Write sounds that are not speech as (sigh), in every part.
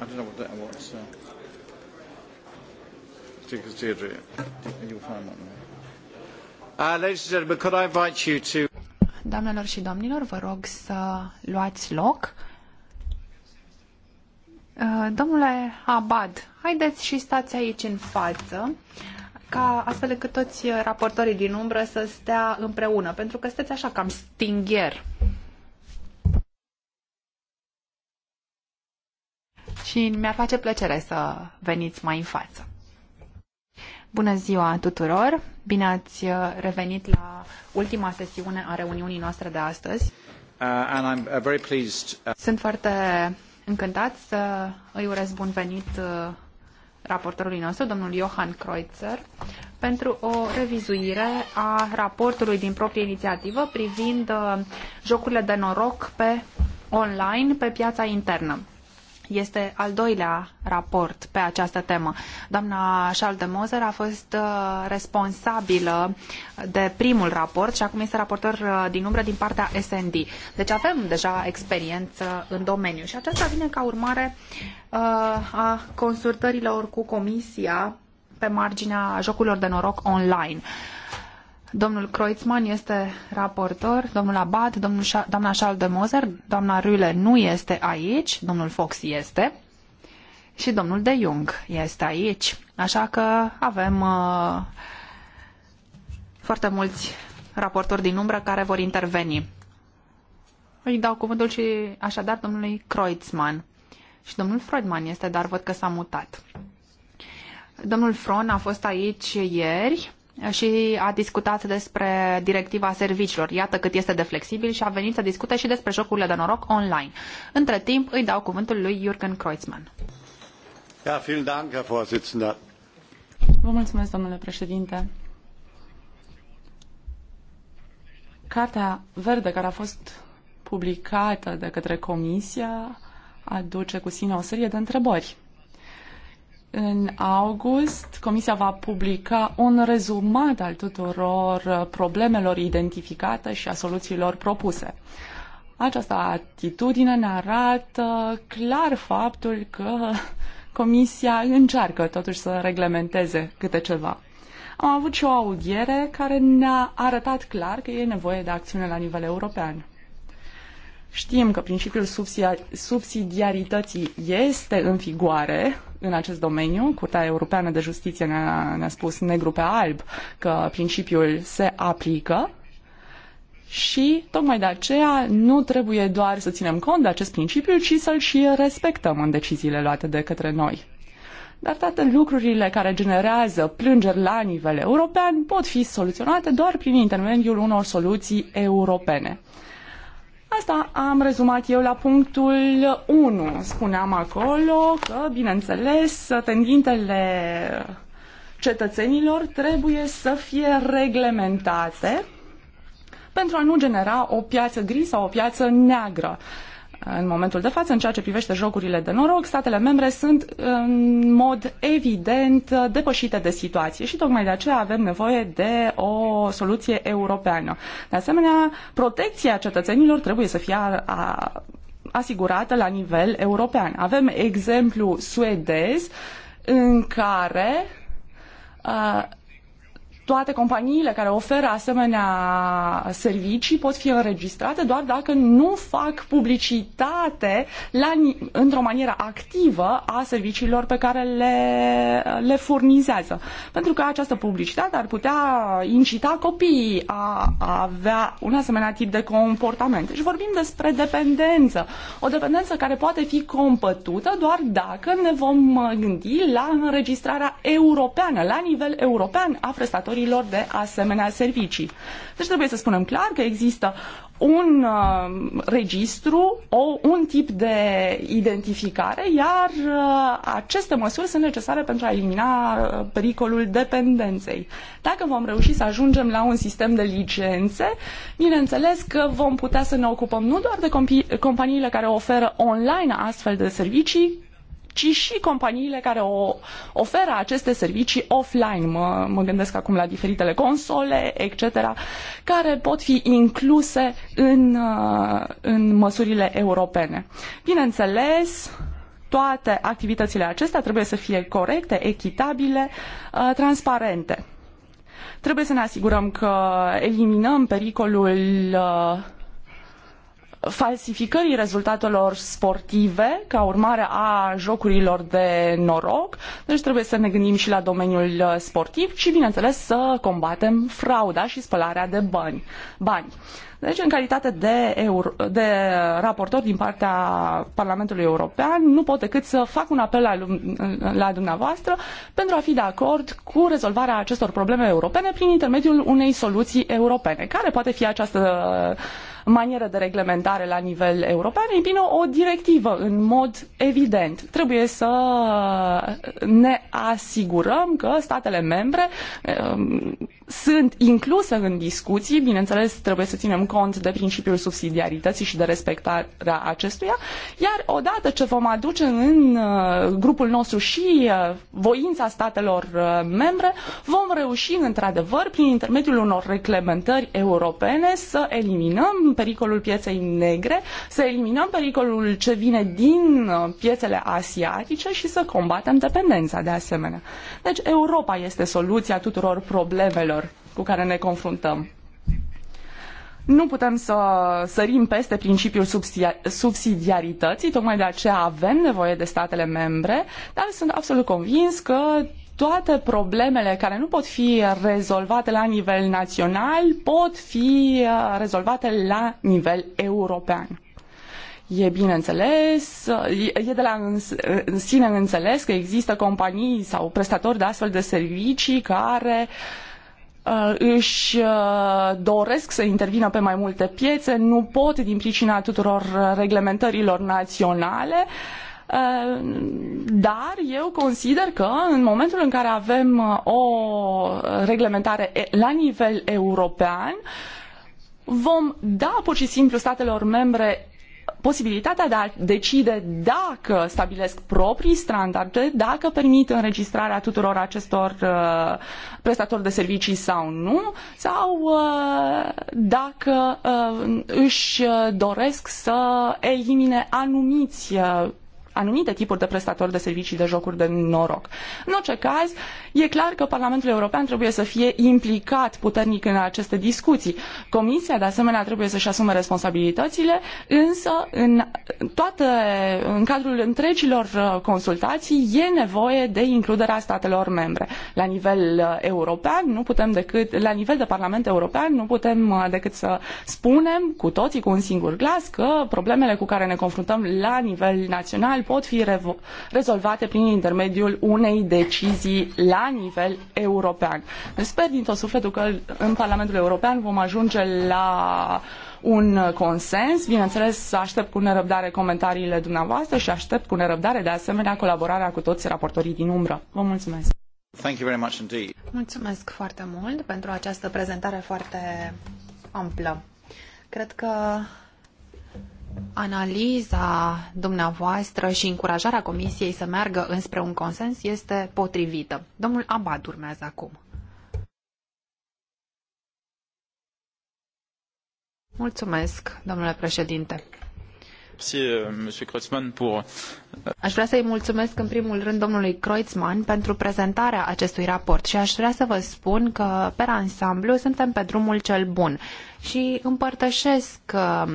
I don't know what that was. Uh, because Deirdre, you'll find one. Uh, ladies and gentlemen, could I invite you to... Doamnelor și domnilor, vă rog să luați loc. Uh, domnule Abad, haideți și stați aici în față, ca astfel încât toți raportorii din umbră să stea împreună, pentru că sunteți așa cam stingher și mi-ar face plăcere să veniți mai în față. Bună ziua tuturor! Bine ați uh, revenit la ultima sesiune a reuniunii noastre de astăzi. Uh, uh, Sunt foarte încântat să îi urez bun venit raportorului nostru, domnul Johan Kreutzer, pentru o revizuire a raportului din proprie inițiativă privind jocurile de noroc pe online pe piața internă. Este al doilea raport pe această temă. Doamna Schaldemose a fost uh, responsabilă de primul raport și acum este raportor uh, din umbră din partea SND. Deci avem deja experiență în domeniu și aceasta vine ca urmare uh, a consultărilor cu Comisia pe marginea jocurilor de noroc online. Domnul Kreutzmann este raportor, domnul Abad, domnul Șa- doamna Charles de Moser, doamna Rüle nu este aici, domnul Fox este și domnul de Jung este aici. Așa că avem uh, foarte mulți raportori din umbră care vor interveni. Îi dau cuvântul și așadar domnului Kreutzmann. Și domnul Freudman este, dar văd că s-a mutat. Domnul Fron a fost aici ieri și a discutat despre directiva serviciilor. Iată cât este de flexibil și a venit să discute și despre jocurile de noroc online. Între timp, îi dau cuvântul lui Jürgen Kreuzmann. Ja, vielen Dank, Herr Vorsitzender. Vă mulțumesc, domnule președinte. Cartea verde care a fost publicată de către Comisia aduce cu sine o serie de întrebări. În august, Comisia va publica un rezumat al tuturor uh, problemelor identificate și a soluțiilor propuse. Această atitudine ne arată clar faptul că (laughs) Comisia încearcă totuși să reglementeze câte ceva. Am avut și o audiere care ne-a arătat clar că e nevoie de acțiune la nivel european. Știm că principiul subsidiarității este în vigoare, în acest domeniu. Curtea Europeană de Justiție ne-a, ne spus negru pe alb că principiul se aplică și tocmai de aceea nu trebuie doar să ținem cont de acest principiu, ci să-l și respectăm în deciziile luate de către noi. Dar toate lucrurile care generează plângeri la nivel european pot fi soluționate doar prin intermediul unor soluții europene. Asta am rezumat eu la punctul 1. Spuneam acolo că, bineînțeles, tendintele cetățenilor trebuie să fie reglementate pentru a nu genera o piață gri sau o piață neagră în momentul de față, în ceea ce privește jocurile de noroc, statele membre sunt în mod evident depășite de situație și tocmai de aceea avem nevoie de o soluție europeană. De asemenea, protecția cetățenilor trebuie să fie a, a, asigurată la nivel european. Avem exemplu suedez în care uh, toate companiile care oferă asemenea servicii pot fi înregistrate doar dacă nu fac publicitate la, într-o manieră activă a serviciilor pe care le, le furnizează. Pentru că această publicitate ar putea incita copiii a, a avea un asemenea tip de comportament. Deci vorbim despre dependență. O dependență care poate fi compătută doar dacă ne vom gândi la înregistrarea europeană, la nivel european a prestatorilor furnizorilor de asemenea servicii. Deci trebuie să spunem clar că există un uh, registru, o, un tip de identificare, iar uh, aceste măsuri sunt necesare pentru a elimina uh, pericolul dependenței. Dacă vom reuși să ajungem la un sistem de licențe, bineînțeles că vom putea să ne ocupăm nu doar de companiile care oferă online astfel de servicii, ci și companiile care o, oferă aceste servicii offline. Mă, mă gândesc acum la diferitele console, etc., care pot fi incluse în, uh, în măsurile europene. Bineînțeles, toate activitățile acestea trebuie să fie corecte, echitabile, uh, transparente. Trebuie să ne asigurăm că eliminăm pericolul uh, falsificării rezultatelor sportive ca urmare a jocurilor de noroc. Deci trebuie să ne gândim și la domeniul uh, sportiv și, bineînțeles, să combatem frauda și spălarea de bani. bani. Deci, în calitate de, euro, de raportor din partea Parlamentului European, nu pot decât să fac un apel la, la dumneavoastră pentru a fi de acord cu rezolvarea acestor probleme europene prin intermediul unei soluții europene. Care poate fi această manieră de reglementare la nivel european, e bine, o directivă în mod evident. Trebuie să ne asigurăm că statele membre sunt incluse în discuții, bineînțeles trebuie să ținem cont de principiul subsidiarității și de respectarea acestuia, iar odată ce vom aduce în uh, grupul nostru și uh, voința statelor uh, membre, vom reuși într-adevăr prin intermediul unor reglementări europene să eliminăm pericolul pieței negre, să eliminăm pericolul ce vine din piețele asiatice și să combatem dependența de asemenea. Deci Europa este soluția tuturor problemelor cu care ne confruntăm. Nu putem să sărim peste principiul subsidiarității, tocmai de aceea avem nevoie de statele membre, dar sunt absolut convins că toate problemele care nu pot fi rezolvate la nivel național pot fi uh, rezolvate la nivel european. E bineînțeles, uh, e de la în sine înțeles că există companii sau prestatori de astfel de servicii care uh, Uh, își uh, doresc să intervină pe mai multe piețe, nu pot din pricina tuturor uh, reglementărilor naționale, dar eu consider că în momentul în care avem o reglementare la nivel european, vom da pur și simplu statelor membre posibilitatea de a decide dacă stabilesc proprii standarde, dacă permit înregistrarea tuturor acestor uh, prestatori de servicii sau nu, sau uh, dacă uh, își doresc să elimine anumiți uh, anumite tipuri de prestatori de servicii de jocuri de noroc. În orice caz, e clar că Parlamentul European trebuie să fie implicat puternic în aceste discuții. Comisia, de asemenea, trebuie să-și asume responsabilitățile, însă în, toate, în cadrul întregilor uh, consultații e nevoie de includerea statelor membre. La nivel uh, european nu putem decât, la nivel de Parlament European nu putem uh, decât să spunem cu toții cu un singur glas că problemele cu care ne confruntăm la nivel național pot fi rezolvate prin intermediul unei decizii la nivel european. Sper din tot sufletul că în Parlamentul European vom ajunge la un consens. Bineînțeles, aștept cu nerăbdare comentariile dumneavoastră și aștept cu nerăbdare de asemenea colaborarea cu toți raportorii din umbră. Vă mulțumesc! Thank you very much indeed. Mulțumesc foarte mult pentru această prezentare foarte amplă. Cred că analiza dumneavoastră și încurajarea Comisiei să meargă înspre un consens este potrivită. Domnul Abad urmează acum. Mulțumesc, domnule președinte. Euh, euh, aș vrea să-i mulțumesc în primul rând domnului Kreutzmann pentru prezentarea acestui raport și aș vrea să vă spun că, pe ansamblu, suntem pe drumul cel bun și împărtășesc um,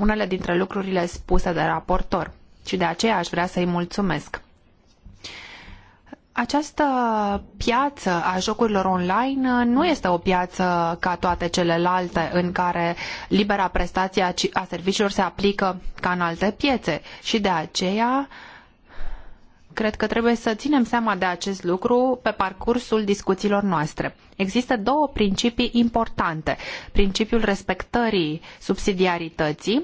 unele dintre lucrurile spuse de raportor și de aceea aș vrea să-i mulțumesc. Această piață a jocurilor online uh, nu este o piață ca toate celelalte în care libera prestație a serviciilor se aplică ca în alte piețe și de aceea cred că trebuie să ținem seama de acest lucru pe parcursul discuțiilor noastre. Există două principii importante. Principiul respectării subsidiarității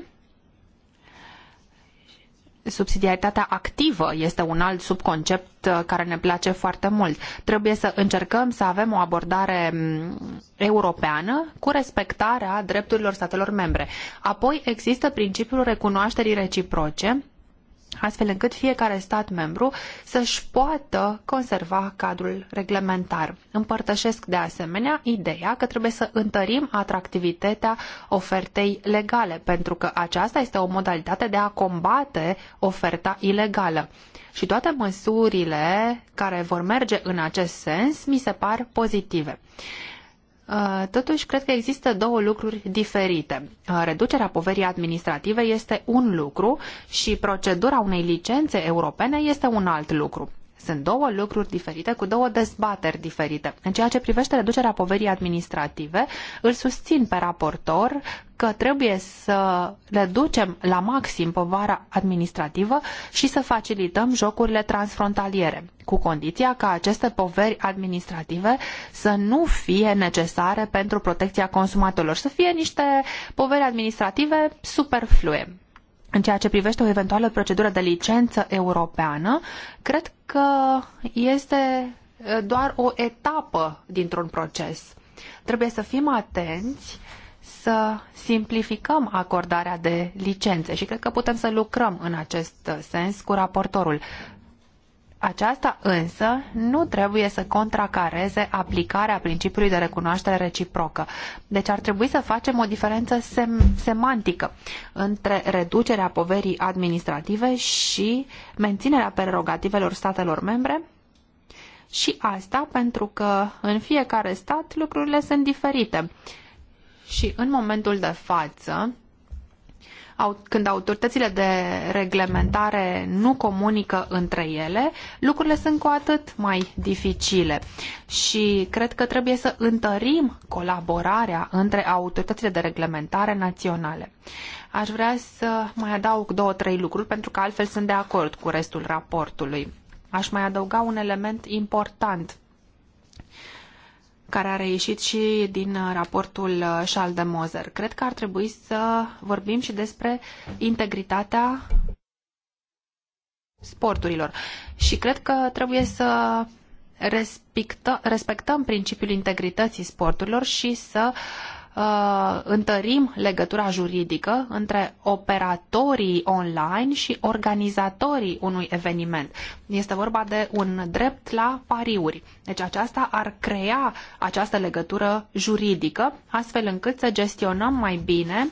subsidiaritatea activă este un alt subconcept uh, care ne place foarte mult. Trebuie să încercăm să avem o abordare mm, europeană cu respectarea drepturilor statelor membre. Apoi există principiul recunoașterii reciproce astfel încât fiecare stat membru să-și poată conserva cadrul reglementar. Împărtășesc de asemenea ideea că trebuie să întărim atractivitatea ofertei legale, pentru că aceasta este o modalitate de a combate oferta ilegală. Și toate măsurile care vor merge în acest sens mi se par pozitive. Uh, totuși, cred că există două lucruri diferite. Uh, reducerea poverii administrative este un lucru și procedura unei licențe europene este un alt lucru. Sunt două lucruri diferite, cu două dezbateri diferite. În ceea ce privește reducerea poverii administrative, îl susțin pe raportor că trebuie să reducem la maxim povara administrativă și să facilităm jocurile transfrontaliere, cu condiția ca aceste poveri administrative să nu fie necesare pentru protecția consumatorilor, să fie niște poveri administrative superflue. În ceea ce privește o eventuală procedură de licență europeană, cred că este eh, doar o etapă dintr-un proces. Trebuie să fim atenți să simplificăm acordarea de licențe și cred că putem să lucrăm în acest sens cu raportorul. Aceasta însă nu trebuie să contracareze aplicarea principiului de recunoaștere reciprocă. Deci ar trebui să facem o diferență sem- semantică între reducerea poverii administrative și menținerea prerogativelor statelor membre și asta pentru că în fiecare stat lucrurile sunt diferite. Și în momentul de față, când autoritățile de reglementare nu comunică între ele, lucrurile sunt cu atât mai dificile. Și cred că trebuie să întărim colaborarea între autoritățile de reglementare naționale. Aș vrea să mai adaug două, trei lucruri, pentru că altfel sunt de acord cu restul raportului. Aș mai adăuga un element important care a reieșit și din uh, raportul uh, Charles Moser. Cred că ar trebui să vorbim și despre integritatea sporturilor. Și cred că trebuie să respectăm principiul integrității sporturilor și să uh, întărim legătura juridică între operatorii online și organizatorii unui eveniment. Este vorba de un drept la pariuri. Deci aceasta ar crea această legătură juridică, astfel încât să gestionăm mai bine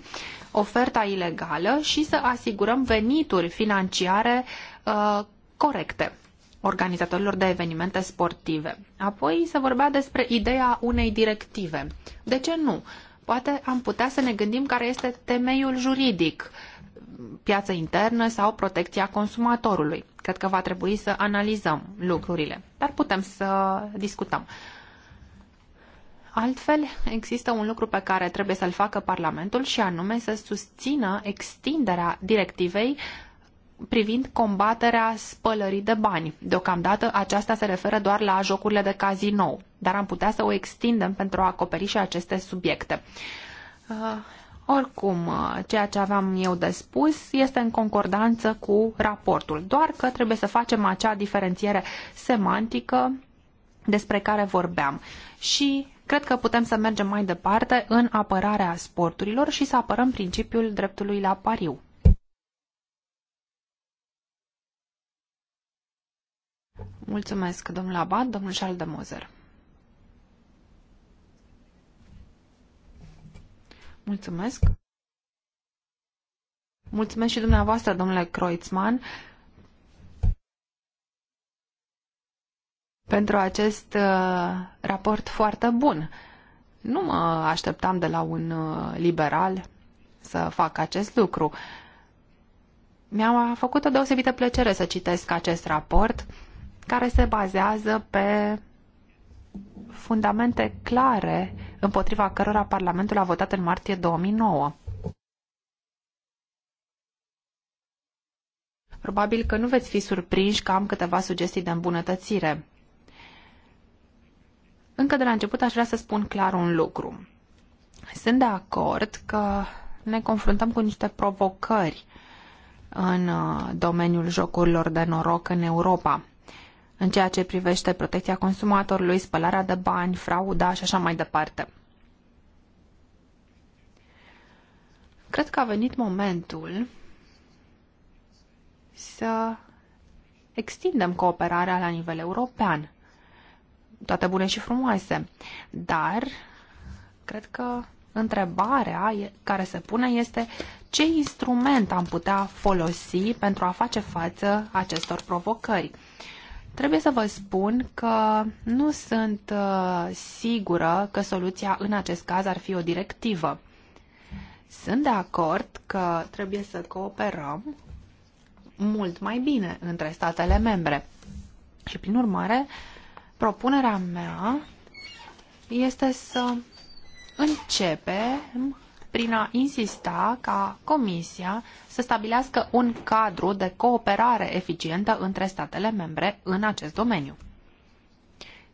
oferta ilegală și să asigurăm venituri financiare uh, corecte organizatorilor de evenimente sportive. Apoi se vorbea despre ideea unei directive. De ce nu? Poate am putea să ne gândim care este temeiul juridic, piața internă sau protecția consumatorului. Cred că va trebui să analizăm lucrurile, dar putem să discutăm. Altfel, există un lucru pe care trebuie să-l facă Parlamentul și anume să susțină extinderea directivei privind combaterea spălării de bani. Deocamdată aceasta se referă doar la jocurile de cazinou, dar am putea să o extindem pentru a acoperi și aceste subiecte. Uh, oricum, uh, ceea ce aveam eu de spus este în concordanță cu raportul, doar că trebuie să facem acea diferențiere semantică despre care vorbeam. Și cred că putem să mergem mai departe în apărarea sporturilor și să apărăm principiul dreptului la pariu. Mulțumesc, domnul Abad, domnul Charles de Moser. Mulțumesc. Mulțumesc și dumneavoastră, domnule Kreutzmann, pentru acest uh, raport foarte bun. Nu mă așteptam de la un uh, liberal să fac acest lucru. Mi-a făcut o deosebită plăcere să citesc acest raport. Uh, care se bazează pe fundamente clare împotriva cărora Parlamentul a votat în martie 2009. Probabil că nu veți fi surprinși că am câteva sugestii de îmbunătățire. Încă de la început aș vrea să spun clar un lucru. Sunt de acord că ne confruntăm cu niște provocări în uh, domeniul jocurilor de noroc în Europa în ceea ce privește protecția consumatorului, spălarea de bani, frauda și așa mai departe. Cred că a venit momentul să extindem cooperarea la nivel european. Toate bune și frumoase, dar cred că întrebarea care se pune este ce instrument am putea folosi pentru a face față acestor provocări. Trebuie să vă spun că nu sunt uh, sigură că soluția în acest caz ar fi o directivă. Sunt de acord că trebuie să cooperăm mult mai bine între statele membre. Și prin urmare, propunerea mea este să începem prin a insista ca Comisia să stabilească un cadru de cooperare eficientă între statele membre în acest domeniu.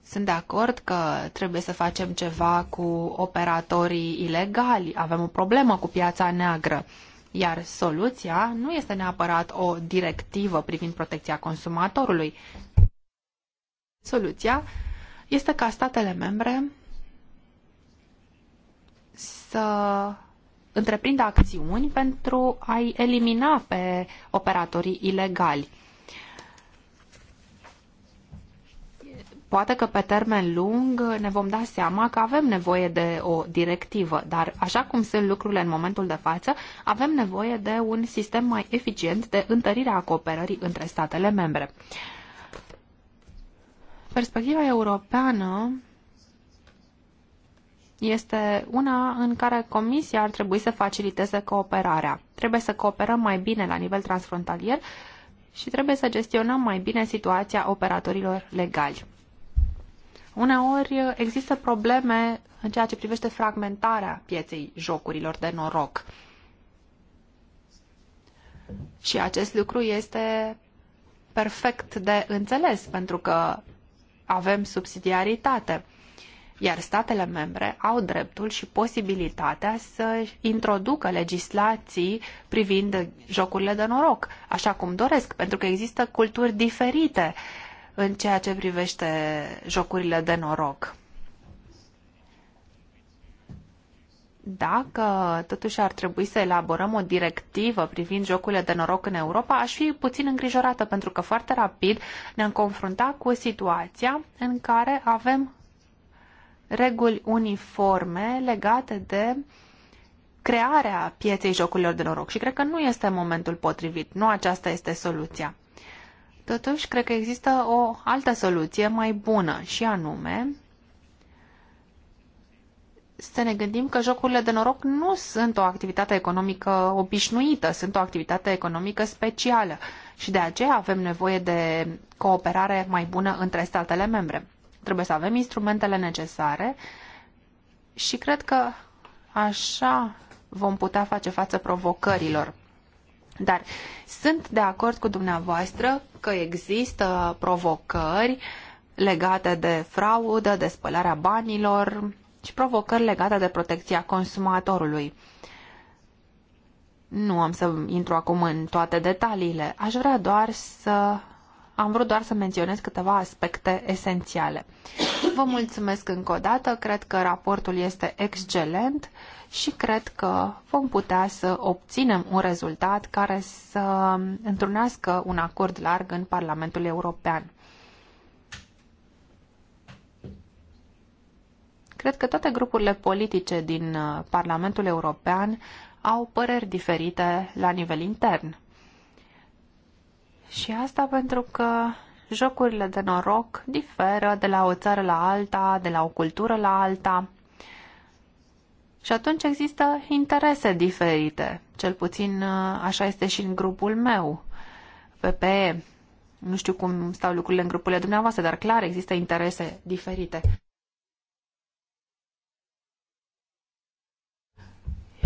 Sunt de acord că trebuie să facem ceva cu operatorii ilegali, avem o problemă cu piața neagră, iar soluția nu este neapărat o directivă privind protecția consumatorului. Soluția este ca statele membre să întreprinde acțiuni pentru a-i elimina pe operatorii ilegali. Poate că pe termen lung ne vom da seama că avem nevoie de o directivă, dar așa cum sunt lucrurile în momentul de față, avem nevoie de un sistem mai eficient de întărire a cooperării între statele membre. Perspectiva europeană este una în care Comisia ar trebui să faciliteze cooperarea. Trebuie să cooperăm mai bine la nivel transfrontalier și trebuie să gestionăm mai bine situația operatorilor legali. Uneori există probleme în ceea ce privește fragmentarea pieței jocurilor de noroc. Și acest lucru este perfect de înțeles, pentru că avem subsidiaritate iar statele membre au dreptul și posibilitatea să introducă legislații privind jocurile de noroc, așa cum doresc, pentru că există culturi diferite în ceea ce privește jocurile de noroc. Dacă totuși ar trebui să elaborăm o directivă privind jocurile de noroc în Europa, aș fi puțin îngrijorată pentru că foarte rapid ne-am confruntat cu situația în care avem reguli uniforme legate de crearea pieței jocurilor de noroc și cred că nu este momentul potrivit, nu aceasta este soluția. Totuși, cred că există o altă soluție mai bună și anume să ne gândim că jocurile de noroc nu sunt o activitate economică obișnuită, sunt o activitate economică specială și de aceea avem nevoie de cooperare mai bună între statele membre. Trebuie să avem instrumentele necesare și cred că așa vom putea face față provocărilor. Dar sunt de acord cu dumneavoastră că există provocări legate de fraudă, de spălarea banilor și provocări legate de protecția consumatorului. Nu am să intru acum în toate detaliile, aș vrea doar să am vrut doar să menționez câteva aspecte esențiale. Vă mulțumesc încă o dată, cred că raportul este excelent și cred că vom putea să obținem un rezultat care să întrunească un acord larg în Parlamentul European. Cred că toate grupurile politice din uh, Parlamentul European au păreri diferite la nivel intern. Și asta pentru că jocurile de noroc diferă de la o țară la alta, de la o cultură la alta. Și atunci există interese diferite. Cel puțin uh, așa este și în grupul meu, PPE. Nu știu cum stau lucrurile în grupurile dumneavoastră, dar clar există interese diferite.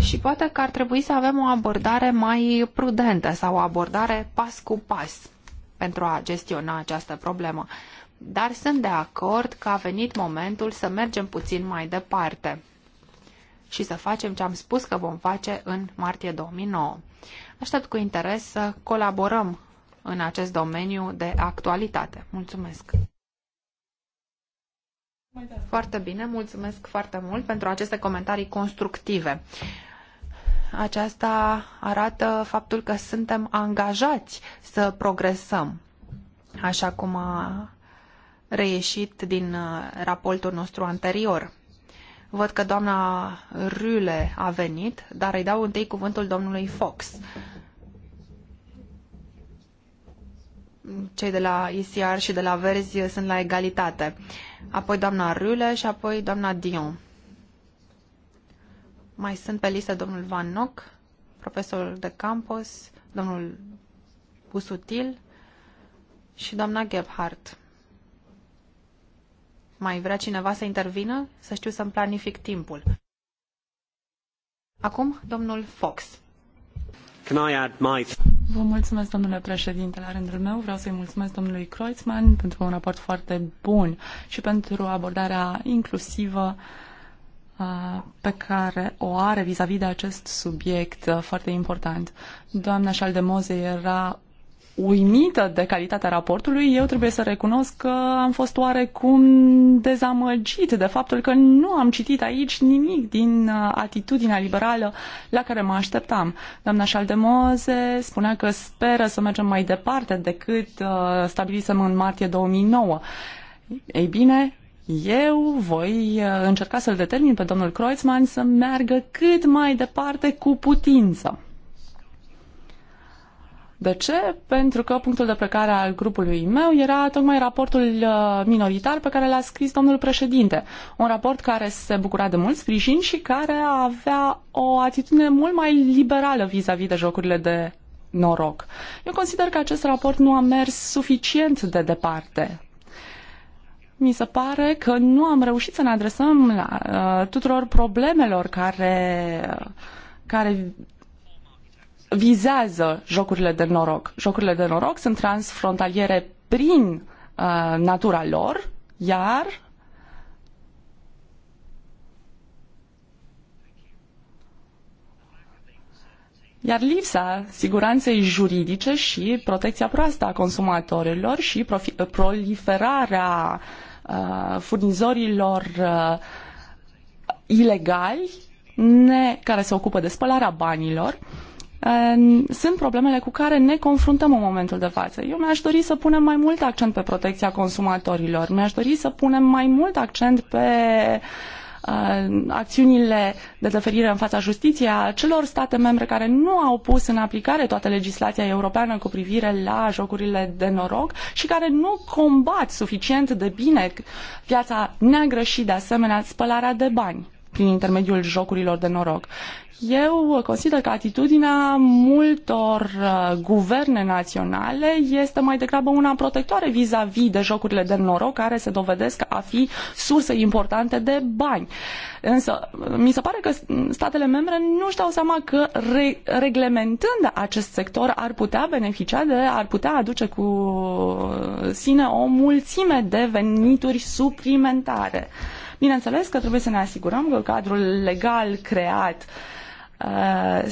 Și poate că ar trebui să avem o abordare mai prudentă sau o abordare pas cu pas pentru a gestiona această problemă. Dar sunt de acord că a venit momentul să mergem puțin mai departe și să facem ce am spus că vom face în martie 2009. Aștept cu interes să colaborăm în acest domeniu de actualitate. Mulțumesc! Foarte bine, mulțumesc foarte mult pentru aceste comentarii constructive aceasta arată faptul că suntem angajați să progresăm, așa cum a reieșit din uh, raportul nostru anterior. Văd că doamna Rüle a venit, dar îi dau întâi cuvântul domnului Fox. Cei de la ICR și de la Verzi sunt la egalitate. Apoi doamna Rüle și apoi doamna Dion. Mai sunt pe listă domnul Van Nock, profesorul de campus, domnul Busutil și doamna Gebhardt. Mai vrea cineva să intervină? Să știu să-mi planific timpul. Acum, domnul Fox. Can I add my... Vă mulțumesc, domnule președinte, la rândul meu. Vreau să-i mulțumesc domnului Kreutzmann pentru un raport foarte bun și pentru abordarea inclusivă uh, Uh, pe care o are vis-a-vis -vis de acest subiect uh, foarte important. Doamna Șaldemoze era uimită de calitatea raportului, eu trebuie să recunosc că am fost oarecum dezamăgit de faptul că nu am citit aici nimic din uh, atitudinea liberală la care mă așteptam. Doamna Șaldemoze spunea că speră să mergem mai departe decât stabilisem în martie 2009. Ei bine, eu voi uh, încerca să-l determin pe domnul Kreutzmann să meargă cât mai departe cu putință. De ce? Pentru că punctul de plecare al grupului meu era tocmai raportul uh, minoritar pe care l-a scris domnul președinte. Un raport care se bucura de mult sprijin și care avea o atitudine mult mai liberală vis-a-vis -vis de jocurile de noroc. Eu consider că acest raport nu a mers suficient de departe mi se pare că nu am reușit să ne adresăm la, uh, tuturor problemelor care, care vizează jocurile de noroc. Jocurile de noroc sunt transfrontaliere prin uh, natura lor, iar Iar lipsa siguranței juridice și protecția proastă a consumatorilor și proliferarea uh, Uh, furnizorilor uh, ilegali ne, care se ocupă de spălarea banilor uh, sunt problemele cu care ne confruntăm în momentul de față. Eu mi-aș dori să punem mai mult accent pe protecția consumatorilor, mi-aș dori să punem mai mult accent pe uh, Uh, acțiunile de deferire în fața justiției a celor state membre care nu au pus în aplicare toată legislația europeană cu privire la jocurile de noroc și care nu combat suficient de bine piața neagră și, de asemenea, spălarea de bani prin intermediul jocurilor de noroc. Eu consider că atitudinea multor uh, guverne naționale este mai degrabă una protectoare vis-a-vis -vis de jocurile de noroc care se dovedesc a fi surse importante de bani. Însă, mi se pare că statele membre nu își dau seama că re- reglementând acest sector ar putea beneficia de, ar putea aduce cu sine o mulțime de venituri suplimentare. Bineînțeles că trebuie să ne asigurăm că cadrul legal creat uh,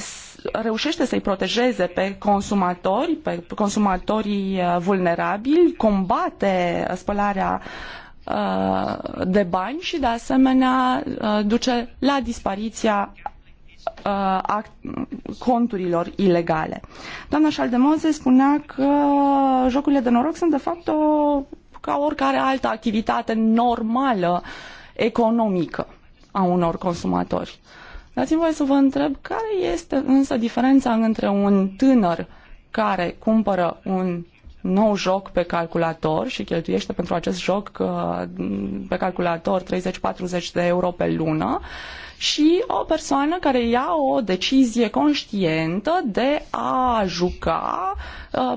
reușește să-i protejeze pe consumatori, pe consumatorii uh, vulnerabili, combate spălarea uh, de bani și de asemenea duce la dispariția conturilor ilegale. Doamna Șaldemoze spunea că jocurile de noroc sunt de fapt o, ca oricare altă activitate normală uh, economică a unor consumatori. Dați-mi voie să vă întreb care este însă diferența între un tânăr care cumpără un nou joc pe calculator și cheltuiește pentru acest joc uh, pe calculator 30-40 de euro pe lună și o persoană care ia o decizie conștientă de a juca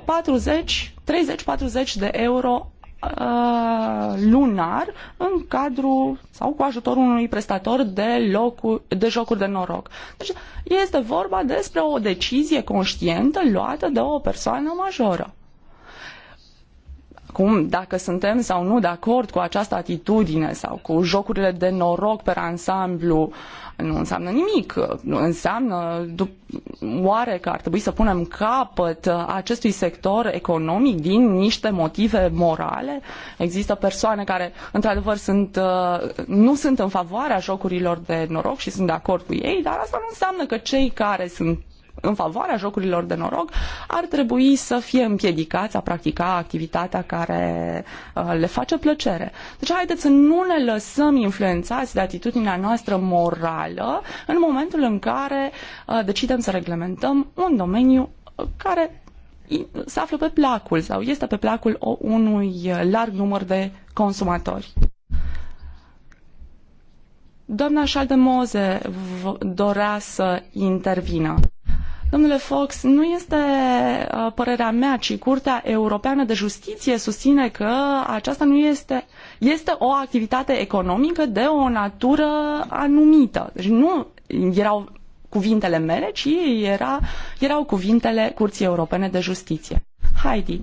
40, uh, 30-40 de euro Uh, lunar în cadrul sau cu ajutorul unui prestator de, locuri, de jocuri de noroc. Deci este vorba despre o decizie conștientă luată de o persoană majoră. Cum, dacă suntem sau nu de acord cu această atitudine sau cu jocurile de noroc pe ansamblu uh, nu înseamnă nimic. Nu înseamnă oare că ar trebui să punem capăt acestui sector economic din niște motive morale? Există persoane care, într-adevăr, sunt, uh, nu sunt în favoarea jocurilor de noroc și sunt de acord cu ei, dar asta nu înseamnă că cei care sunt în favoarea jocurilor de noroc ar trebui să fie împiedicați a practica activitatea care uh, le face plăcere. Deci haideți să nu ne lăsăm influențați de atitudinea noastră morală în momentul în care uh, decidem să reglementăm un domeniu uh, care se află pe placul sau este pe placul unui larg număr de consumatori. Doamna Șaldemoze dorea să intervină. Domnule Fox, nu este uh, părerea mea, ci Curtea Europeană de Justiție susține că aceasta nu este este o activitate economică de o natură anumită. Deci nu erau cuvintele mele, ci era, erau cuvintele Curții Europene de Justiție. Heidi.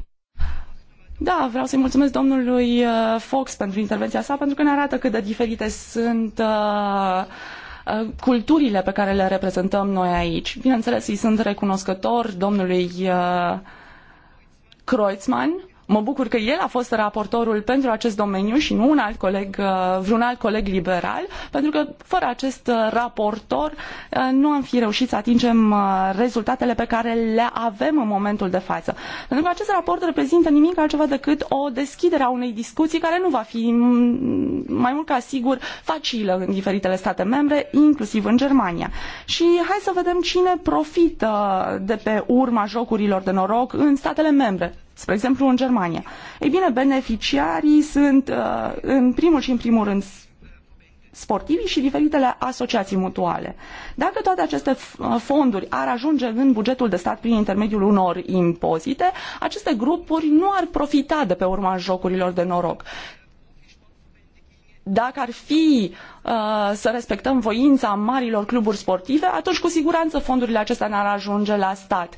Da, vreau să-i mulțumesc domnului uh, Fox pentru intervenția sa, pentru că ne arată cât de diferite sunt uh, Uh, culturile pe care le reprezentăm noi aici. Bineînțeles, îi sunt recunoscător domnului uh, Kreutzmann Mă bucur că el a fost raportorul pentru acest domeniu și nu un alt coleg, uh, vreun alt coleg liberal, pentru că fără acest uh, raportor uh, nu am fi reușit să atingem rezultatele pe care le avem în momentul de față. Pentru că acest raport reprezintă nimic altceva decât o deschidere a unei discuții care nu va fi mai mult ca sigur facilă în diferitele state membre, inclusiv în Germania. Și hai să vedem cine profită de pe urma jocurilor de noroc în statele membre spre exemplu în Germania. Ei bine, beneficiarii sunt uh, în primul și în primul rând sportivii și diferitele asociații mutuale. Dacă toate aceste uh, fonduri ar ajunge în bugetul de stat prin intermediul unor impozite, aceste grupuri nu ar profita de pe urma jocurilor de noroc dacă ar fi uh, să respectăm voința marilor cluburi sportive, atunci cu siguranță fondurile acestea n-ar ajunge la stat.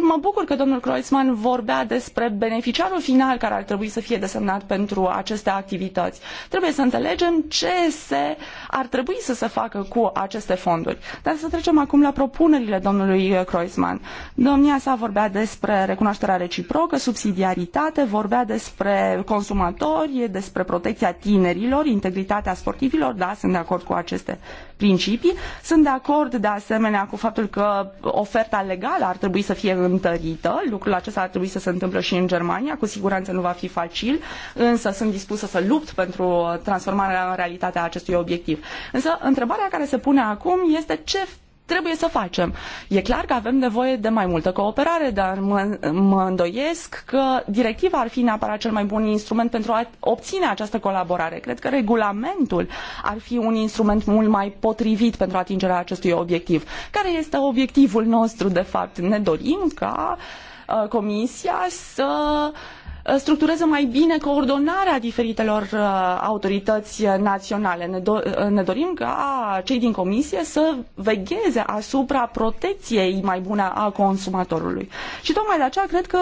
Mă bucur că domnul Kreuzmann vorbea despre beneficiarul final care ar trebui să fie desemnat pentru aceste activități. Trebuie să înțelegem ce se ar trebui să se facă cu aceste fonduri. Dar să trecem acum la propunerile domnului Kreuzmann. Domnia sa vorbea despre recunoașterea reciprocă, subsidiaritate, vorbea despre consumatori, despre protecția tinerilor, sportivilor, integritatea sportivilor, da, sunt de acord cu aceste principii. Sunt de acord de asemenea cu faptul că oferta legală ar trebui să fie întărită. Lucrul acesta ar trebui să se întâmple și în Germania. Cu siguranță nu va fi facil, însă sunt dispusă să lupt pentru transformarea în realitate a acestui obiectiv. Însă întrebarea care se pune acum este ce trebuie să facem. E clar că avem nevoie de mai multă cooperare, dar mă, mă îndoiesc că directiva ar fi neapărat cel mai bun instrument pentru a obține această colaborare. Cred că regulamentul ar fi un instrument mult mai potrivit pentru atingerea acestui obiectiv. Care este obiectivul nostru, de fapt? Ne dorim ca uh, Comisia să uh, Uh, structureze mai bine coordonarea diferitelor uh, autorități naționale. Ne, do- uh, ne dorim ca cei din comisie să vegheze asupra protecției mai bune a consumatorului. Și tocmai de aceea cred că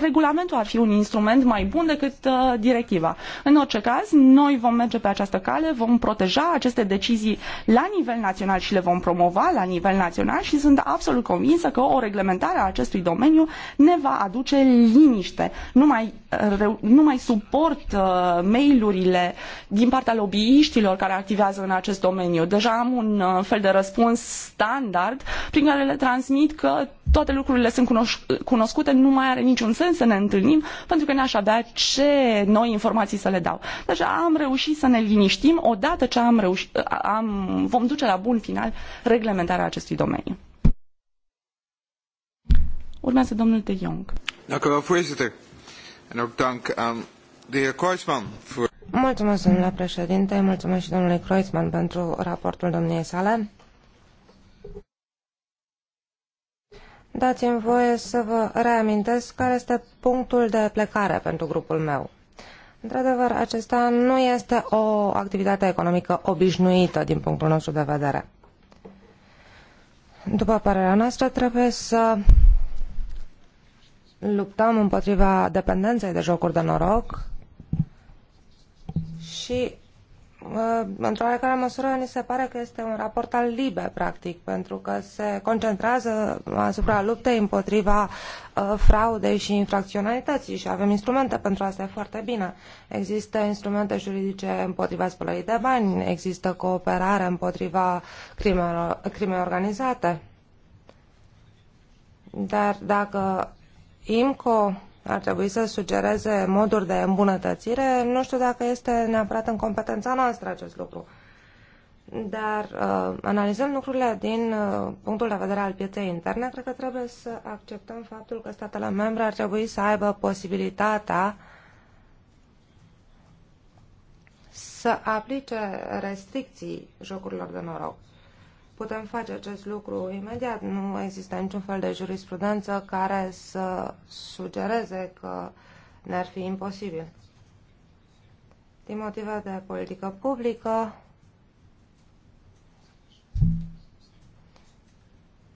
regulamentul ar fi un instrument mai bun decât directiva. În orice caz, noi vom merge pe această cale, vom proteja aceste decizii la nivel național și le vom promova la nivel național și sunt absolut convinsă că o reglementare a acestui domeniu ne va aduce liniște. Numai mai, nu mai suport uh, mail-urile din partea lobbyiștilor care activează în acest domeniu. Deja am un uh, fel de răspuns standard prin care le transmit că toate lucrurile sunt cunoscute, nu mai are niciun sens să ne întâlnim pentru că n-aș avea ce noi informații să le dau. deja deci am reușit să ne liniștim odată ce am reușit, am, vom duce la bun final reglementarea acestui domeniu. Urmează domnul De Jong. Dacă vă En ook dank aan de heer Kreuzmann voor... Mulțumesc, domnule președinte, mulțumesc și domnului Kreuzmann pentru raportul domniei sale. Dați-mi voie să vă reamintesc care este punctul de plecare pentru grupul meu. Într-adevăr, acesta nu este o activitate economică obișnuită din punctul nostru de vedere. După părerea noastră, trebuie să luptăm împotriva dependenței de jocuri de noroc și uh, într-o oarecare măsură ni se pare că este un raport al libe, practic, pentru că se concentrează asupra luptei împotriva uh, fraudei și infracționalității și avem instrumente pentru asta, e foarte bine. Există instrumente juridice împotriva spălării de bani, există cooperare împotriva crimei organizate. Dar dacă IMCO ar trebui să sugereze moduri de îmbunătățire. Nu știu dacă este neapărat în competența noastră acest lucru. Dar uh, analizăm lucrurile din uh, punctul de vedere al pieței interne, cred că trebuie să acceptăm faptul că statele membre ar trebui să aibă posibilitatea să aplice restricții jocurilor de noroc putem face acest lucru imediat. Nu există niciun fel de jurisprudență care să sugereze că ne-ar fi imposibil. Din motive de politică publică,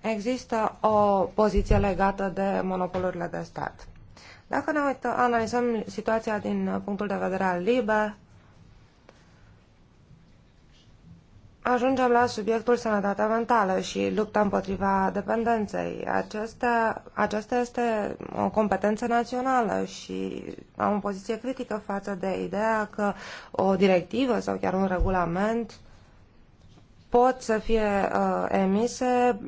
există o poziție legată de monopolurile de stat. Dacă ne uităm, analizăm situația din punctul de vedere al LIBE, ajungem la subiectul sănătatea mentală și lupta împotriva dependenței. Aceasta aceasta este o competență națională și am o poziție critică față de ideea că o directivă sau chiar un regulament pot să fie uh, emise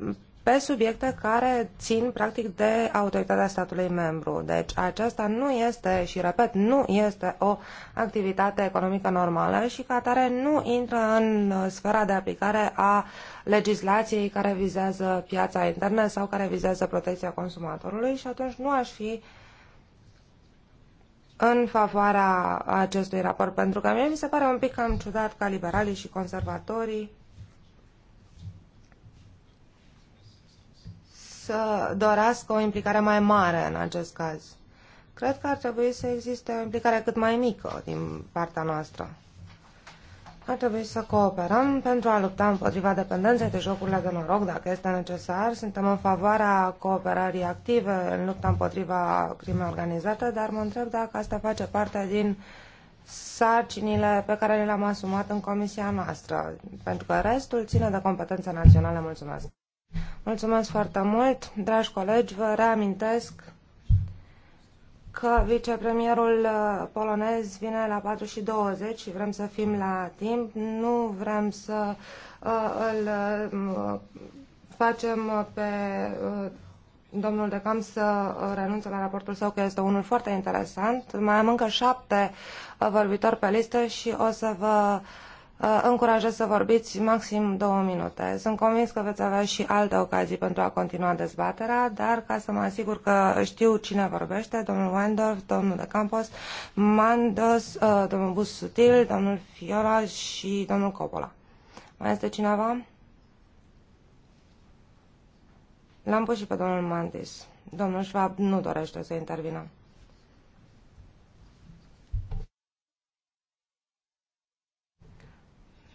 pe subiecte care țin practic de autoritatea statului membru. Deci aceasta nu este, și repet, nu este o activitate economică normală și ca atare nu intră în sfera de aplicare a legislației care vizează piața internă sau care vizează protecția consumatorului și atunci nu aș fi în favoarea acestui raport, pentru că mie mi se pare un pic cam ciudat ca liberalii și conservatorii să dorească o implicare mai mare în acest caz. Cred că ar trebui să existe o implicare cât mai mică din partea noastră. Ar trebui să cooperăm pentru a lupta împotriva dependenței de jocurile de noroc, dacă este necesar. Suntem în favoarea cooperării active în lupta împotriva crimei organizate, dar mă întreb dacă asta face parte din sarcinile pe care le-am asumat în comisia noastră, pentru că restul ține de competențe naționale. Mulțumesc! Mulțumesc foarte mult. Dragi colegi, vă reamintesc că vicepremierul uh, polonez vine la 4 și 20 și vrem să fim la timp. Nu vrem să uh, îl uh, facem pe uh, domnul de Cam să uh, renunțe la raportul său, că este unul foarte interesant. Mai am încă șapte uh, vorbitori pe listă și o să vă uh, Uh, încurajez să vorbiți maxim două minute. Sunt convins că veți avea și alte ocazii pentru a continua dezbaterea, dar ca să mă asigur că știu cine vorbește, domnul Wendorf, domnul De Campos, Mandos, uh, domnul Sutil, domnul Fiora și domnul Coppola. Mai este cineva? L-am pus și pe domnul Mandis. Domnul Schwab nu dorește să intervină.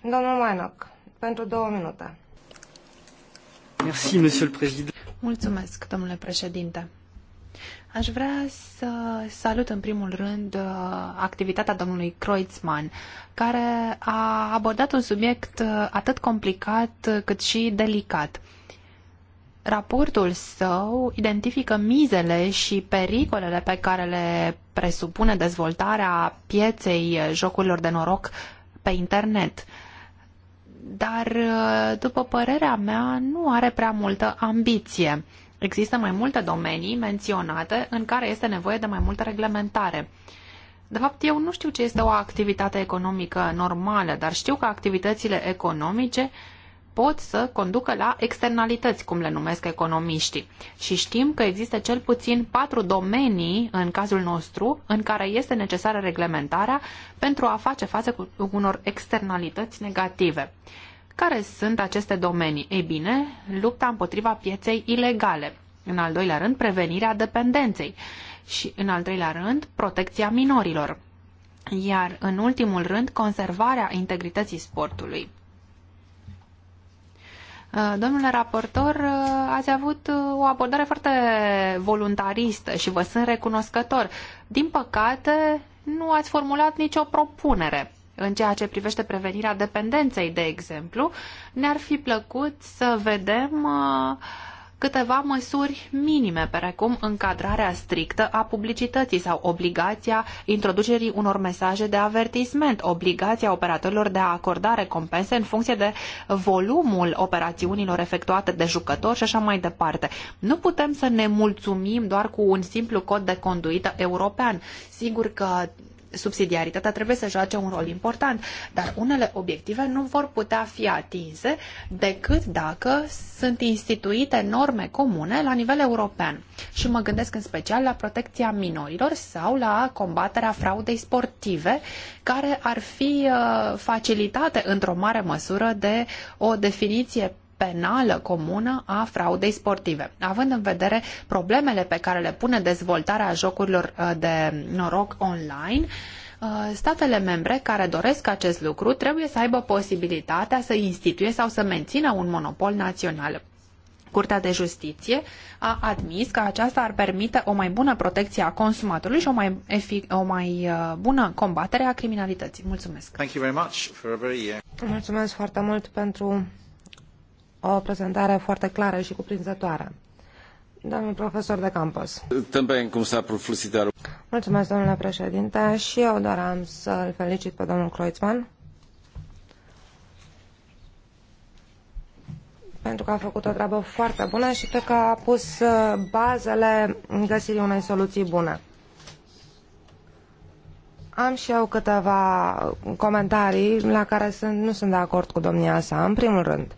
Domnul Manoc, pentru două minute. Merci, monsieur le président. Mulțumesc, domnule președinte. Aș vrea să salut în primul rând uh, activitatea domnului Kreutzmann, care a abordat un subiect uh, atât complicat uh, cât și delicat. Raportul său identifică mizele și pericolele pe care le presupune dezvoltarea pieței jocurilor de noroc pe internet dar, uh, după părerea mea, nu are prea multă ambiție. Există mai multe domenii menționate în care este nevoie de mai multă reglementare. De fapt, eu nu știu ce este o activitate economică normală, dar știu că activitățile economice pot să conducă la externalități, cum le numesc economiștii. Și știm că există cel puțin patru domenii în cazul nostru în care este necesară reglementarea pentru a face față cu unor externalități negative. Care sunt aceste domenii? Ei bine, lupta împotriva pieței ilegale. În al doilea rând, prevenirea dependenței. Și în al treilea rând, protecția minorilor. Iar în ultimul rând, conservarea integrității sportului. Uh, domnule raportor, uh, ați avut uh, o abordare foarte voluntaristă și vă sunt recunoscător. Din păcate, nu ați formulat nicio propunere. În ceea ce privește prevenirea dependenței, de exemplu, ne-ar fi plăcut să vedem uh, câteva măsuri minime, precum încadrarea strictă a publicității sau obligația introducerii unor mesaje de avertisment, obligația operatorilor de a acorda recompense în funcție de volumul operațiunilor efectuate de jucători și așa mai departe. Nu putem să ne mulțumim doar cu un simplu cod de conduită european. Sigur că subsidiaritatea trebuie să joace un rol important, dar unele obiective nu vor putea fi atinse decât dacă sunt instituite norme comune la nivel european. Și mă gândesc în special la protecția minorilor sau la combaterea fraudei sportive, care ar fi uh, facilitate într-o mare măsură de o definiție penală comună a fraudei sportive. Având în vedere problemele pe care le pune dezvoltarea jocurilor uh, de noroc online, uh, statele membre care doresc acest lucru trebuie să aibă posibilitatea să instituie sau să mențină un monopol național. Curtea de Justiție a admis că aceasta ar permite o mai bună protecție a consumatorului și o mai, o mai uh, bună combatere a criminalității. Mulțumesc! Mulțumesc foarte mult pentru o prezentare foarte clară și cuprinzătoare. Domnul profesor de campus. Também começar por Mulțumesc, domnule președinte, și eu doar am să-l felicit pe domnul Kreutzmann pentru că a făcut o treabă foarte bună și cred că a pus uh, bazele găsirii unei soluții bune. Am și eu câteva comentarii la care sunt, nu sunt de acord cu domnia sa, în primul rând.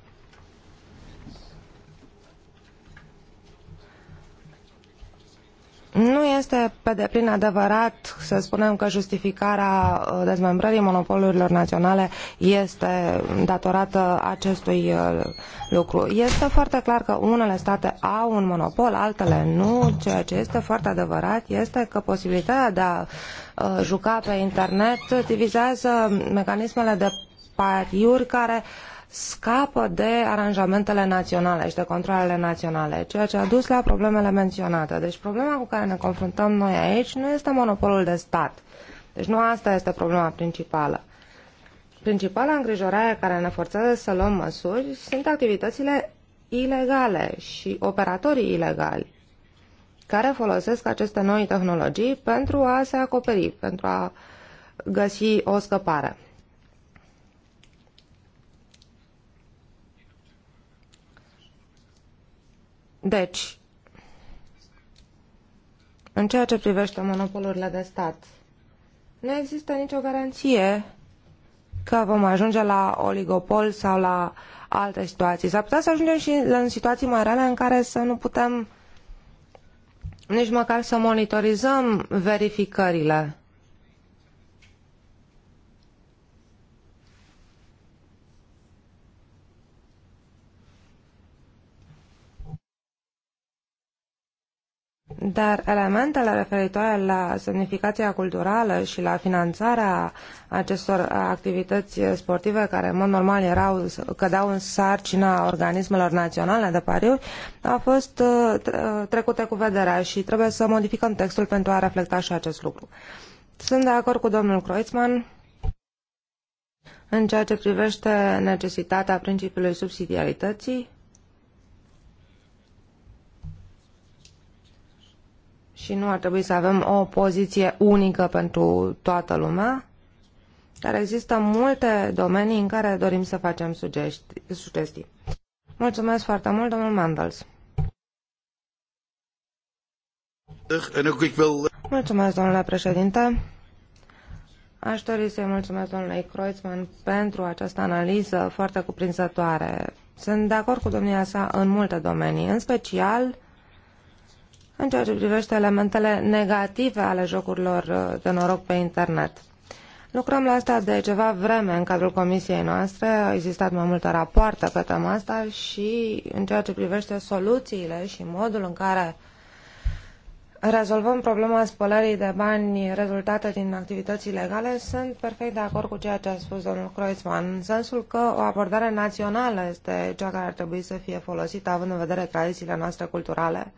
Nu este pe deplin adevărat să spunem că justificarea uh, dezmembrării monopolurilor naționale este datorată acestui uh, lucru. Este foarte clar că unele state au un monopol, altele nu. Ceea ce este foarte adevărat este că posibilitatea de a uh, juca pe internet divizează mecanismele de pariuri care uh, scapă de aranjamentele naționale și de controlele naționale, ceea ce a dus la problemele menționate. Deci problema cu care ne confruntăm noi aici nu este monopolul de stat. Deci nu asta este problema principală. Principala îngrijorare care ne forțează să luăm măsuri sunt activitățile ilegale și operatorii ilegali care folosesc aceste noi tehnologii pentru a se acoperi, pentru a găsi o scăpare. Deci, în ceea ce privește monopolurile de stat, nu există nicio garanție că vom ajunge la oligopol sau la alte situații. S-ar putea să ajungem și în situații mai rare în care să nu putem nici măcar să monitorizăm verificările Dar elementele referitoare la semnificația culturală și la finanțarea acestor activități sportive, care în mod normal erau, cădeau în sarcina organismelor naționale de pariuri, au fost uh, uh, trecute cu vederea și trebuie să modificăm textul pentru a reflecta și acest lucru. Sunt de acord cu domnul Kreutzmann în ceea ce privește necesitatea principiului subsidiarității și nu ar trebui să avem o poziție unică pentru toată lumea, dar există multe domenii în care dorim să facem sugestii. Mulțumesc foarte mult, domnul Mandels. Mulțumesc, domnule președinte. Aș dori să-i mulțumesc domnului Kreutzmann pentru această analiză foarte cuprinzătoare. Sunt de acord cu domnia sa în multe domenii, în special în ceea ce privește elementele negative ale jocurilor uh, de noroc pe internet. Lucrăm la asta de ceva vreme în cadrul comisiei noastre, au existat mai multe rapoarte pe tema asta și în ceea ce privește soluțiile și modul în care rezolvăm problema spălării de bani rezultate din activități ilegale, sunt perfect de acord cu ceea ce a spus domnul Kreuzmann, în sensul că o abordare națională este cea care ar trebui să fie folosită având în vedere tradițiile noastre culturale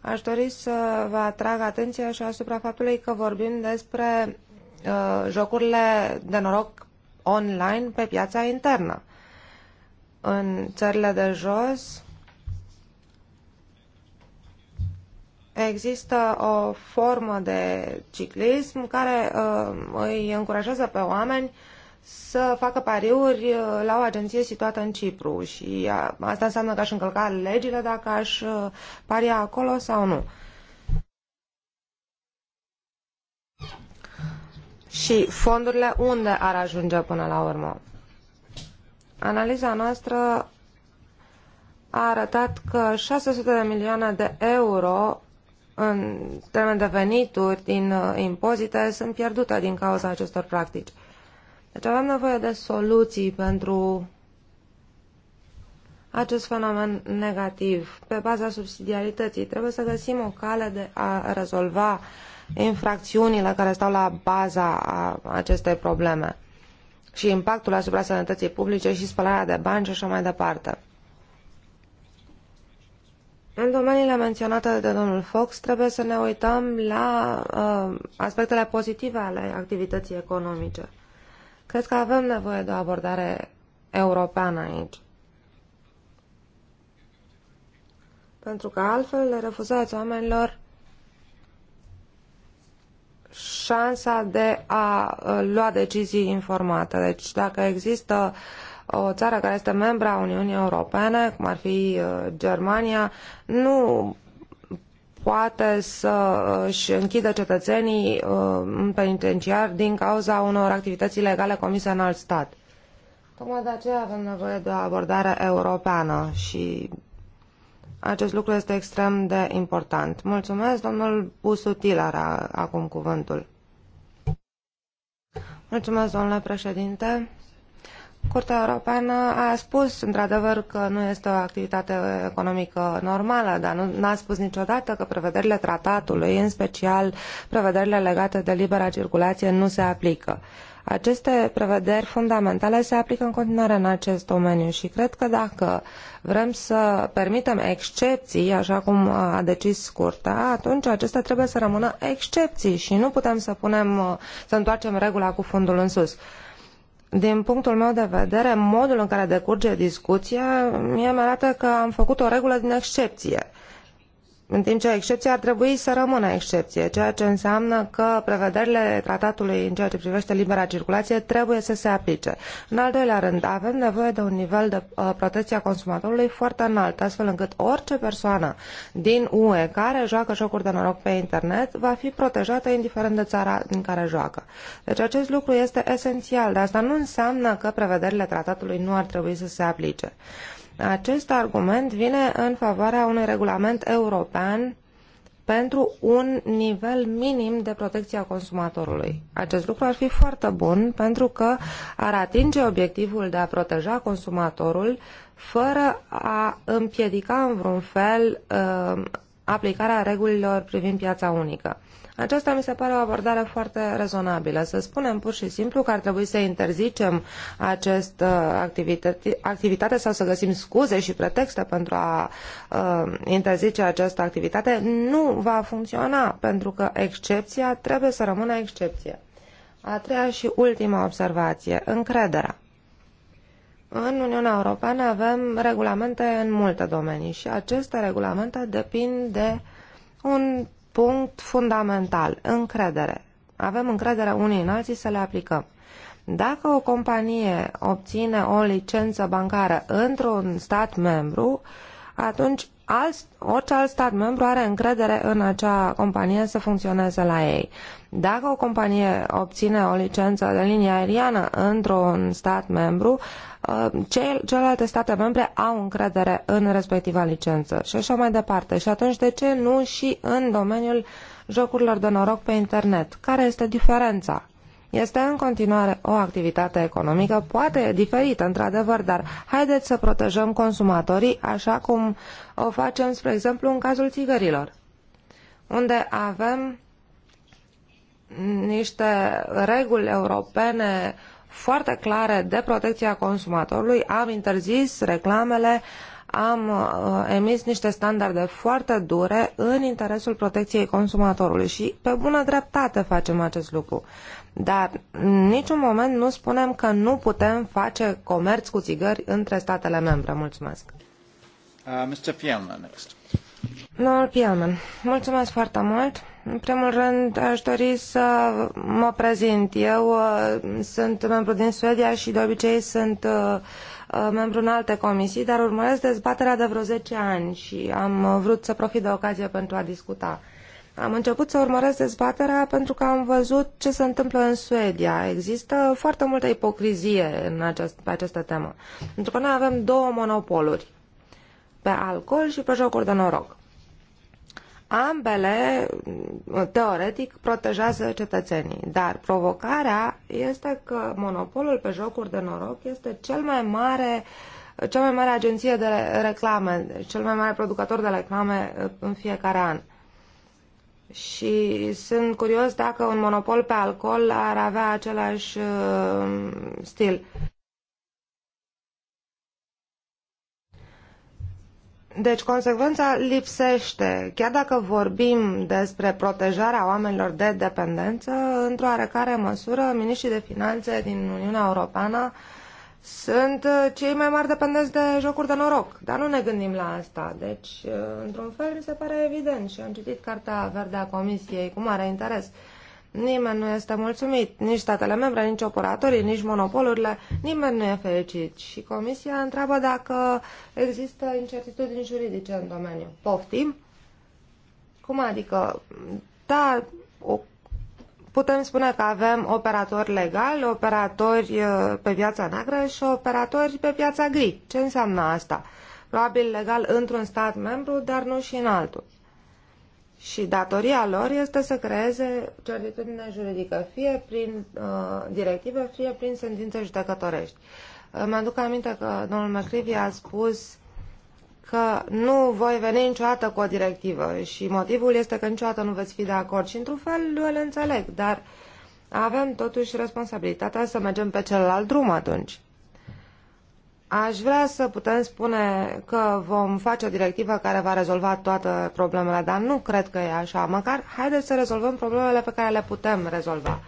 Aș dori să vă atrag atenția și asupra faptului că vorbim despre uh, jocurile de noroc online pe piața internă. În țările de jos există o formă de ciclism care uh, îi încurajează pe oameni uh, să facă pariuri uh, la o agenție situată în Cipru și uh, asta înseamnă că aș încălca legile dacă aș uh, paria acolo sau nu. Și fondurile unde ar ajunge până la urmă? Analiza noastră a arătat că 600 de milioane de euro în termen de venituri din impozite sunt pierdute din cauza acestor practici. Deci avem nevoie de soluții pentru acest fenomen negativ. Pe baza subsidiarității trebuie să găsim o cale de a rezolva infracțiunile care stau la baza acestei probleme și impactul asupra sănătății publice și spălarea de bani și așa mai departe. În domeniile menționate de domnul Fox, trebuie să ne uităm la uh, aspectele pozitive ale activității economice. Cred că avem nevoie de o abordare europeană aici. Pentru că altfel le refuzați oamenilor șansa de a uh, lua decizii informate. Deci dacă există uh, o țară care este membra a Uniunii Europene, cum ar fi uh, Germania, nu poate să uh, își închidă cetățenii în uh, penitenciar din cauza unor activități ilegale comise în alt stat. Tocmai de aceea avem nevoie de o abordare europeană și acest lucru este extrem de important. Mulțumesc, domnul Busutil are acum cuvântul. Mulțumesc, domnule președinte. Curtea Europeană a spus într-adevăr că nu este o activitate economică normală, dar nu a spus niciodată că prevederile tratatului, în special prevederile legate de libera circulație, nu se aplică. Aceste prevederi fundamentale se aplică în continuare în acest domeniu și cred că dacă vrem să permitem excepții, așa cum a decis curtea, atunci acestea trebuie să rămână excepții și nu putem să punem, să întoarcem regula cu fundul în sus. Din punctul meu de vedere, modul în care decurge discuția, mie mi arată că am făcut o regulă din excepție în timp ce excepția ar trebui să rămână excepție, ceea ce înseamnă că prevederile tratatului în ceea ce privește libera circulație trebuie să se aplice. În al doilea rând, avem nevoie de un nivel de uh, protecție a consumatorului foarte înalt, astfel încât orice persoană din UE care joacă jocuri de noroc pe internet va fi protejată indiferent de țara din care joacă. Deci acest lucru este esențial, dar asta nu înseamnă că prevederile tratatului nu ar trebui să se aplice. Uh, acest argument vine în favoarea unui regulament european pentru un nivel minim de protecție a consumatorului. Acest lucru ar fi foarte bun pentru că ar atinge obiectivul de a proteja consumatorul fără a împiedica în vreun fel uh, aplicarea regulilor privind piața unică. Aceasta mi se pare o abordare foarte rezonabilă. Să spunem pur și simplu că ar trebui să interzicem această uh, activitate, activitate sau să găsim scuze și pretexte pentru a uh, interzice această activitate nu va funcționa pentru că excepția trebuie să rămână excepție. A treia și ultima observație, încrederea. În Uniunea Europeană avem regulamente în multe domenii și aceste regulamente depind de un punct fundamental, încredere. Avem încredere unii în alții să le aplicăm. Dacă o companie obține o licență bancară într-un stat membru, atunci alt, orice alt stat membru are încredere în acea companie să funcționeze la ei. Dacă o companie obține o licență de linie aeriană într-un stat membru, uh, celelalte state membre au încredere în respectiva licență și așa mai departe. Și atunci de ce nu și în domeniul jocurilor de noroc pe internet? Care este diferența? Este în continuare o activitate economică, poate diferită, într-adevăr, dar haideți să protejăm consumatorii așa cum o facem, spre exemplu, în cazul țigărilor, unde avem niște reguli europene foarte clare de protecția consumatorului, am interzis reclamele, am uh, emis niște standarde foarte dure în interesul protecției consumatorului și pe bună dreptate facem acest lucru. Dar în niciun moment nu spunem că nu putem face comerț cu țigări între statele membre. Mulțumesc. Uh, Mr. Pielman, next. Domnul Pielman, mulțumesc foarte mult. În primul rând, aș dori să mă prezint. Eu uh, sunt membru din Suedia și de obicei sunt uh, uh membru în alte comisii, dar urmăresc dezbaterea de vreo 10 ani și am uh, vrut să profit de ocazie pentru a discuta. Uh, am început să urmăresc dezbaterea pentru că am văzut ce se întâmplă în Suedia. Există foarte multă ipocrizie în această, pe această temă. Pentru că noi avem două monopoluri, pe alcool și pe jocuri de noroc. Ambele, teoretic, protejează cetățenii, dar provocarea este că monopolul pe jocuri de noroc este cel mai mare cea mai mare agenție de reclame, cel mai mare producător de reclame în fiecare an și sunt curios dacă un monopol pe alcool ar avea același uh, stil. Deci consecvența lipsește. Chiar dacă vorbim despre protejarea oamenilor de dependență, într-o oarecare măsură, miniștrii de finanțe din Uniunea Europeană uh, sunt uh, cei mai mari dependenți de jocuri de noroc, dar nu ne gândim la asta. Deci, uh, într-un fel, mi se pare evident și am citit Cartea Verde a Comisiei cu mare interes. Nimeni nu este mulțumit, nici statele membre, nici operatorii, nici monopolurile, nimeni nu e fericit. Și Comisia întreabă dacă există incertitudini juridice în domeniu. Poftim? Cum adică? Da, o putem spune că avem operatori legali, operatori uh, pe piața neagră și operatori pe piața gri. Ce înseamnă asta? Probabil legal într-un stat membru, dar nu și în altul. Și datoria lor este să creeze certitudine juridică, fie prin uh, directive, fie prin sentințe judecătorești. Uh, Mi-aduc aminte că domnul McCreevy a spus că nu voi veni niciodată cu o directivă și motivul este că niciodată nu veți fi de acord și într-un fel îl înțeleg, dar avem totuși responsabilitatea să mergem pe celălalt drum atunci. Aș vrea să putem spune că vom face o directivă care va rezolva toate problemele, dar nu cred că e așa. Măcar haideți să rezolvăm problemele pe care le putem rezolva.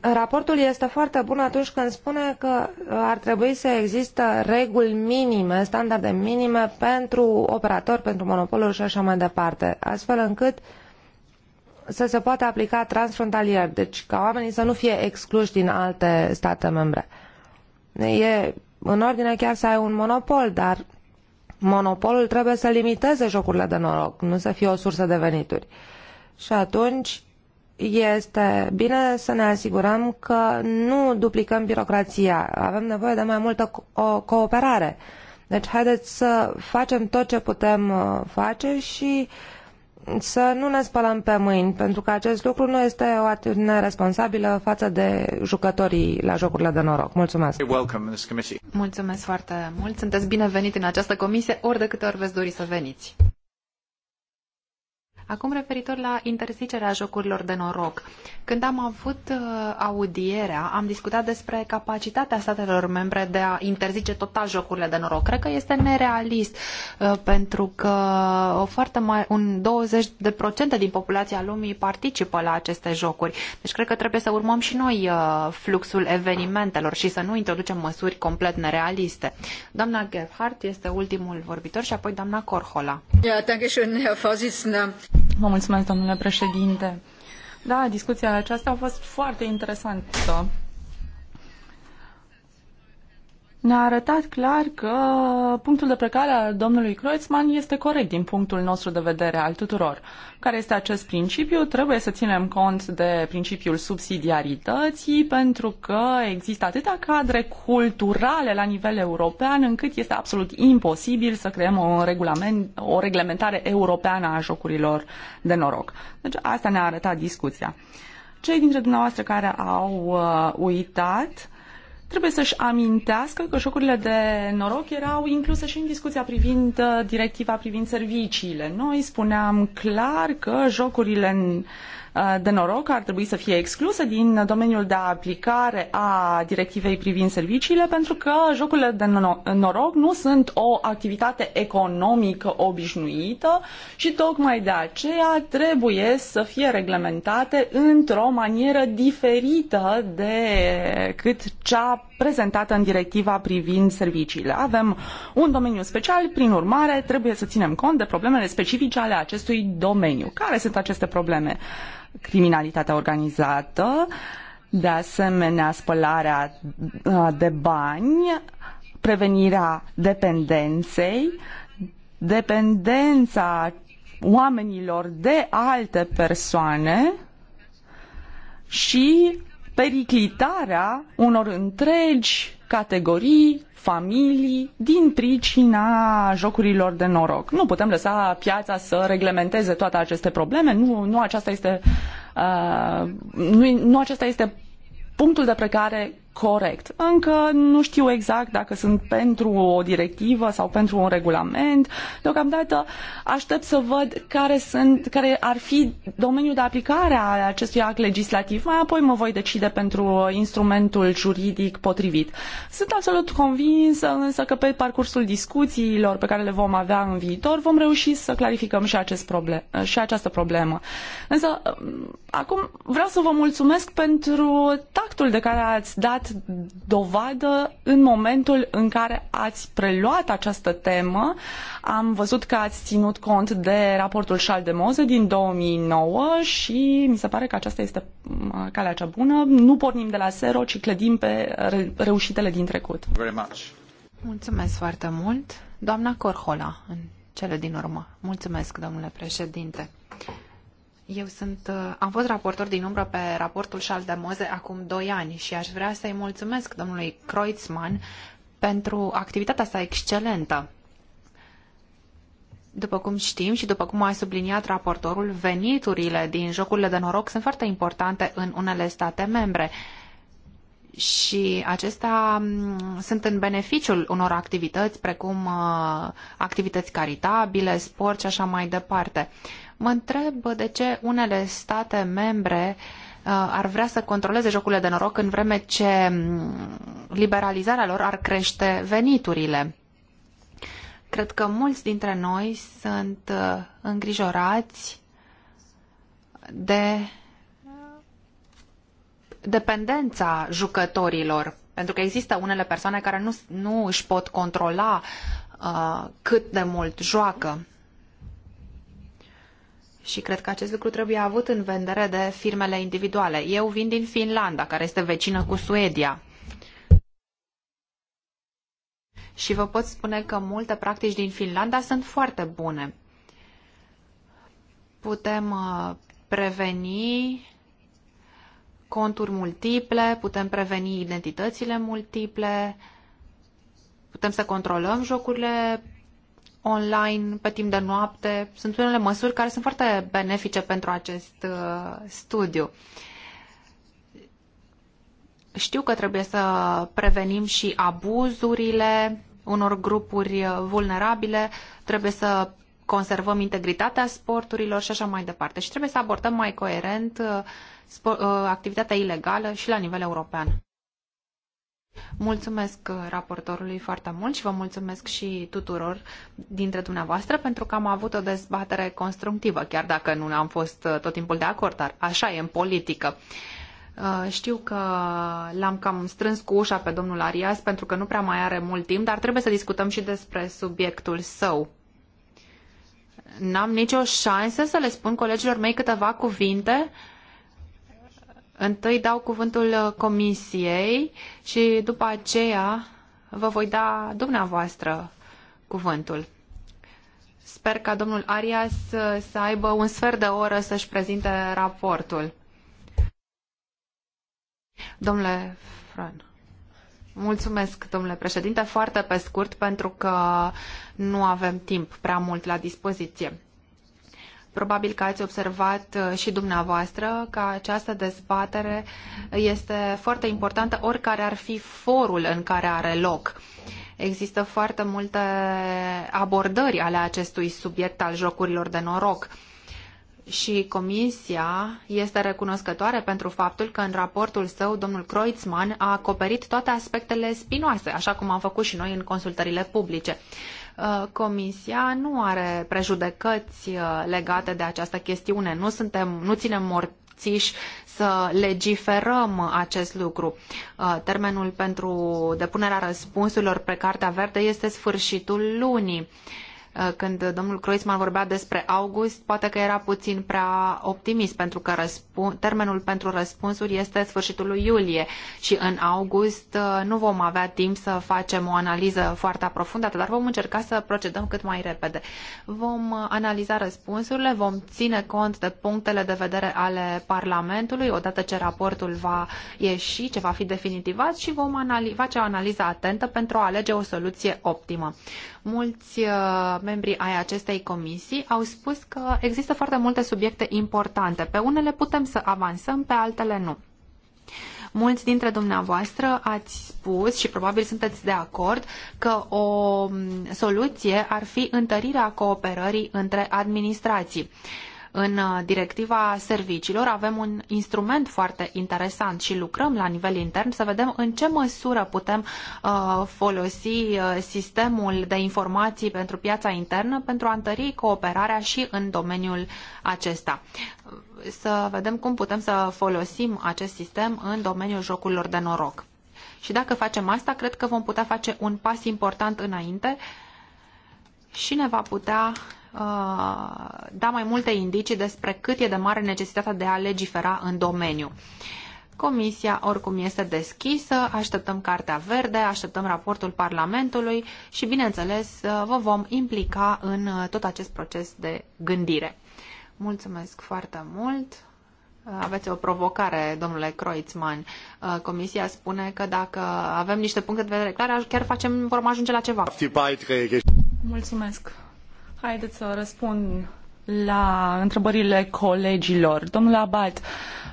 Raportul este foarte bun atunci când spune că uh, ar trebui să existe reguli minime, standarde minime pentru operatori, pentru monopoluri și așa mai departe, astfel încât să se poată aplica transfrontalier, deci ca oamenii să nu fie excluși din alte state membre. E în ordine chiar să ai un monopol, dar monopolul trebuie să limiteze jocurile de noroc, nu să fie o sursă de venituri. Și atunci este bine să ne asigurăm că nu duplicăm birocrația. Avem nevoie de mai multă co cooperare. Deci haideți să facem tot ce putem uh, face și să nu ne spălăm pe mâini, pentru că acest lucru nu este o atitudine responsabilă față de jucătorii la jocurile de noroc. Mulțumesc! Mulțumesc foarte mult! Sunteți binevenit în această comisie ori de câte ori veți dori să veniți. Acum referitor la interzicerea jocurilor de noroc. Când am avut uh, audierea, am discutat despre capacitatea statelor membre de a interzice total jocurile de noroc. Cred că este nerealist uh, pentru că o foarte mai, un 20% din populația lumii participă la aceste jocuri. Deci cred că trebuie să urmăm și noi uh, fluxul evenimentelor și să nu introducem măsuri complet nerealiste. Doamna Gerhardt este ultimul vorbitor și apoi doamna Corhola. Yeah, danke schön, Herr Vorsitzender. Vă mulțumesc, domnule președinte. Da, discuția aceasta a fost foarte interesantă ne-a arătat clar că punctul de plecare al domnului Kreutzmann este corect din punctul nostru de vedere al tuturor. Care este acest principiu? Trebuie să ținem cont de principiul subsidiarității pentru că există atâtea cadre culturale la nivel european încât este absolut imposibil să creăm o, regulament, o reglementare europeană a jocurilor de noroc. Deci asta ne-a arătat discuția. Cei dintre dumneavoastră care au uh, uitat trebuie să-și amintească că jocurile de noroc erau incluse și în discuția privind uh, directiva privind serviciile. Noi spuneam clar că jocurile în Uh, de noroc ar trebui să fie excluse din domeniul de aplicare a directivei privind serviciile pentru că jocurile de noroc nu sunt o activitate economică obișnuită și tocmai de aceea trebuie să fie reglementate într-o manieră diferită decât cea prezentată în directiva privind serviciile. Avem un domeniu special, prin urmare trebuie să ținem cont de problemele specifice ale acestui domeniu. Care sunt aceste probleme? criminalitatea organizată, de asemenea spălarea uh, de bani, prevenirea dependenței, dependența oamenilor de alte persoane și periclitarea unor întregi categorii, familii, din pricina jocurilor de noroc. Nu putem lăsa piața să reglementeze toate aceste probleme, nu, nu, aceasta, este, uh, nu, nu aceasta este punctul de plecare corect. Încă nu știu exact dacă sunt pentru o directivă sau pentru un regulament. Deocamdată aștept să văd care, sunt, care ar fi domeniul de aplicare al acestui act legislativ. Mai apoi mă voi decide pentru instrumentul juridic potrivit. Sunt absolut convinsă însă că pe parcursul discuțiilor pe care le vom avea în viitor vom reuși să clarificăm și, acest problem, și această problemă. Însă acum vreau să vă mulțumesc pentru tactul de care ați dat dovadă în momentul în care ați preluat această temă. Am văzut că ați ținut cont de raportul de Moze din 2009 și mi se pare că aceasta este calea cea bună. Nu pornim de la zero, ci clădim pe reușitele din trecut. Mulțumesc foarte mult. Doamna Corhola, în cele din urmă. Mulțumesc, domnule președinte. Eu sunt, uh, am fost raportor din umbră pe raportul Moze acum doi ani și aș vrea să-i mulțumesc domnului Kreutzmann pentru activitatea sa excelentă. După cum știm și după cum a subliniat raportorul, veniturile din jocurile de noroc sunt foarte importante în unele state membre și acestea mm, sunt în beneficiul unor activități precum uh, activități caritabile, sport și așa mai departe. Mă întreb de ce unele state membre uh, ar vrea să controleze jocurile de noroc în vreme ce mm, liberalizarea lor ar crește veniturile. Cred că mulți dintre noi sunt uh, îngrijorați de dependența jucătorilor, pentru că există unele persoane care nu, nu își pot controla uh, cât de mult joacă. Și cred că acest lucru trebuie avut în vedere de firmele individuale. Eu vin din Finlanda, care este vecină cu Suedia. Și vă pot spune că multe practici din Finlanda sunt foarte bune. Putem uh, preveni conturi multiple, putem preveni identitățile multiple, putem să controlăm jocurile online pe timp de noapte. Sunt unele măsuri care sunt foarte benefice pentru acest uh, studiu. Știu că trebuie să prevenim și abuzurile unor grupuri uh, vulnerabile, trebuie să conservăm integritatea sporturilor și așa mai departe. Și trebuie să abordăm mai coerent uh, uh, activitatea ilegală și la nivel european. Mulțumesc uh, raportorului foarte mult și vă mulțumesc și tuturor dintre dumneavoastră pentru că am avut o dezbatere constructivă, chiar dacă nu am fost tot timpul de acord, dar așa e în politică. Știu că l-am cam strâns cu ușa pe domnul Arias pentru că nu prea mai are mult timp, dar trebuie să discutăm și despre subiectul său n-am nicio șansă să le spun colegilor mei câteva cuvinte. Întâi dau cuvântul comisiei și după aceea vă voi da dumneavoastră cuvântul. Sper ca domnul Arias să aibă un sfert de oră să-și prezinte raportul. Domnule Fran. Mulțumesc, domnule președinte, foarte pe scurt, pentru că nu avem timp prea mult la dispoziție. Probabil că ați observat uh, și dumneavoastră că această dezbatere este foarte importantă, oricare ar fi forul în care are loc. Există foarte multe abordări ale acestui subiect al jocurilor de noroc și Comisia este recunoscătoare pentru faptul că în raportul său domnul Kreutzmann a acoperit toate aspectele spinoase, așa cum am făcut și noi în consultările publice. Uh, comisia nu are prejudecăți uh, legate de această chestiune. Nu, suntem, nu ținem morțiși să legiferăm acest lucru. Uh, termenul pentru depunerea răspunsurilor pe Cartea Verde este sfârșitul lunii. Uh, când domnul Croisman vorbea despre august, poate că era puțin prea optimist, pentru că termenul pentru răspunsuri este sfârșitul lui iulie și în august uh, nu vom avea timp să facem o analiză foarte aprofundată, dar vom încerca să procedăm cât mai repede. Vom uh, analiza răspunsurile, vom ține cont de punctele de vedere ale Parlamentului, odată ce raportul va ieși, ce va fi definitivat și vom face o analiză atentă pentru a alege o soluție optimă. Mulți Membrii ai acestei comisii au spus că există foarte multe subiecte importante. Pe unele putem să avansăm, pe altele nu. Mulți dintre dumneavoastră ați spus și probabil sunteți de acord că o soluție ar fi întărirea cooperării între administrații. Uh, în uh, directiva serviciilor avem un instrument foarte interesant și lucrăm la nivel intern să vedem în ce măsură putem uh, folosi uh, sistemul de informații pentru piața internă pentru a întări cooperarea și în domeniul acesta. Să vedem cum putem să folosim acest sistem în domeniul jocurilor de noroc. Și dacă facem asta, cred că vom putea face un pas important înainte și ne va putea Uh, da mai multe indicii despre cât e de mare necesitatea de a legifera în domeniu. Comisia oricum este deschisă, așteptăm Cartea Verde, așteptăm raportul Parlamentului și, bineînțeles, uh, vă vom implica în uh, tot acest proces de gândire. Mulțumesc foarte mult! Aveți o provocare, domnule Kreutzmann. Comisia spune că dacă avem niște puncte de vedere clare, chiar facem, vom ajunge la ceva. Mulțumesc! Haideți să răspund la întrebările colegilor. Domnule Abad,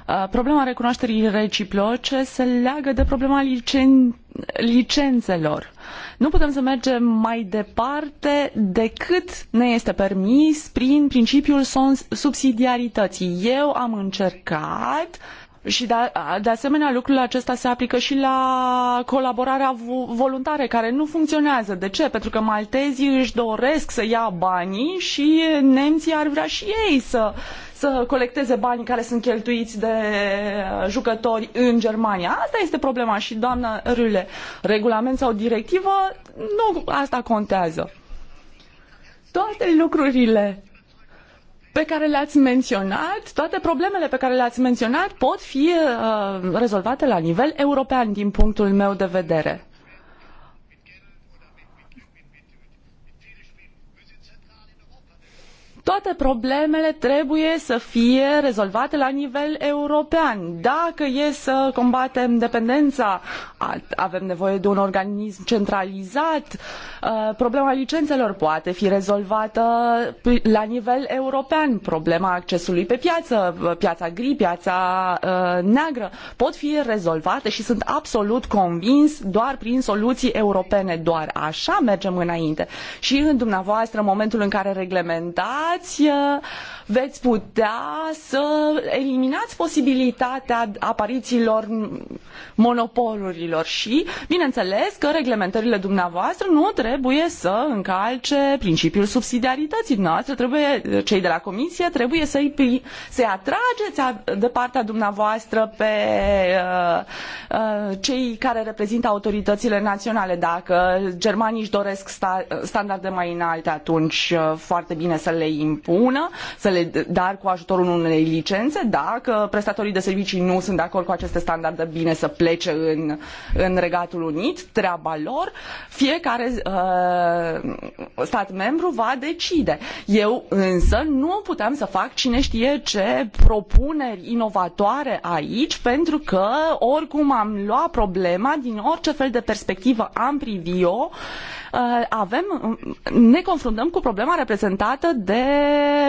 uh, problema recunoașterii reciproce se leagă de problema licen- licențelor. Nu putem să mergem mai departe decât ne este permis prin principiul subsidiarității. Eu am încercat uh, și de, de asemenea, lucrul acesta se aplică și la colaborarea voluntară, care nu funcționează. De ce? Pentru că maltezii își doresc să ia banii și nemții ar vrea și ei să, să colecteze banii care sunt cheltuiți de jucători în Germania. Asta este problema și doamnă Râle. Regulament sau directivă, nu asta contează. Toate lucrurile pe care le-ați menționat, toate problemele pe care le-ați menționat pot fi uh, rezolvate la nivel european din punctul meu de vedere. Toate problemele trebuie să fie rezolvate la nivel european. Dacă e să combatem dependența, avem nevoie de un organism centralizat. Uh, problema licențelor poate fi rezolvată la nivel european. Problema accesului pe piață, uh, piața gri, piața uh, neagră, pot fi rezolvate și sunt absolut convins doar prin soluții europene. Doar așa mergem înainte. Și în dumneavoastră, în momentul în care reglementați, posibilități veți putea să eliminați posibilitatea aparițiilor monopolurilor și, bineînțeles, că reglementările dumneavoastră nu trebuie să încalce principiul subsidiarității dumneavoastră, trebuie, cei de la comisie trebuie să-i, să, -i, atrageți de partea dumneavoastră pe uh, uh, cei care reprezintă autoritățile naționale. Dacă germanii își doresc sta, standarde mai înalte, atunci uh, foarte bine să le impună, să standardele, dar cu ajutorul unei licențe, dacă prestatorii de servicii nu sunt de acord cu aceste standarde, bine să plece în, în Regatul Unit, treaba lor, fiecare uh, stat membru va decide. Eu însă nu puteam să fac cine știe ce propuneri inovatoare aici, pentru că oricum am luat problema din orice fel de perspectivă am privi-o, uh, avem, ne confruntăm cu problema reprezentată de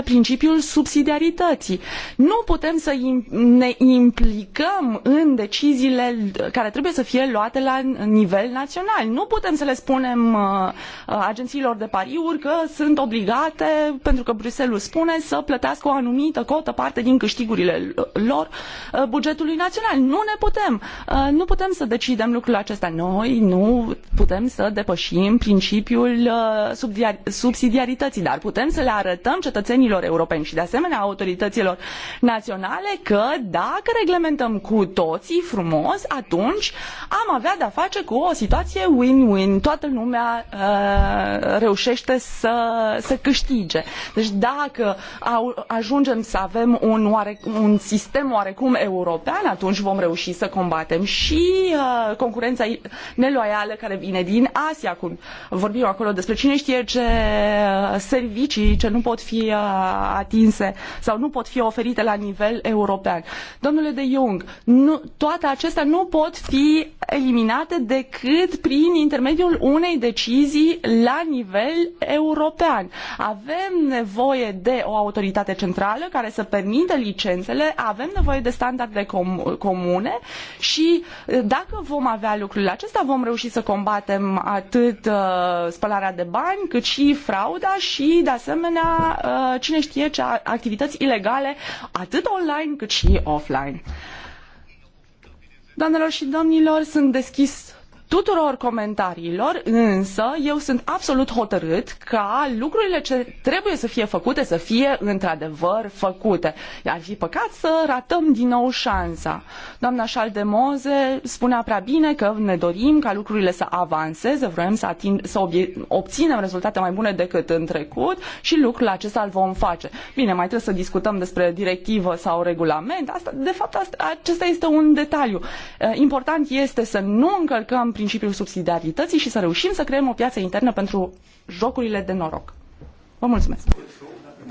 principiul principiul subsidiarității. Nu putem să ne implicăm în deciziile care trebuie să fie luate la nivel național. Nu putem să le spunem uh, uh, agențiilor de pariuri că sunt obligate, pentru că Bruxelles spune, să plătească o anumită cotă parte din câștigurile lor uh, bugetului național. Nu ne putem. Nu putem să decidem lucrul acesta. Noi nu putem să depășim principiul subsidiarității, dar putem să le arătăm cetățenilor europeni și de asemenea autorităților naționale că dacă reglementăm cu toții frumos, atunci am avea de-a face cu o situație win-win. Toată lumea uh, reușește să, să câștige. Deci dacă au, ajungem să avem un, oare, un sistem oarecum european, atunci vom reuși să combatem și uh, concurența neloială care vine din Asia. Cu, vorbim acolo despre cine știe ce uh, servicii, ce nu pot fi uh, atinse atinse sau nu pot fi oferite la nivel european. Domnule de Jung, nu, toate acestea nu pot fi eliminate decât prin intermediul unei decizii la nivel european. Avem nevoie de o autoritate centrală care să permită licențele, avem nevoie de standarde com- comune și eh, dacă vom avea lucrurile acestea, vom reuși să combatem atât uh, spălarea de bani, cât și frauda și, de asemenea, uh, cine știe ce activități ilegale atât online cât și offline. Doamnelor și domnilor, sunt deschis tuturor comentariilor, însă eu sunt absolut hotărât ca lucrurile ce trebuie să fie făcute să fie într-adevăr făcute. Ar fi păcat să ratăm din nou șansa. Doamna Șaldemoze spunea prea bine că ne dorim ca lucrurile să avanseze, vrem să, ating, să obținem rezultate mai bune decât în trecut și lucrul acesta îl vom face. Bine, mai trebuie să discutăm despre directivă sau regulament. Asta, de fapt, asta, acesta este un detaliu. Eh, important este să nu încălcăm principiul subsidiarității și să reușim să creăm o piață internă pentru jocurile de noroc. Vă mulțumesc!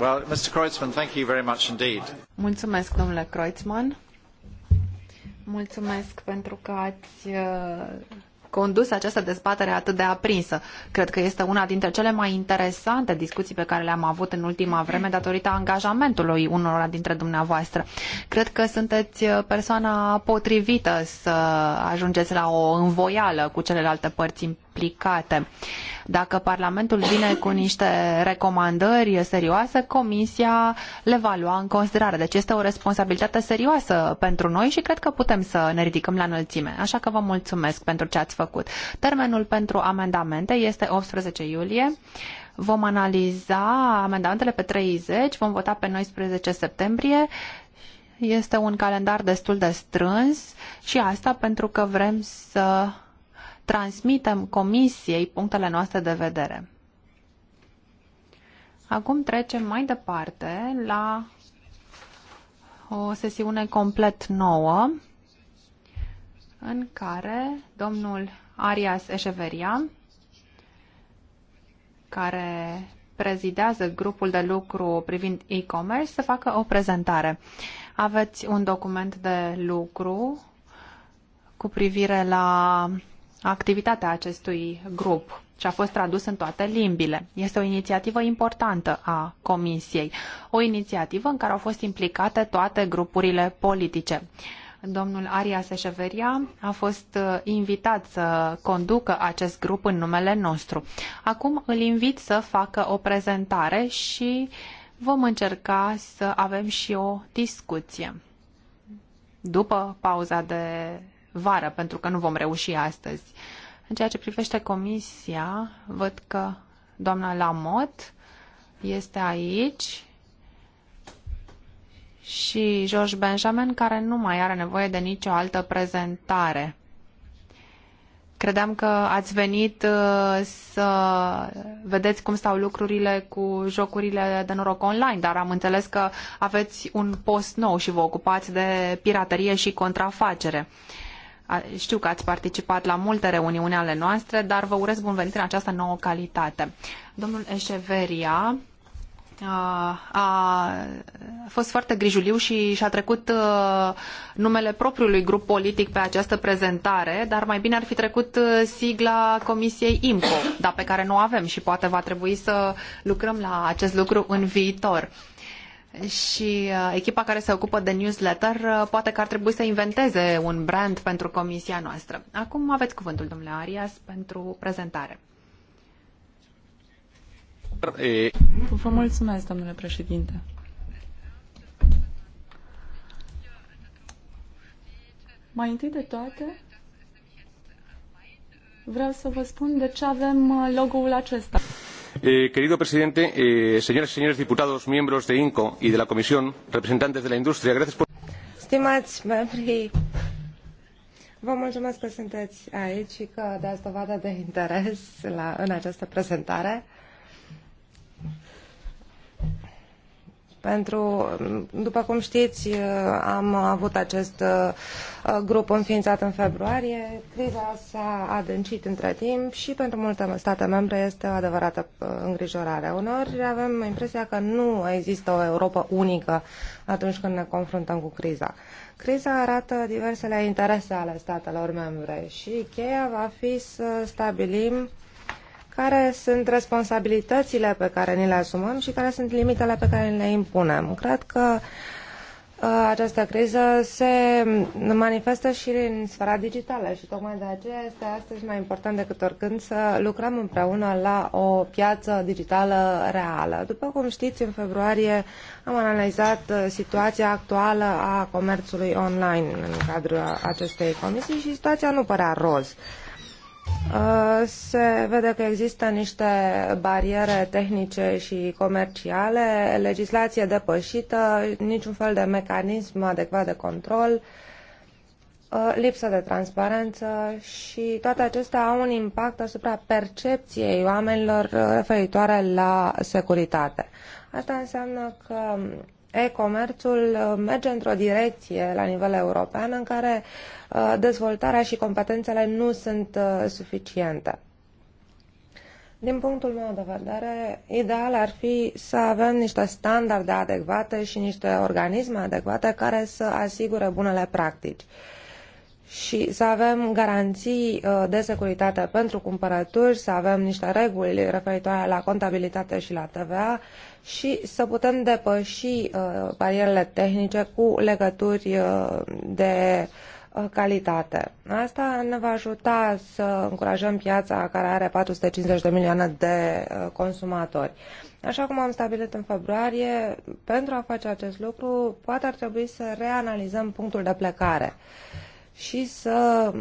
Well, Mr. Kreutzmann, thank you very much indeed. Mulțumesc, domnule Kreutzmann. Mulțumesc pentru că ați uh, condus această dezbatere atât de aprinsă. Cred că este una dintre cele mai interesante discuții pe care le-am avut în ultima vreme datorită angajamentului unora dintre dumneavoastră. Cred că sunteți uh, persoana potrivită să ajungeți la o învoială cu celelalte părți aplicate. Dacă Parlamentul vine cu niște recomandări serioase, Comisia le va lua în considerare. Deci este o responsabilitate serioasă pentru noi și cred că putem să ne ridicăm la înălțime. Așa că vă mulțumesc pentru ce ați făcut. Termenul pentru amendamente este 18 iulie. Vom analiza amendamentele pe 30, vom vota pe 19 septembrie. Este un calendar destul de strâns și asta pentru că vrem să transmitem comisiei punctele noastre de vedere. Acum trecem mai departe la o sesiune complet nouă în care domnul Arias Echeveria, care prezidează grupul de lucru privind e-commerce, să facă o prezentare. Aveți un document de lucru cu privire la activitatea acestui grup și a fost tradus în toate limbile. Este o inițiativă importantă a Comisiei, o inițiativă în care au fost implicate toate grupurile politice. Domnul Aria Seșeveria a fost uh, invitat să conducă acest grup în numele nostru. Acum îl invit să facă o prezentare și vom încerca să avem și o discuție. După pauza de vară, pentru că nu vom reuși astăzi. În ceea ce privește comisia, văd că doamna Lamot este aici și George Benjamin, care nu mai are nevoie de nicio altă prezentare. Credeam că ați venit uh, să vedeți cum stau lucrurile cu jocurile de noroc online, dar am înțeles că aveți un post nou și vă ocupați de piraterie și contrafacere. Uh, știu că ați participat la multe reuniuni ale noastre, dar vă urez bun venit în această nouă calitate. Domnul Eșeveria a fost foarte grijuliu și și-a trecut numele propriului grup politic pe această prezentare, dar mai bine ar fi trecut sigla Comisiei IMCO, dar pe care nu o avem și poate va trebui să lucrăm la acest lucru în viitor și uh, echipa care se ocupă de newsletter uh, poate că ar trebui să inventeze un brand pentru comisia noastră. Acum aveți cuvântul, domnule Arias, pentru prezentare. Vă mulțumesc, domnule președinte. Mai întâi de toate, vreau să vă spun de ce avem uh, logo-ul acesta. Eh, querido presidente, eh, señoras y señores diputados, miembros de INCO y de la Comisión, representantes de la industria, gracias por... Stimați membrii, vă mulțumesc că sunteți aici și că dați dovadă de interes la, în această prezentare. Pentru, după cum știți, am avut acest uh, grup înființat în februarie. Criza s-a adâncit între timp și pentru multe state membre este o adevărată uh, îngrijorare. Uneori avem impresia că nu există o Europa unică atunci când ne confruntăm cu criza. Criza arată diversele interese ale statelor membre și cheia va fi să stabilim care sunt responsabilitățile pe care ni le asumăm și care sunt limitele pe care ni le impunem. Cred că uh, această criză se manifestă și în sfera digitală și tocmai de aceea este astăzi mai important decât oricând să lucrăm împreună la o piață digitală reală. După cum știți, în februarie am analizat uh, situația actuală a comerțului online în cadrul acestei comisii și situația nu părea roz. Uh, Uh, se vede că există niște bariere tehnice și comerciale, legislație depășită, niciun fel de mecanism adecvat de control, uh, lipsă de transparență și toate acestea au un impact asupra percepției oamenilor uh, referitoare la securitate. Asta înseamnă că e-comerțul uh, merge într-o direcție la nivel european în care uh, dezvoltarea și competențele nu sunt uh, suficiente. Din punctul meu de vedere, ideal ar fi să avem niște standarde adecvate și niște organisme adecvate care să asigure bunele practici. Uh, și să avem garanții uh, de securitate pentru cumpărături, să avem niște reguli referitoare la contabilitate și la TVA și să putem depăși uh, barierele tehnice cu legături uh, de calitate. Asta ne va ajuta să încurajăm piața care are 450 de milioane de consumatori. Așa cum am stabilit în februarie, pentru a face acest lucru, poate ar trebui să reanalizăm punctul de plecare și să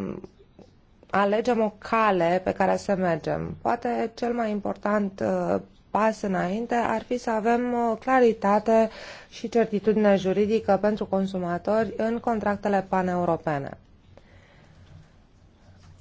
alegem o cale pe care să mergem. Poate cel mai important uh, pas înainte ar fi să avem uh, claritate și certitudine juridică pentru consumatori în contractele paneuropene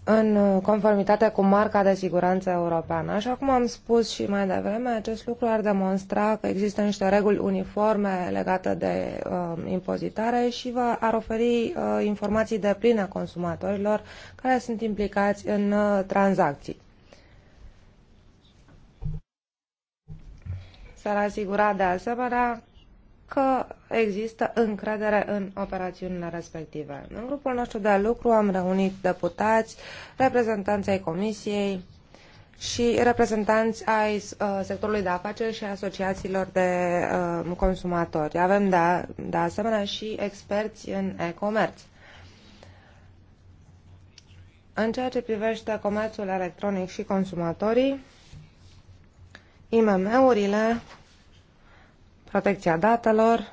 în conformitate cu marca de siguranță europeană. Așa cum am spus și mai devreme, acest lucru ar demonstra că există niște reguli uniforme legate de uh, impozitare și vă ar oferi uh, informații de plină consumatorilor care sunt implicați în uh, tranzacții. S-ar asigura de asemenea că există încredere în operațiunile respective. În grupul nostru de lucru am reunit deputați, reprezentanții ai Comisiei și reprezentanți ai uh, sectorului de afaceri și asociațiilor de uh, consumatori. Avem de, de asemenea și experți în e-comerț. În ceea ce privește comerțul electronic și consumatorii, IMM-urile protecția datelor,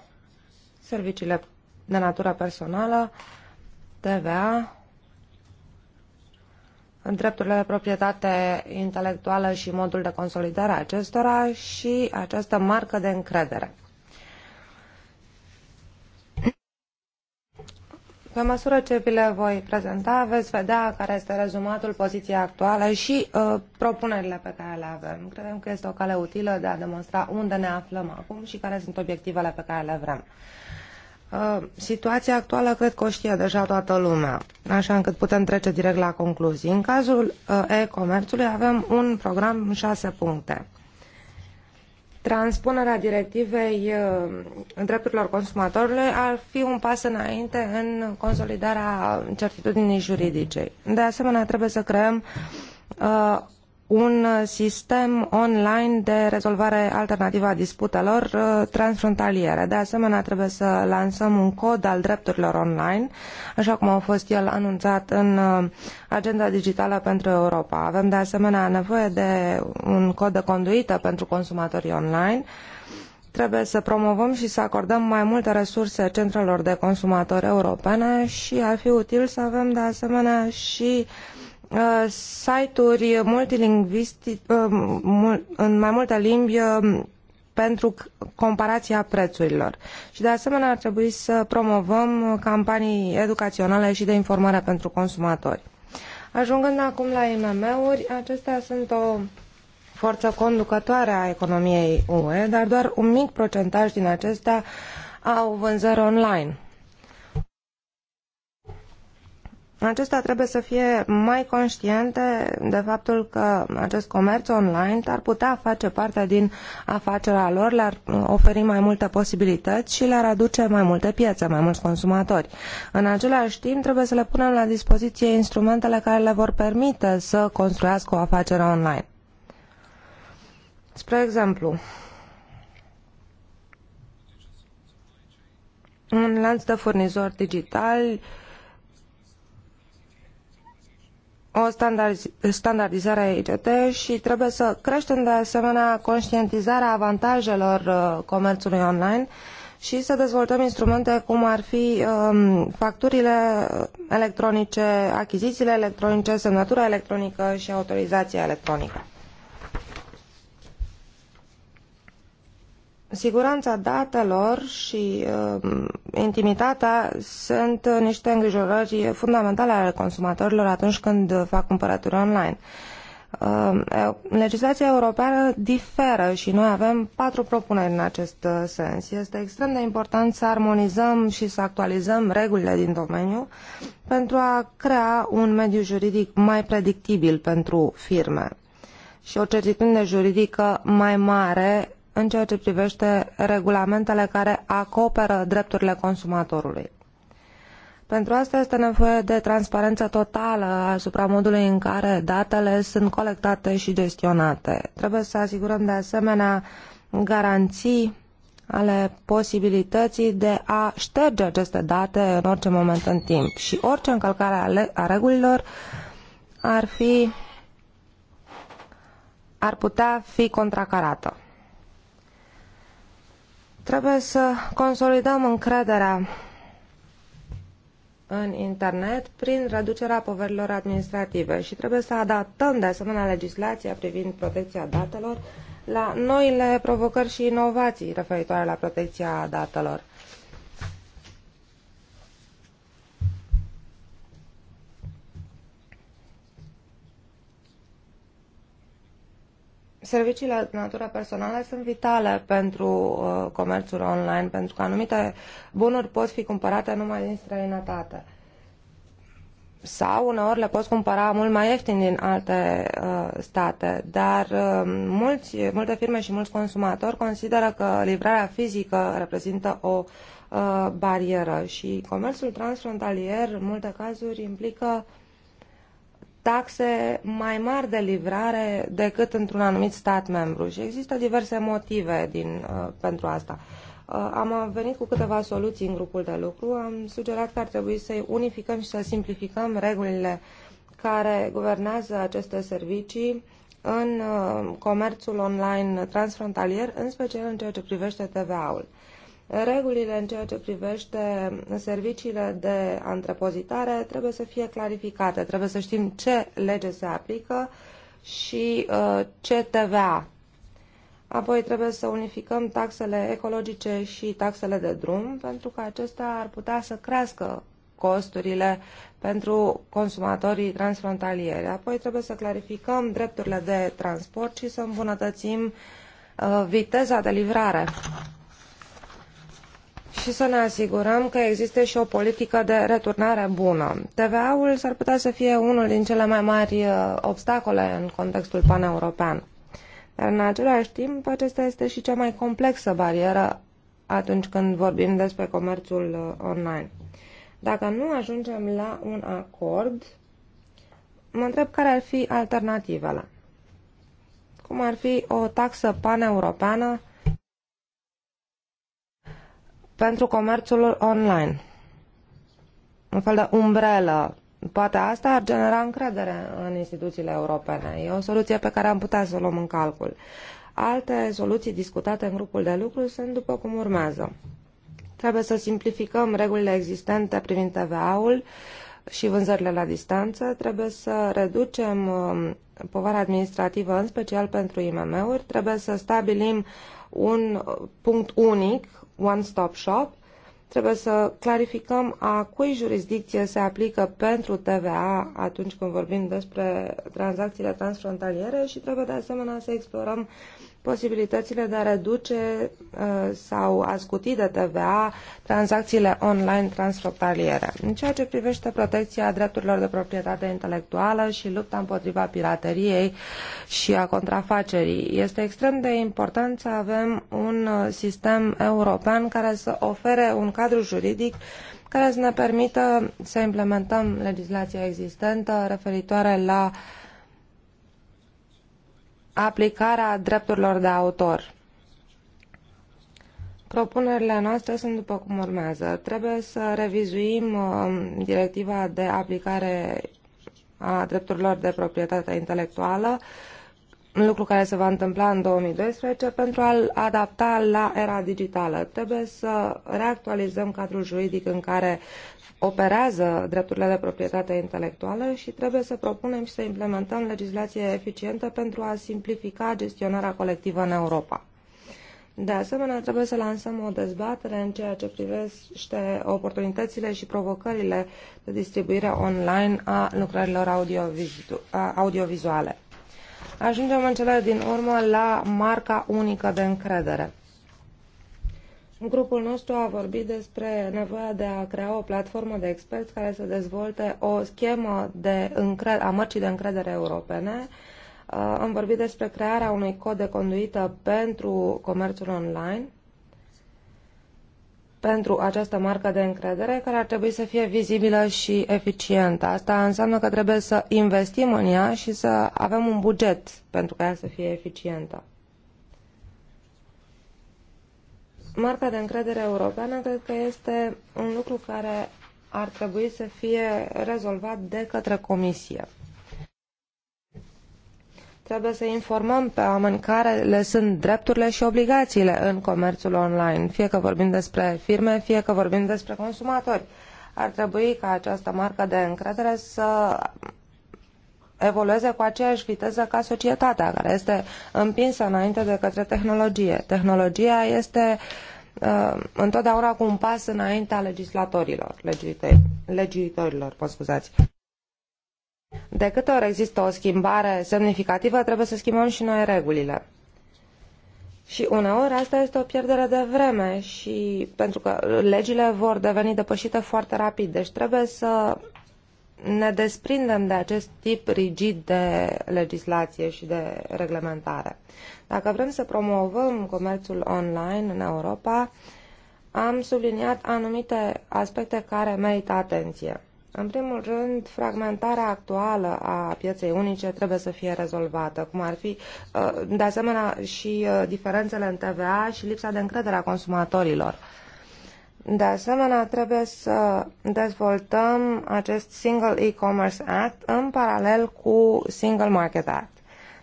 serviciile de natură personală, TVA, în drepturile de proprietate intelectuală și modul de consolidare a acestora și această marcă de încredere. Pe măsură ce vi le voi prezenta, veți vedea care este rezumatul poziției actuale și uh, propunerile pe care le avem. Credem că este o cale utilă de a demonstra unde ne aflăm acum și care sunt obiectivele pe care le vrem. Uh, situația actuală cred că o știe deja toată lumea, așa încât putem trece direct la concluzii. În cazul uh, e-comerțului avem un program în șase puncte. Transpunerea directivei în uh, drepturilor consumatorilor ar fi un pas înainte în consolidarea certitudinii juridice. De asemenea, trebuie să creăm uh, un sistem online de rezolvare alternativă a disputelor uh, transfrontaliere. De asemenea, trebuie să lansăm un cod al drepturilor online, așa cum a fost el anunțat în uh, Agenda Digitală pentru Europa. Avem de asemenea nevoie de un cod de conduită pentru consumatorii online, trebuie să promovăm și să acordăm mai multe resurse centrelor de consumatori europene și ar fi util să avem de asemenea și uh, Uh, site-uri uh, în mai multe limbi uh, pentru comparația prețurilor. Și de asemenea ar trebui să promovăm campanii educaționale și de informare pentru consumatori. Ajungând acum la IMM-uri, acestea sunt o forță conducătoare a economiei UE, dar doar un mic procentaj din acestea au vânzări online. acestea trebuie să fie mai conștiente de faptul că acest comerț online ar putea face parte din afacerea lor, le-ar oferi mai multe posibilități și le-ar aduce mai multe piețe, mai mulți consumatori. În același timp, trebuie să le punem la dispoziție instrumentele care le vor permite să construiască o afacere online. Spre exemplu, un lanț de furnizori digitali o standardizare a ICT și trebuie să creștem de asemenea conștientizarea avantajelor uh, comerțului online și să dezvoltăm instrumente cum ar fi um, facturile uh, electronice, achizițiile electronice, semnătura electronică și autorizația electronică. Siguranța datelor și uh, intimitatea sunt niște îngrijorări fundamentale ale consumatorilor atunci când fac cumpărături online. Uh, legislația europeană diferă și noi avem patru propuneri în acest uh, sens. Este extrem de important să armonizăm și să actualizăm regulile din domeniu pentru a crea un mediu juridic mai predictibil pentru firme și o certitudine juridică mai mare în ceea ce privește regulamentele care acoperă drepturile consumatorului. Pentru asta este nevoie de transparență totală asupra modului în care datele sunt colectate și gestionate. Trebuie să asigurăm de asemenea garanții ale posibilității de a șterge aceste date în orice moment în timp și orice încălcare a regulilor ar fi ar putea fi contracarată. Trebuie să consolidăm încrederea în internet prin reducerea poverilor administrative și trebuie să adaptăm de asemenea legislația privind protecția datelor la noile provocări și inovații referitoare la protecția datelor. serviciile de natură personală sunt vitale pentru uh, comerțul online, pentru că anumite bunuri pot fi cumpărate numai din străinătate. Sau uneori le poți cumpăra mult mai ieftin din alte uh, state, dar uh, mulți, multe firme și mulți consumatori consideră că livrarea fizică reprezintă o uh, barieră și comerțul transfrontalier în multe cazuri implică uh, taxe mai mari de livrare decât într-un anumit stat membru și există diverse motive din, uh, pentru asta. Uh, am venit cu câteva soluții în grupul de lucru, am sugerat că ar trebui să unificăm și să simplificăm regulile care guvernează aceste servicii în uh, comerțul online transfrontalier, în special în ceea ce privește TVA-ul. Uh, Regulile în ceea ce privește serviciile de antrepozitare trebuie să fie clarificate, trebuie să știm ce lege se aplică și uh, ce TVA. Apoi trebuie să unificăm taxele ecologice și taxele de drum, pentru că acestea ar putea să crească costurile pentru consumatorii transfrontalieri. Apoi trebuie să clarificăm drepturile de transport și să îmbunătățim uh, viteza de livrare și să ne asigurăm că există și o politică de returnare bună. TVA-ul s-ar putea să fie unul din cele mai mari uh, obstacole în contextul paneuropean. Dar în același timp, acesta este și cea mai complexă barieră atunci când vorbim despre comerțul uh, online. Dacă nu ajungem la un acord, mă întreb care ar fi alternativele. Cum ar fi o taxă paneuropeană pentru comerțul online. Un fel de umbrelă. Poate asta ar genera încredere în instituțiile europene. E o soluție pe care am putea să o luăm în calcul. Alte soluții discutate în grupul de lucru sunt după cum urmează. Trebuie să simplificăm regulile existente privind TVA-ul și vânzările la distanță, trebuie să reducem um, povara administrativă, în special pentru IMM-uri, trebuie să stabilim un uh, punct unic One Stop Shop, trebuie să clarificăm a cui jurisdicție se aplică pentru TVA atunci când vorbim despre tranzacțiile transfrontaliere și trebuie de asemenea să explorăm posibilitățile de a reduce uh, sau a scuti de TVA tranzacțiile online transfrontaliere. În ceea ce privește protecția drepturilor de proprietate intelectuală și lupta împotriva pirateriei și a contrafacerii, este extrem de important să avem un uh, sistem european care să ofere un cadru juridic care să ne permită să implementăm legislația existentă referitoare la uh, aplicarea drepturilor de autor. Propunerile noastre sunt după cum urmează. Trebuie să revizuim uh, directiva de aplicare a drepturilor de proprietate intelectuală lucru care se va întâmpla în 2012 pentru a-l adapta la era digitală. Trebuie să reactualizăm cadrul juridic în care operează drepturile de proprietate intelectuală și trebuie să propunem și să implementăm legislație eficientă pentru a simplifica gestionarea colectivă în Europa. De asemenea, trebuie să lansăm o dezbatere în ceea ce privește oportunitățile și provocările de distribuire online a lucrărilor audiovizuale ajungem în cele din urmă la marca unică de încredere. Grupul nostru a vorbit despre nevoia de a crea o platformă de experți care să dezvolte o schemă de a mărcii de încredere europene. Uh, am vorbit despre crearea unui cod de conduită pentru comerțul online pentru această marcă de încredere care ar trebui să fie vizibilă și eficientă. Asta înseamnă că trebuie să investim în ea și să avem un buget pentru ca ea să fie eficientă. Marca de încredere europeană cred că este un lucru care ar trebui să fie rezolvat de către Comisie. Trebuie să informăm pe oameni care le sunt drepturile și obligațiile în comerțul online, fie că vorbim despre firme, fie că vorbim despre consumatori. Ar trebui ca această marcă de încredere să evolueze cu aceeași viteză ca societatea, care este împinsă înainte de către tehnologie. Tehnologia este uh, întotdeauna cu un pas înaintea legislatorilor, legiuitorilor, pot scuzați. De câte ori există o schimbare semnificativă, trebuie să schimbăm și noi regulile. Și uneori asta este o pierdere de vreme și pentru că legile vor deveni depășite foarte rapid, deci trebuie să ne desprindem de acest tip rigid de legislație și de reglementare. Dacă vrem să promovăm comerțul online în Europa, am subliniat anumite aspecte care merită atenție. În primul rând, fragmentarea actuală a pieței unice trebuie să fie rezolvată, cum ar fi, uh, de asemenea, și uh, diferențele în TVA și lipsa de încredere a consumatorilor. De asemenea, trebuie să dezvoltăm acest Single E-Commerce Act în paralel cu Single Market Act.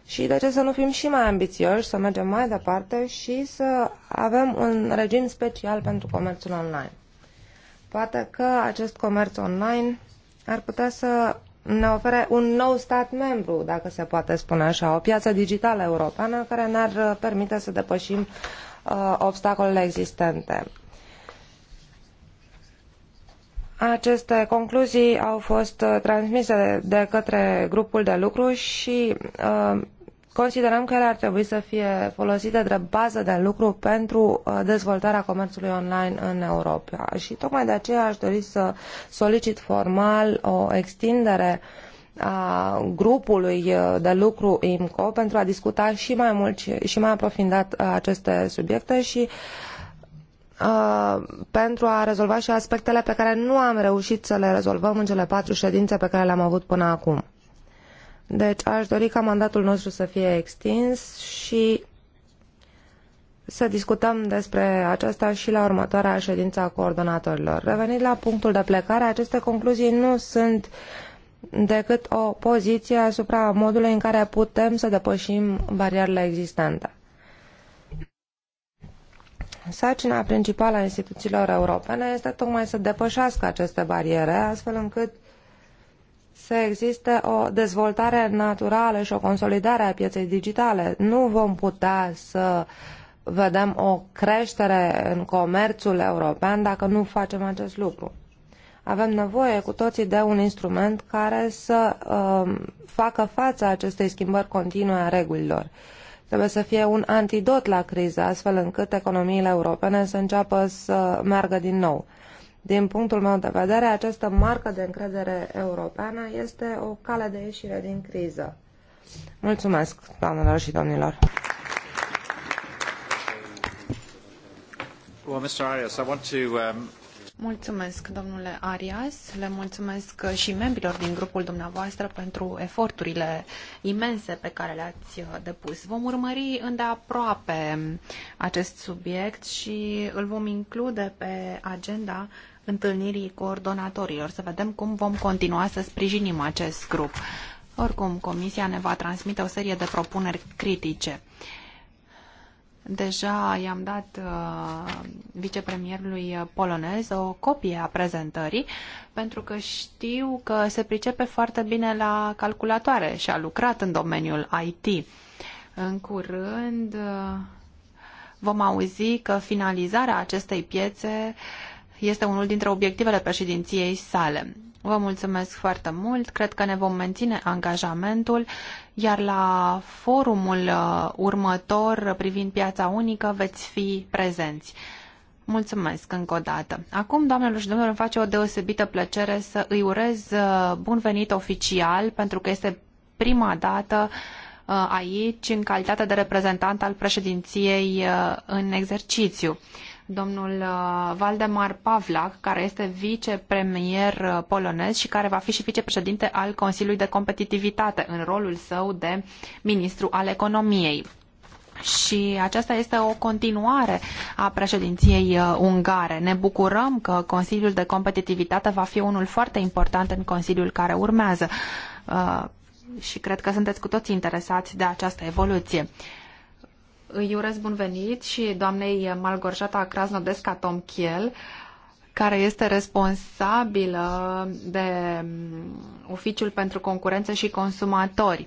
Și de ce să nu fim și mai ambițioși, să mergem mai departe și să avem un regim special pentru comerțul online. Poate că acest comerț online ar putea să ne ofere un nou stat membru, dacă se poate spune așa, o piață digitală europeană care ne-ar uh, permite să depășim uh, obstacolele existente. Aceste concluzii au fost uh, transmise de către grupul de lucru și uh, considerăm că ele ar trebui să fie folosite drept bază de lucru pentru uh, dezvoltarea comerțului online în Europa. Și tocmai de aceea aș dori să solicit formal o extindere a grupului uh, de lucru IMCO pentru a discuta și mai mult și mai aprofundat uh, aceste subiecte și Uh, pentru a rezolva și aspectele pe care nu am reușit să le rezolvăm în cele patru ședințe pe care le-am avut până acum. Deci aș dori ca mandatul nostru să fie extins și să discutăm despre aceasta și la următoarea ședință a coordonatorilor. Revenind la punctul de plecare, aceste concluzii nu sunt decât o poziție asupra modului în care putem să depășim barierele existente. Sacina principală a instituțiilor europene este tocmai să depășească aceste bariere, astfel încât să existe o dezvoltare naturală și o consolidare a pieței digitale. Nu vom putea să vedem o creștere în comerțul european dacă nu facem acest lucru. Avem nevoie cu toții de un instrument care să um, facă față acestei schimbări continue a regulilor. Trebuie să fie un antidot la criză, astfel încât economiile europene să înceapă să meargă din nou. Din punctul meu de vedere, această marcă de încredere europeană este o cale de ieșire din criză. Mulțumesc, doamnelor și domnilor. Well, Mr. Arias, I want to, um... Mulțumesc, domnule Arias. Le mulțumesc și membrilor din grupul dumneavoastră pentru eforturile imense pe care le-ați uh, depus. Vom urmări îndeaproape acest subiect și îl vom include pe agenda întâlnirii coordonatorilor, să vedem cum vom continua să sprijinim acest grup. Oricum, Comisia ne va transmite o serie de propuneri critice. Deja i-am dat uh, vicepremierului polonez o copie a prezentării, pentru că știu că se pricepe foarte bine la calculatoare și a lucrat în domeniul IT. În curând uh, vom auzi că finalizarea acestei piețe uh, este unul dintre obiectivele președinției sale. Vă mulțumesc foarte mult, cred că ne vom menține angajamentul, iar la forumul uh, următor privind piața unică veți fi prezenți. Mulțumesc încă o dată. Acum, doamnelor și domnilor, îmi face o deosebită plăcere să îi urez uh, bun venit oficial, pentru că este prima dată uh, aici în calitate de reprezentant al președinției în exercițiu domnul uh, Valdemar Pavlak, care este vicepremier uh, polonez și care va fi și vicepreședinte al Consiliului de Competitivitate în rolul său de ministru al economiei. Și aceasta este o continuare a președinției uh, ungare. Ne bucurăm că Consiliul de Competitivitate va fi unul foarte important în Consiliul care urmează. Și cred că sunteți cu toți interesați de această evoluție. Îi urez bun venit și doamnei Malgorzata Krasnodesca Tomchiel, care este responsabilă de mm, Oficiul pentru Concurență și Consumatori.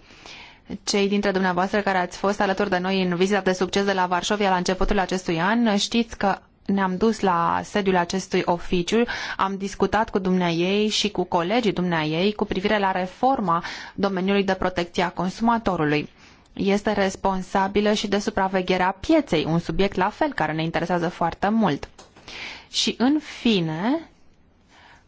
Cei dintre dumneavoastră care ați fost alături de noi în vizita de succes de la Varșovia la începutul acestui an, știți că ne-am dus la sediul acestui oficiu, am discutat cu dumneaei și cu colegii dumneaei cu privire la reforma domeniului de protecție a consumatorului este responsabilă și de supravegherea pieței, un subiect la fel care ne interesează foarte mult. Și în fine,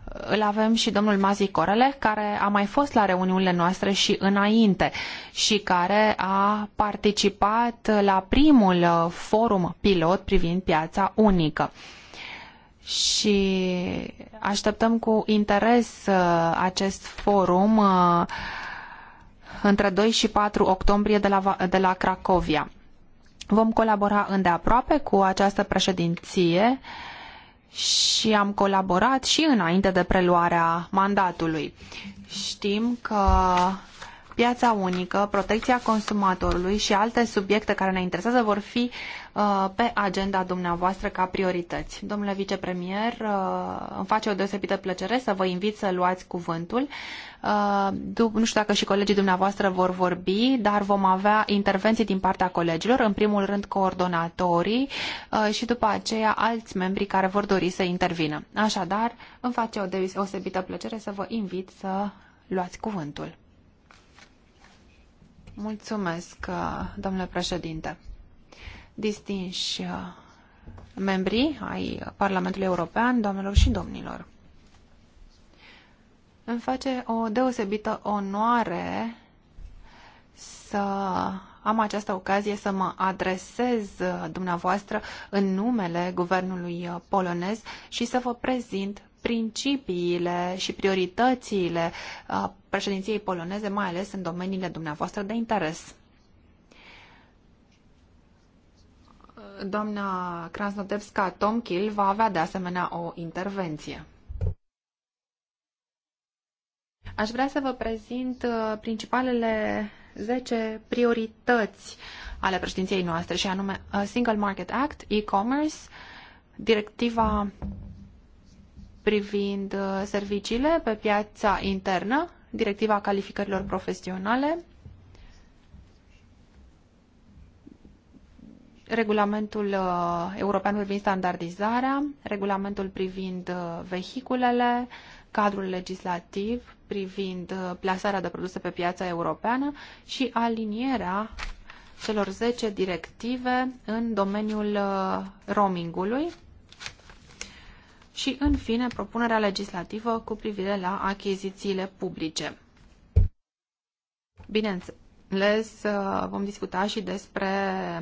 îl avem și domnul Mazi Corele, care a mai fost la reuniunile noastre și înainte și care a participat la primul uh, forum pilot privind piața unică. Și așteptăm cu interes uh, acest forum uh, între 2 și 4 octombrie de la, de la Cracovia. Vom colabora îndeaproape cu această președinție și am colaborat și înainte de preluarea mandatului. Știm că piața unică, protecția consumatorului și alte subiecte care ne interesează vor fi uh, pe agenda dumneavoastră ca priorități. Domnule vicepremier, uh, îmi face o deosebită plăcere să vă invit să luați cuvântul. Uh, nu știu dacă și colegii dumneavoastră vor vorbi, dar vom avea intervenții din partea colegilor, în primul rând coordonatorii și după aceea alți membri care vor dori să intervină. Așadar, îmi face o deosebită plăcere să vă invit să luați cuvântul. Mulțumesc, uh, domnule președinte. Distinși uh, membrii ai Parlamentului European, doamnelor și domnilor. Îmi face o deosebită onoare să am această ocazie să mă adresez uh, dumneavoastră în numele guvernului polonez și să vă prezint principiile și prioritățile președinției poloneze, mai ales în domeniile dumneavoastră de interes. Doamna Krasnodebska Tomkil va avea de asemenea o intervenție. Aș vrea să vă prezint principalele 10 priorități ale președinției noastre și anume Single Market Act, e-commerce, directiva privind uh, serviciile pe piața internă, directiva calificărilor profesionale, regulamentul uh, european privind standardizarea, regulamentul privind uh, vehiculele, cadrul legislativ privind plasarea de produse pe piața europeană și alinierea celor 10 directive în domeniul roamingului și, în fine, propunerea legislativă cu privire la achizițiile publice. Bineînțeles, vom discuta și despre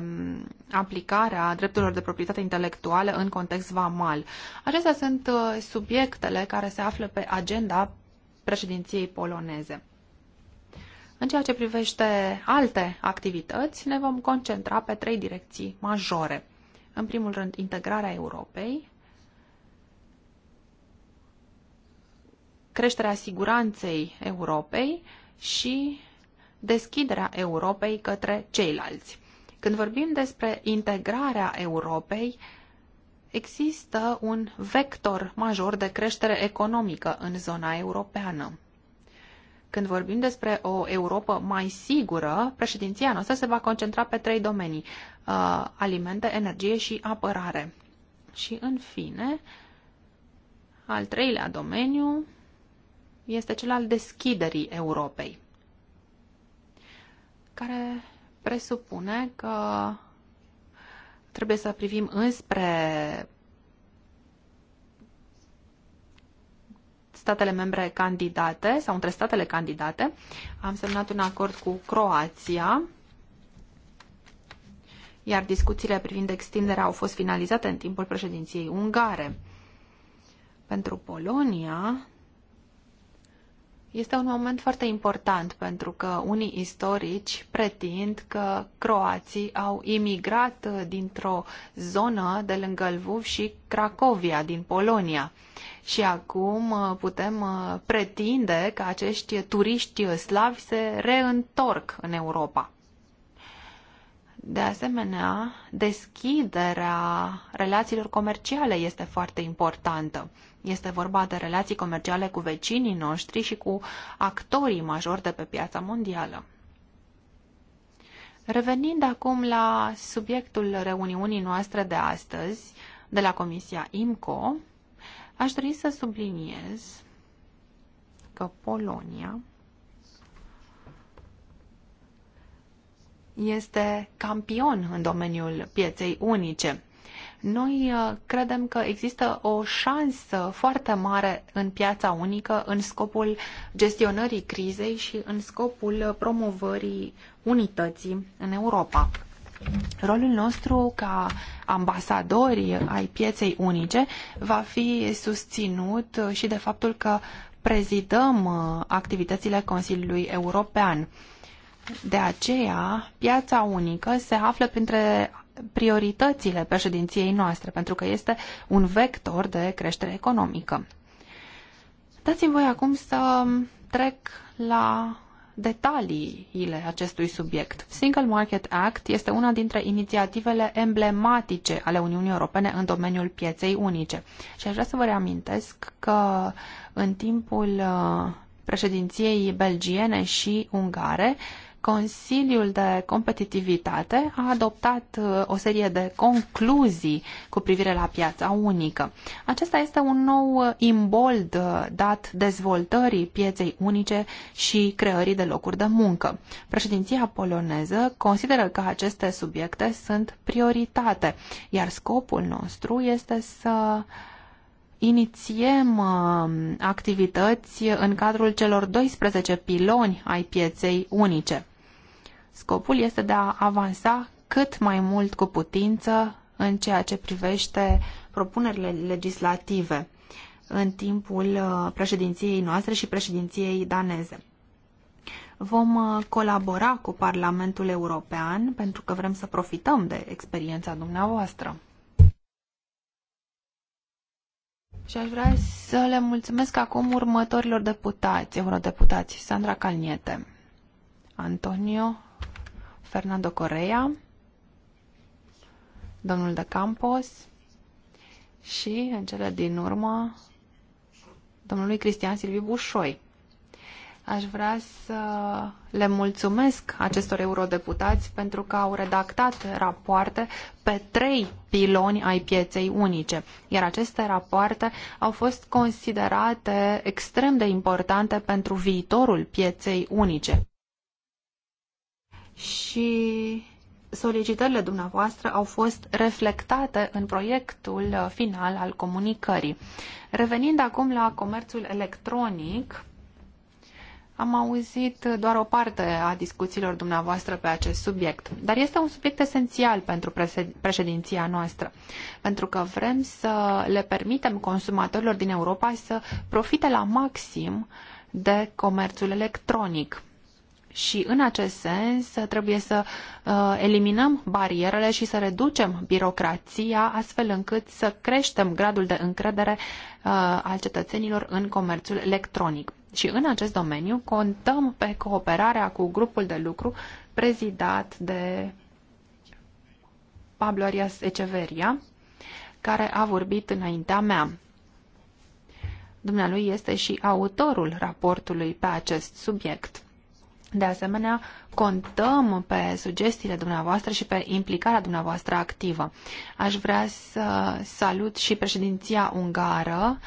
mm, aplicarea drepturilor de proprietate intelectuală în context vamal. Acestea sunt uh, subiectele care se află pe agenda președinției poloneze. În ceea ce privește alte activități, ne vom concentra pe trei direcții majore. În primul rând, integrarea Europei, creșterea siguranței Europei și deschiderea Europei către ceilalți. Când vorbim despre integrarea Europei, există un vector major de creștere economică în zona europeană. Când vorbim despre o Europa mai sigură, președinția noastră se va concentra pe trei domenii, uh, alimente, energie și apărare. Și, în fine, al treilea domeniu este cel al deschiderii Europei, care presupune că trebuie să privim înspre statele membre candidate sau între statele candidate. Am semnat un acord cu Croația, iar discuțiile privind extinderea au fost finalizate în timpul președinției ungare. Pentru Polonia este un moment foarte important pentru că unii istorici pretind că croații au imigrat uh, dintr-o zonă de lângă Lviv și Cracovia din Polonia. Și acum uh, putem uh, pretinde că acești turiști slavi se reîntorc în Europa. De asemenea, deschiderea relațiilor comerciale este foarte importantă este vorba de relații comerciale cu vecinii noștri și cu actorii majori de pe piața mondială. Revenind acum la subiectul reuniunii noastre de astăzi, de la Comisia IMCO, aș dori să subliniez că Polonia este campion în domeniul pieței unice. Noi uh, credem că există o șansă foarte mare în piața unică în scopul gestionării crizei și în scopul promovării unității în Europa. Rolul nostru ca ambasadori ai pieței unice va fi susținut și de faptul că prezidăm uh, activitățile Consiliului European. De aceea, piața unică se află printre prioritățile președinției noastre, pentru că este un vector de creștere economică. Dați-mi voi acum să trec la detaliile acestui subiect. Single Market Act este una dintre inițiativele emblematice ale Uniunii Europene în domeniul pieței unice. Și aș vrea să vă reamintesc că în timpul uh, președinției belgiene și ungare, Consiliul de Competitivitate a adoptat uh, o serie de concluzii cu privire la piața unică. Acesta este un nou uh, imbold uh, dat dezvoltării pieței unice și creării de locuri de muncă. Președinția poloneză consideră că aceste subiecte sunt prioritate, iar scopul nostru este să inițiem um, activități în cadrul celor 12 piloni ai pieței unice. Scopul este de a avansa cât mai mult cu putință în ceea ce privește propunerile legislative în timpul uh, președinției noastre și președinției daneze. Vom uh, colabora cu Parlamentul European pentru că vrem să profităm de experiența dumneavoastră. Și aș vrea să le mulțumesc acum următorilor deputați, eurodeputați, Sandra Calniete, Antonio Fernando Correa, domnul de Campos și, în cele din urmă, domnului Cristian Silviu Bușoi. Aș vrea să le mulțumesc acestor eurodeputați pentru că au redactat rapoarte pe trei piloni ai pieței unice, iar aceste rapoarte au fost considerate extrem de importante pentru viitorul pieței unice și solicitările dumneavoastră au fost reflectate în proiectul uh, final al comunicării. Revenind acum la comerțul electronic, am auzit doar o parte a discuțiilor dumneavoastră pe acest subiect, dar este un subiect esențial pentru președinția noastră, pentru că vrem să le permitem consumatorilor din Europa să profite la maxim de comerțul electronic. Și în acest sens trebuie să uh, eliminăm barierele și să reducem birocrația astfel încât să creștem gradul de încredere uh, al cetățenilor în comerțul electronic. Și în acest domeniu contăm pe cooperarea cu grupul de lucru prezidat de Pablo Arias Eceveria, care a vorbit înaintea mea. Dumnealui este și autorul raportului pe acest subiect. De asemenea, contăm pe sugestiile dumneavoastră și pe implicarea dumneavoastră activă. Aș vrea să salut și președinția ungară,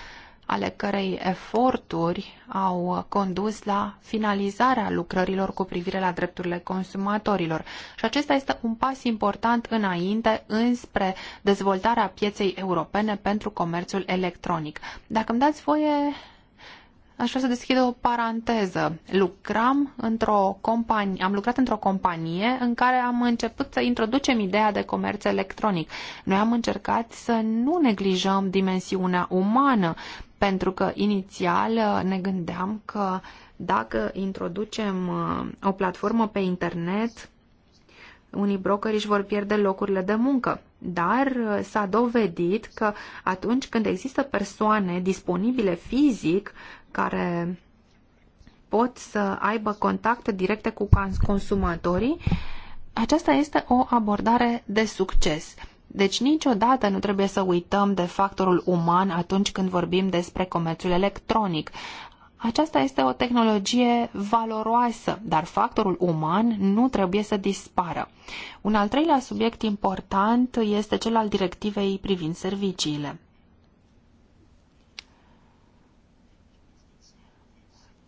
ale cărei eforturi au condus la finalizarea lucrărilor cu privire la drepturile consumatorilor. Și acesta este un pas important înainte înspre dezvoltarea pieței europene pentru comerțul electronic. Dacă îmi dați voie, Aș vrea să deschid o paranteză. Lucram într-o companie, am lucrat într-o companie în care am început să introducem ideea de comerț electronic. Noi am încercat să nu neglijăm dimensiunea umană, pentru că inițial uh, ne gândeam că dacă introducem uh, o platformă pe internet, unii brokeri își vor pierde locurile de muncă. Dar uh, s-a dovedit că atunci când există persoane disponibile fizic, care pot să aibă contacte directe cu consumatorii, aceasta este o abordare de succes. Deci niciodată nu trebuie să uităm de factorul uman atunci când vorbim despre comerțul electronic. Aceasta este o tehnologie valoroasă, dar factorul uman nu trebuie să dispară. Un al treilea subiect important este cel al directivei privind serviciile.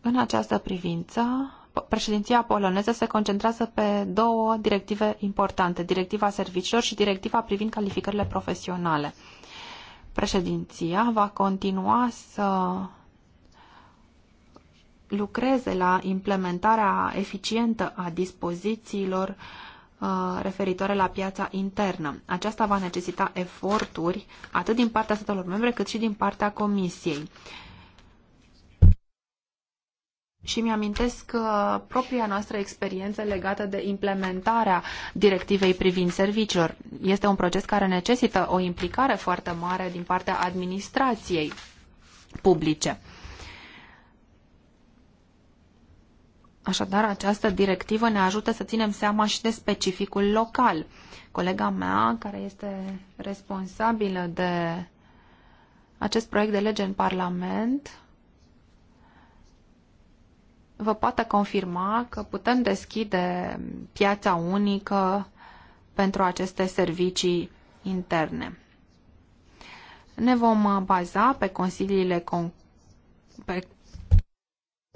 În această privință, președinția poloneză se concentrează pe două directive importante, directiva serviciilor și directiva privind calificările profesionale. Președinția va continua să lucreze la implementarea eficientă a dispozițiilor uh, referitoare la piața internă. Aceasta va necesita eforturi atât din partea statelor membre cât și din partea Comisiei și mi-amintesc uh, propria noastră experiență legată de implementarea directivei privind serviciilor. Este un proces care necesită o implicare foarte mare din partea administrației publice. Așadar, această directivă ne ajută să ținem seama și de specificul local. Colega mea, care este responsabilă de acest proiect de lege în Parlament, vă poată confirma că putem deschide piața unică pentru aceste servicii interne. Ne vom baza pe consiliile con- pe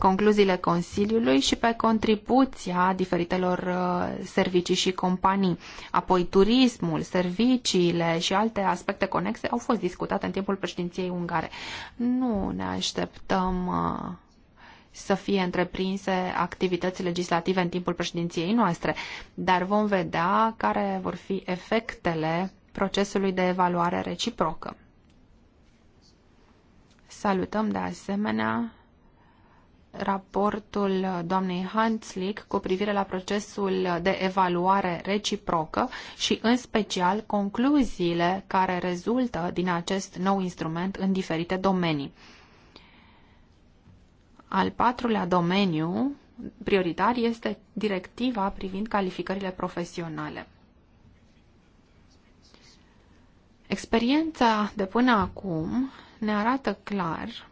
concluziile Consiliului și pe contribuția diferitelor uh, servicii și companii. Apoi turismul, serviciile și alte aspecte conexe au fost discutate în timpul președinției ungare. Nu ne așteptăm uh, să fie întreprinse activități legislative în timpul președinției noastre, dar vom vedea care vor fi efectele procesului de evaluare reciprocă. Salutăm de asemenea raportul doamnei Hanslick cu privire la procesul de evaluare reciprocă și, în special, concluziile care rezultă din acest nou instrument în diferite domenii. Al patrulea domeniu prioritar este directiva privind calificările profesionale. Experiența de până acum ne arată clar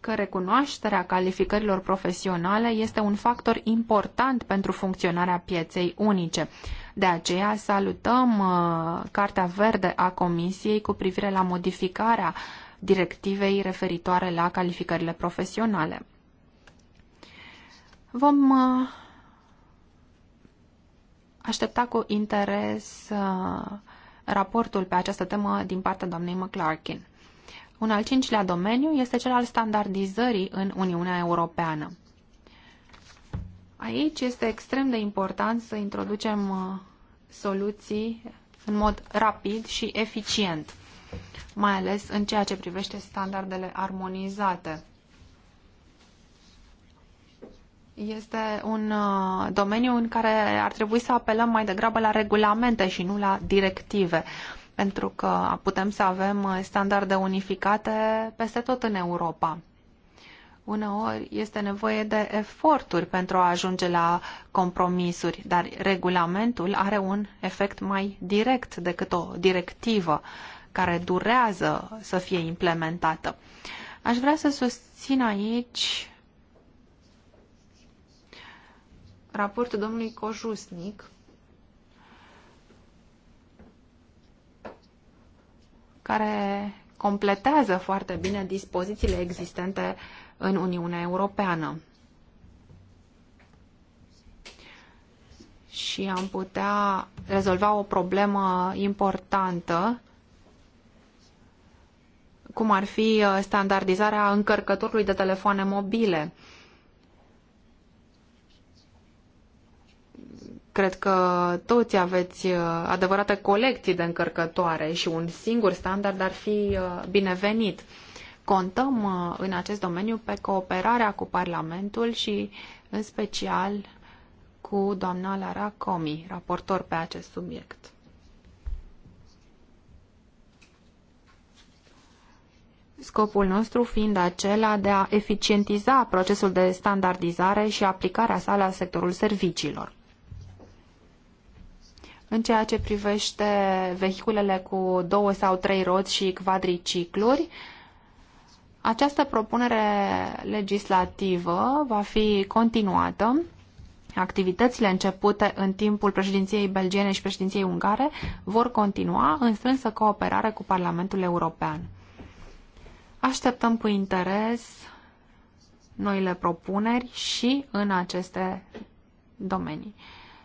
că recunoașterea calificărilor profesionale este un factor important pentru funcționarea pieței unice. De aceea salutăm uh, Cartea Verde a Comisiei cu privire la modificarea directivei referitoare la calificările profesionale. Vom uh, aștepta cu interes uh, raportul pe această temă din partea doamnei McClarkin. Un al cincilea domeniu este cel al standardizării în Uniunea Europeană. Aici este extrem de important să introducem uh, soluții în mod rapid și eficient, mai ales în ceea ce privește standardele armonizate. Este un uh, domeniu în care ar trebui să apelăm mai degrabă la regulamente și nu la directive, pentru că putem să avem uh, standarde unificate peste tot în Europa. Uneori este nevoie de eforturi pentru a ajunge la compromisuri, dar regulamentul are un efect mai direct decât o directivă care durează să fie implementată. Aș vrea să susțin aici raportul domnului Cojusnic care completează foarte bine dispozițiile existente uh, în Uniunea Europeană. Și am putea rezolva o problemă importantă, cum ar fi uh, standardizarea încărcătorului de telefoane mobile. cred că toți aveți uh, adevărate colecții de încărcătoare și un singur standard ar fi uh, binevenit contăm uh, în acest domeniu pe cooperarea cu Parlamentul și în special cu doamna Lara Comi, raportor pe acest subiect. Scopul nostru fiind acela de a eficientiza procesul de standardizare și aplicarea sa la sectorul serviciilor. În ceea ce privește vehiculele cu două sau trei roți și quadricicluri, această propunere legislativă va fi continuată. Activitățile începute în timpul președinției belgiene și președinției ungare vor continua în strânsă cooperare cu Parlamentul European. Așteptăm cu interes noile propuneri și în aceste domenii.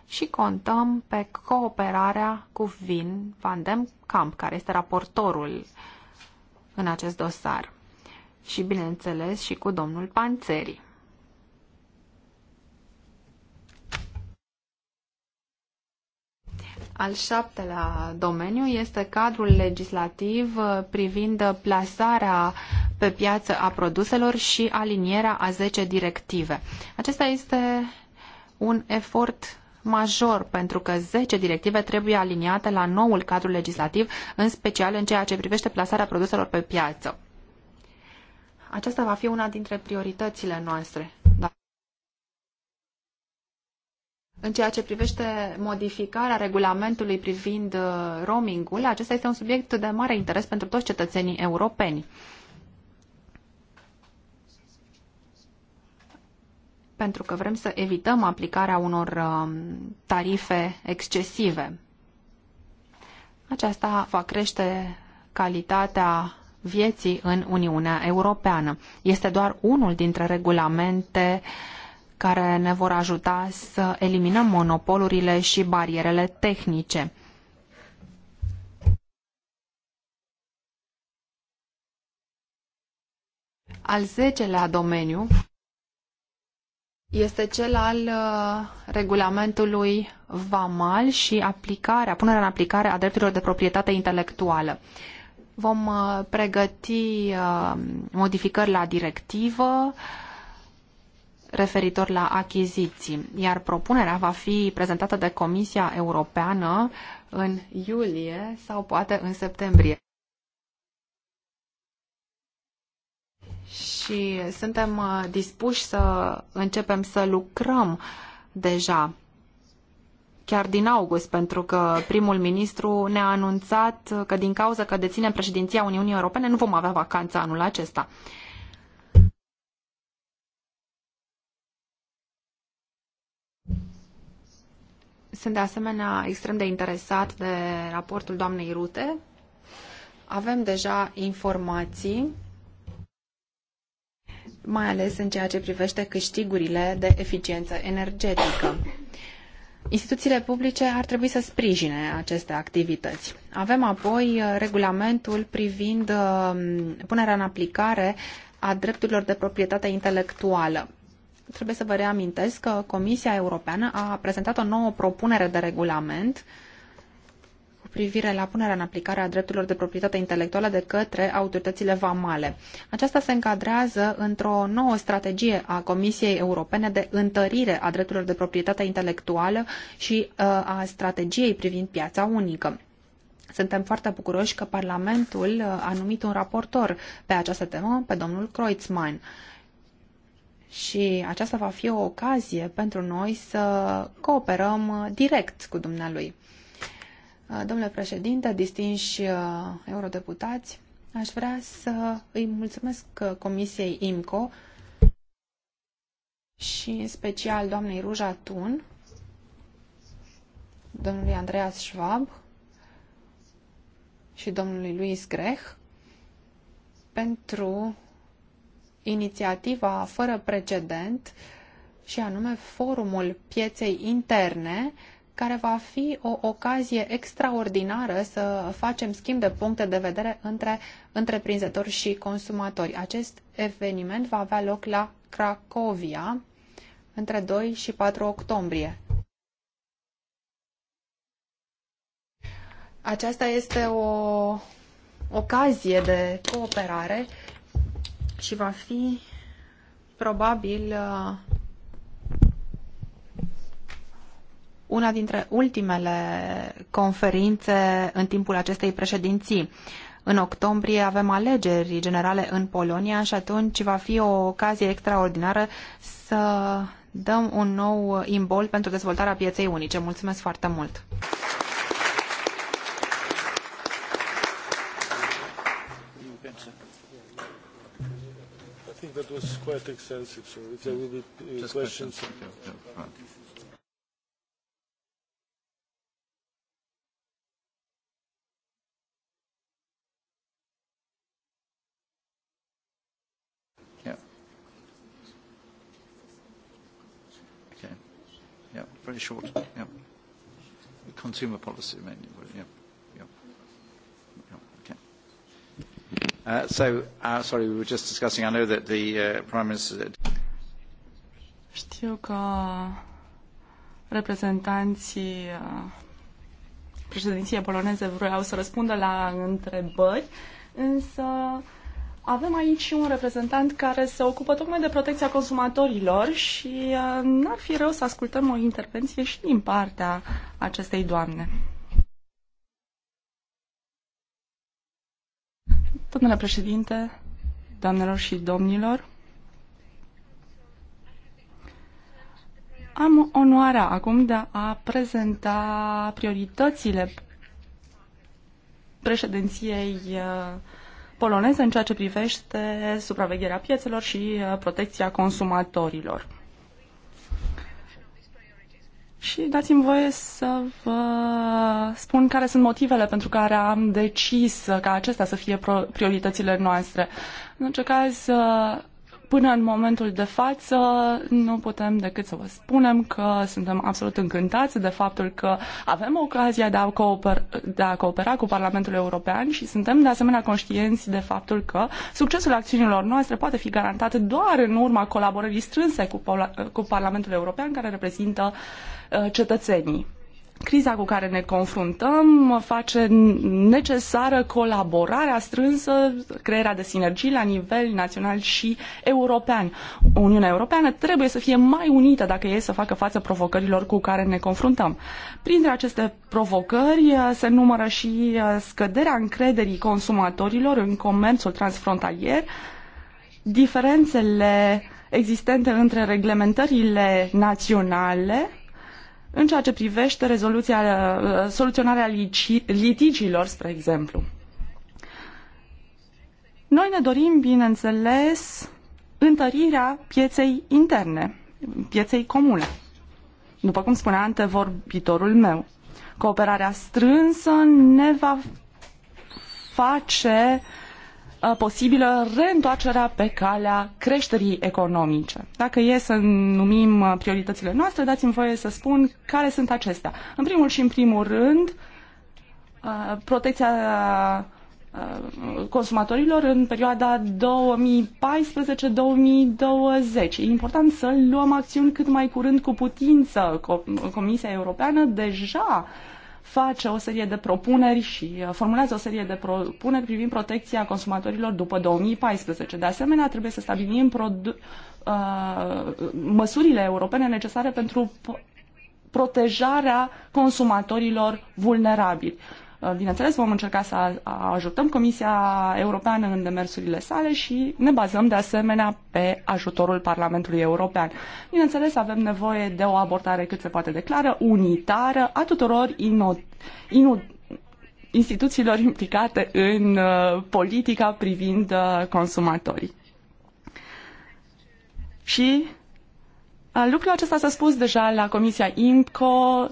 Și contăm pe cooperarea cu Vin Van Dem Camp, care este raportorul în acest dosar și, bineînțeles, și cu domnul Panțeri. Al șaptelea domeniu este cadrul legislativ uh, privind plasarea pe piață a produselor și alinierea a 10 directive. Acesta este un efort major pentru că 10 directive trebuie aliniate la noul cadru legislativ, în special în ceea ce privește plasarea produselor pe piață. Aceasta va fi una dintre prioritățile noastre. Da. În ceea ce privește modificarea regulamentului privind uh, roamingul, acesta este un subiect de mare interes pentru toți cetățenii europeni. Pentru că vrem să evităm aplicarea unor um, tarife excesive. Aceasta va crește calitatea vieții în Uniunea Europeană. Este doar unul dintre regulamente care ne vor ajuta să eliminăm monopolurile și barierele tehnice. Al zecelea domeniu este cel al uh, regulamentului VAMAL și aplicarea, punerea în aplicare a drepturilor de proprietate intelectuală. Vom uh, pregăti uh, modificări la directivă referitor la achiziții, iar propunerea va fi prezentată de Comisia Europeană în iulie sau poate în septembrie. Și suntem uh, dispuși să începem să lucrăm deja chiar din august, pentru că primul ministru ne-a anunțat că din cauza că deținem președinția Uniunii Europene nu vom avea vacanță anul acesta. Sunt de asemenea extrem de interesat de raportul doamnei Rute. Avem deja informații, mai ales în ceea ce privește câștigurile de eficiență energetică. Instituțiile publice ar trebui să sprijine aceste activități. Avem apoi uh, regulamentul privind um, punerea în aplicare a drepturilor de proprietate intelectuală. Trebuie să vă reamintesc că Comisia Europeană a prezentat o nouă propunere de regulament uh, cu privire la punerea în aplicare a drepturilor de proprietate intelectuală de către autoritățile vamale. Aceasta se încadrează într-o nouă strategie a Comisiei Europene de întărire a drepturilor de proprietate intelectuală și uh, a strategiei privind piața unică. Suntem foarte bucuroși că Parlamentul uh, a numit un raportor pe această temă, pe domnul Kreutzmann. Și aceasta va fi o ocazie pentru noi să cooperăm uh, direct cu dumnealui. Uh, domnule președinte, distinși uh, eurodeputați, aș vrea să îi mulțumesc uh, Comisiei IMCO și în special doamnei Ruja Tun, domnului Andreas Schwab și domnului Luis Grech pentru inițiativa fără precedent și anume Forumul Pieței Interne care va fi o ocazie extraordinară să facem schimb de puncte de vedere între întreprinzători și consumatori. Acest eveniment va avea loc la Cracovia între 2 și 4 octombrie. Aceasta este o ocazie de cooperare și va fi probabil uh, una dintre ultimele conferințe în timpul acestei președinții. În octombrie avem alegeri generale în Polonia și atunci va fi o ocazie extraordinară să dăm un nou imbol pentru dezvoltarea pieței unice. Mulțumesc foarte mult! I think that was quite extensive, so if there will be uh, questions. yeah, very short. Yeah. Consumer policy mainly. Yeah. yeah. yeah. Okay. Uh, so, uh, sorry, we were just discussing. I know that the uh, Prime Minister. Știu că reprezentanții uh, președinției poloneze vreau să răspundă la întrebări, însă avem aici și un reprezentant care se ocupă tocmai de protecția consumatorilor și uh, n-ar fi rău să ascultăm o intervenție și din partea acestei doamne. Domnule președinte, doamnelor și domnilor, am onoarea acum de a prezenta prioritățile președinției uh, poloneză în ceea ce privește supravegherea piețelor și uh, protecția consumatorilor. Și dați-mi voie să vă spun care sunt motivele pentru care am decis ca acestea să fie prioritățile noastre. În orice caz, uh, Până în momentul de față nu putem decât să vă spunem că suntem absolut încântați de faptul că avem ocazia de a, cooper, de a coopera cu Parlamentul European și suntem de asemenea conștienți de faptul că succesul acțiunilor noastre poate fi garantat doar în urma colaborării strânse cu, cu Parlamentul European care reprezintă uh, cetățenii. Criza cu care ne confruntăm face necesară colaborarea strânsă, crearea de sinergii la nivel național și european. Uniunea Europeană trebuie să fie mai unită dacă e să facă față provocărilor cu care ne confruntăm. Printre aceste provocări uh, se numără și uh, scăderea încrederii consumatorilor în comerțul transfrontalier, diferențele existente între reglementările naționale în ceea ce privește rezoluția, uh, soluționarea litigiilor, spre exemplu. Noi ne dorim, bineînțeles, întărirea pieței interne, pieței comune, după cum spunea antevorbitorul meu. Cooperarea strânsă ne va face uh, Uh, posibilă reîntoarcerea pe calea creșterii economice. Dacă e să numim uh, prioritățile noastre, dați-mi voie să spun care sunt acestea. În primul și în primul rând, uh, protecția consumatorilor în perioada 2014-2020. E important să luăm acțiuni cât mai curând cu putință. Comisia Europeană deja uh, face o serie de propuneri și uh, formulează o serie de propuneri privind protecția consumatorilor după 2014. De asemenea, trebuie să stabilim uh, măsurile europene necesare pentru protejarea consumatorilor vulnerabili. Bineînțeles, uh, vom încerca să ajutăm Comisia Europeană în demersurile sale și ne bazăm de asemenea pe ajutorul Parlamentului European. Bineînțeles, avem nevoie de o abordare cât se poate declară, unitară, a tuturor ino- ino- instituțiilor implicate în uh, politica privind uh, consumatorii. Și lucrul acesta s-a spus deja la Comisia IMCO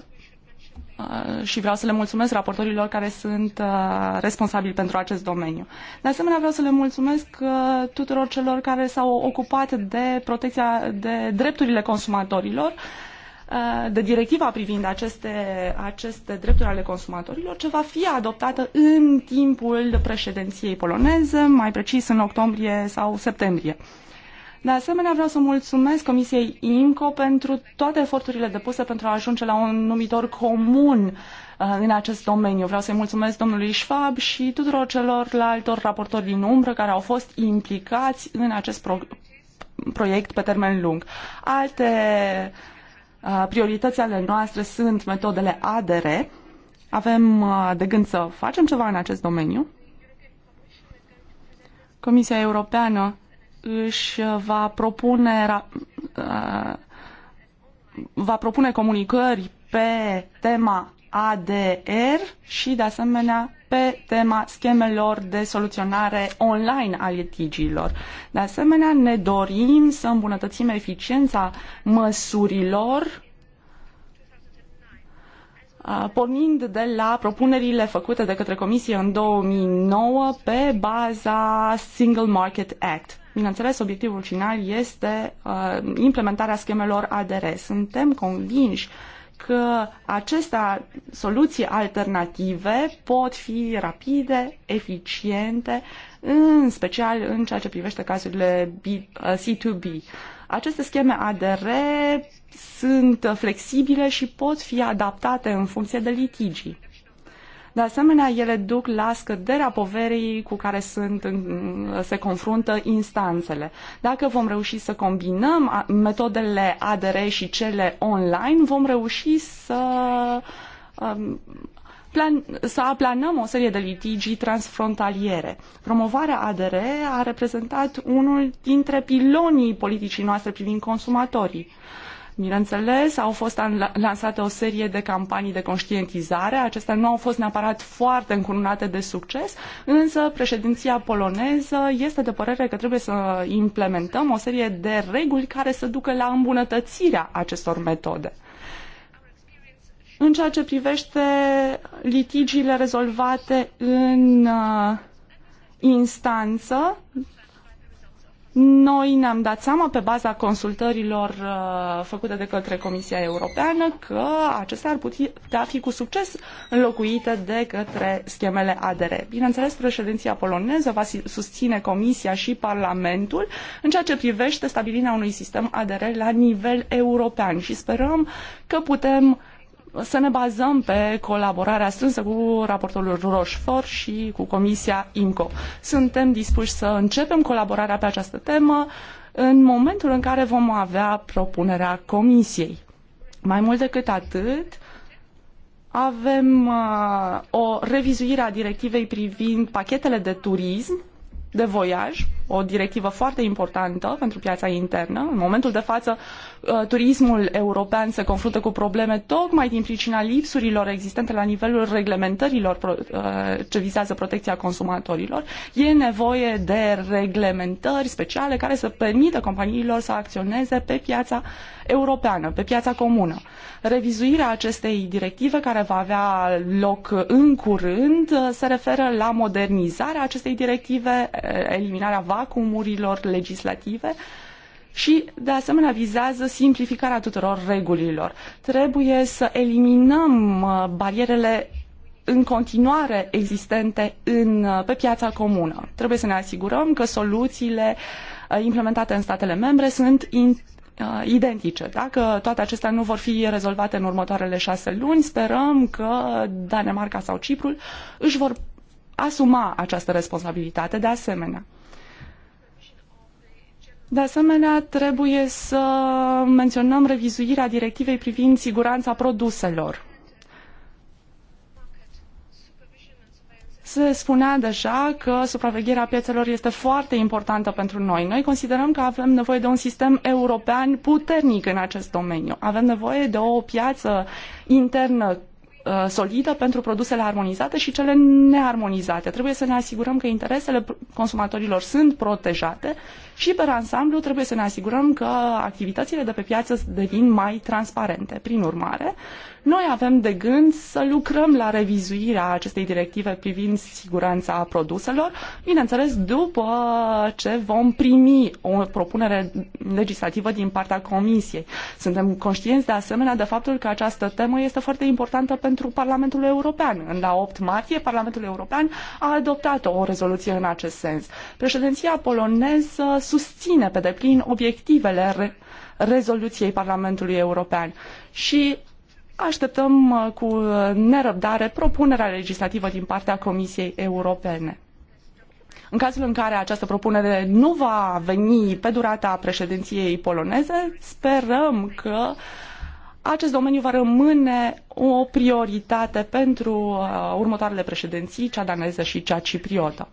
Uh, și vreau să le mulțumesc raportorilor care sunt uh, responsabili pentru acest domeniu. De asemenea, vreau să le mulțumesc uh, tuturor celor care s-au ocupat de protecția de drepturile consumatorilor, de directiva privind aceste, aceste drepturi ale consumatorilor, ce va fi adoptată în timpul președinției poloneze, mai precis în octombrie sau septembrie. De asemenea, vreau să mulțumesc Comisiei IMCO pentru toate eforturile depuse pentru a ajunge la un numitor comun uh, în acest domeniu. Vreau să-i mulțumesc domnului Schwab și tuturor celorlaltor raportori din umbră care au fost implicați în acest pro proiect pe termen lung. Alte uh, priorități ale noastre sunt metodele ADR. Avem uh, de gând să facem ceva în acest domeniu. Comisia Europeană își uh, va propune, uh, va propune comunicări pe tema ADR și, de asemenea, pe tema schemelor de soluționare online a litigiilor. De asemenea, ne dorim să îmbunătățim eficiența măsurilor uh, pornind de la propunerile făcute de către Comisie în 2009 pe baza Single Market Act. Bineînțeles, obiectivul final este uh, implementarea schemelor ADR. Suntem convinși că aceste soluții alternative pot fi rapide, eficiente, în special în ceea ce privește cazurile B, uh, C2B. Aceste scheme ADR sunt flexibile și pot fi adaptate în funcție de litigii. De asemenea, ele duc la scăderea poverii cu care sunt, se confruntă instanțele. Dacă vom reuși să combinăm metodele ADR și cele online, vom reuși să um, plan, să aplanăm o serie de litigii transfrontaliere. Promovarea ADR a reprezentat unul dintre pilonii politicii noastre privind consumatorii. Bineînțeles, au fost lansate o serie de campanii de conștientizare. Acestea nu au fost neapărat foarte încununate de succes, însă președinția poloneză este de părere că trebuie să implementăm o serie de reguli care să ducă la îmbunătățirea acestor metode. În ceea ce privește litigiile rezolvate în uh, instanță, noi ne-am dat seama pe baza consultărilor uh, făcute de către Comisia Europeană că acestea ar putea fi cu succes înlocuite de către schemele ADR. Bineînțeles, președinția poloneză va susține Comisia și Parlamentul în ceea ce privește stabilirea unui sistem ADR la nivel european și sperăm că putem să ne bazăm pe colaborarea strânsă cu raportorul Rochefort și cu Comisia IMCO. Suntem dispuși să începem colaborarea pe această temă în momentul în care vom avea propunerea Comisiei. Mai mult decât atât, avem uh, o revizuire a directivei privind pachetele de turism, de voiaj, o directivă foarte importantă pentru piața internă. În momentul de față, uh, turismul european se confruntă cu probleme tocmai din pricina lipsurilor existente la nivelul reglementărilor uh, ce vizează protecția consumatorilor. E nevoie de reglementări speciale care să permită companiilor să acționeze pe piața europeană, pe piața comună. Revizuirea acestei directive, care va avea loc în curând, uh, se referă la modernizarea acestei directive, eliminarea vacuumurilor legislative și, de asemenea, vizează simplificarea tuturor regulilor. Trebuie să eliminăm uh, barierele în continuare existente în, uh, pe piața comună. Trebuie să ne asigurăm că soluțiile uh, implementate în statele membre sunt in, identice. Dacă toate acestea nu vor fi rezolvate în următoarele șase luni, sperăm că Danemarca sau Ciprul își vor asuma această responsabilitate de asemenea. De asemenea, trebuie să menționăm revizuirea directivei privind siguranța produselor. Se spunea deja că supravegherea piețelor este foarte importantă pentru noi. Noi considerăm că avem nevoie de un sistem european puternic în acest domeniu. Avem nevoie de o piață internă uh, solidă pentru produsele armonizate și cele nearmonizate. Trebuie să ne asigurăm că interesele consumatorilor sunt protejate și pe ansamblu trebuie să ne asigurăm că activitățile de pe piață devin mai transparente. Prin urmare, noi avem de gând să lucrăm la revizuirea acestei directive privind siguranța produselor, bineînțeles după ce vom primi o propunere legislativă din partea Comisiei. Suntem conștienți de asemenea de faptul că această temă este foarte importantă pentru Parlamentul European. În la 8 martie, Parlamentul European a adoptat o rezoluție în acest sens. Președinția poloneză susține pe deplin obiectivele re- rezoluției Parlamentului European și Așteptăm uh, cu uh, nerăbdare propunerea legislativă din partea Comisiei Europene. În cazul în care această propunere nu va veni pe durata președinției poloneze, sperăm că acest domeniu va rămâne o prioritate pentru uh, următoarele președinții, cea daneză și cea cipriotă.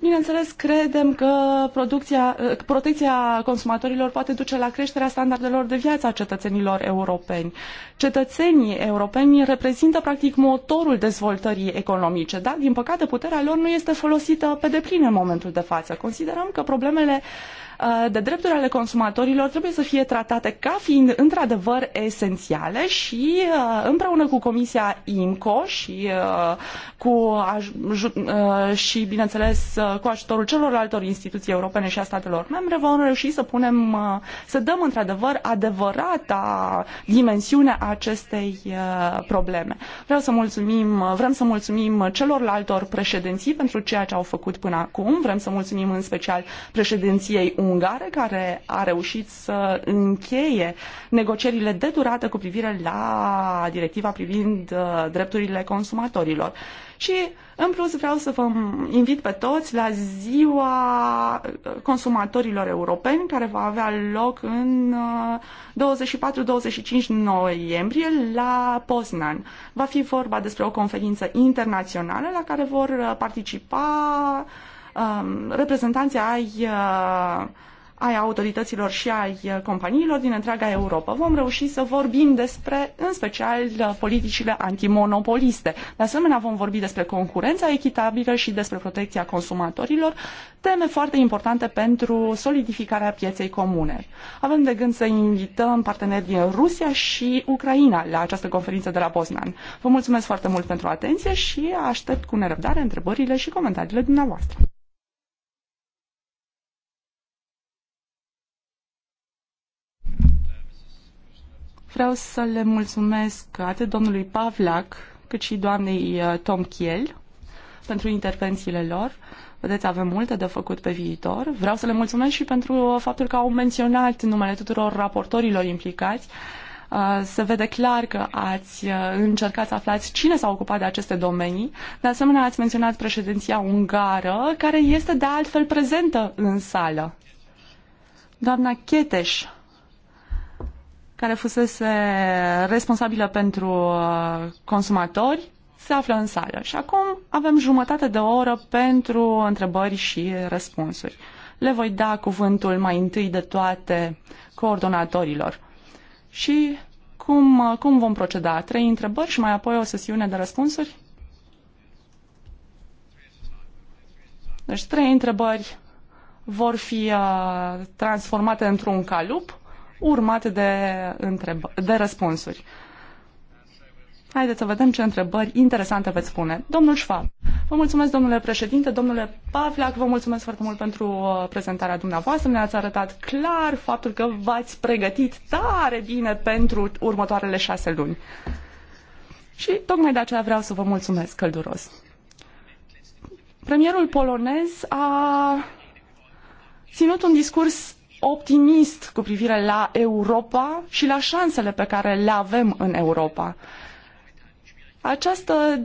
Bineînțeles, credem că producția, protecția consumatorilor poate duce la creșterea standardelor de viață a cetățenilor europeni. Cetățenii europeni reprezintă practic motorul dezvoltării economice, dar din păcate puterea lor nu este folosită pe deplin în momentul de față. Considerăm că problemele uh, Uh, de drepturi ale consumatorilor trebuie să fie tratate ca fiind într-adevăr esențiale și uh, împreună cu Comisia IMCO și, uh, cu, și bineînțeles cu ajutorul celorlalte instituții europene și a statelor membre vom reuși să punem, să dăm într-adevăr adevărata dimensiune a acestei probleme. Vreau să mulțumim, vrem să mulțumim celorlaltor președinții pentru ceea ce au făcut până acum, vrem să mulțumim în special președinției ungare care a reușit să încheie negocierile de durată cu privire la directiva privind uh, drepturile consumatorilor. Și, în plus, vreau să vă invit pe toți la ziua uh, consumatorilor europeni, care va avea loc în 24-25 uh, noiembrie la Poznan. Va fi vorba despre o conferință internațională la care vor participa Um, reprezentanții ai uh, ai autorităților și ai companiilor din întreaga Europa. Vom reuși să vorbim despre, în special, uh, politicile antimonopoliste. De asemenea, vom vorbi despre concurența echitabilă și despre protecția consumatorilor, teme foarte importante pentru solidificarea pieței comune. Avem de gând să invităm parteneri din Rusia și Ucraina la această conferință de la Poznan. Vă mulțumesc foarte mult pentru atenție și aștept cu nerăbdare întrebările și comentariile dumneavoastră. Vreau să le mulțumesc atât domnului Pavlac, cât și doamnei uh, Tom pentru intervențiile lor. Vedeți, avem multe de făcut pe viitor. Vreau să le mulțumesc și pentru faptul că au menționat numele tuturor raportorilor implicați. Uh, se vede clar că ați uh, încercat să aflați cine s-a ocupat de aceste domenii. De asemenea, ați menționat președinția ungară, care este de altfel prezentă în sală. Doamna Cheteș care fusese responsabilă pentru uh, consumatori, se află în sală și acum avem jumătate de oră pentru întrebări și răspunsuri. Le voi da cuvântul mai întâi de toate coordonatorilor. Și cum, uh, cum vom proceda? Trei întrebări și mai apoi o sesiune de răspunsuri? Deci trei întrebări vor fi uh, transformate într-un calup urmat de, întreba- de răspunsuri. Haideți să vedem ce întrebări interesante veți pune. Domnul Schwab, vă mulțumesc, domnule președinte, domnule Pavlac, vă mulțumesc foarte mult pentru uh, prezentarea dumneavoastră. Ne-ați arătat clar faptul că v-ați pregătit tare bine pentru următoarele șase luni. Și tocmai de aceea vreau să vă mulțumesc călduros. Premierul polonez a ținut un discurs optimist cu privire la Europa și la șansele pe care le avem în Europa. Această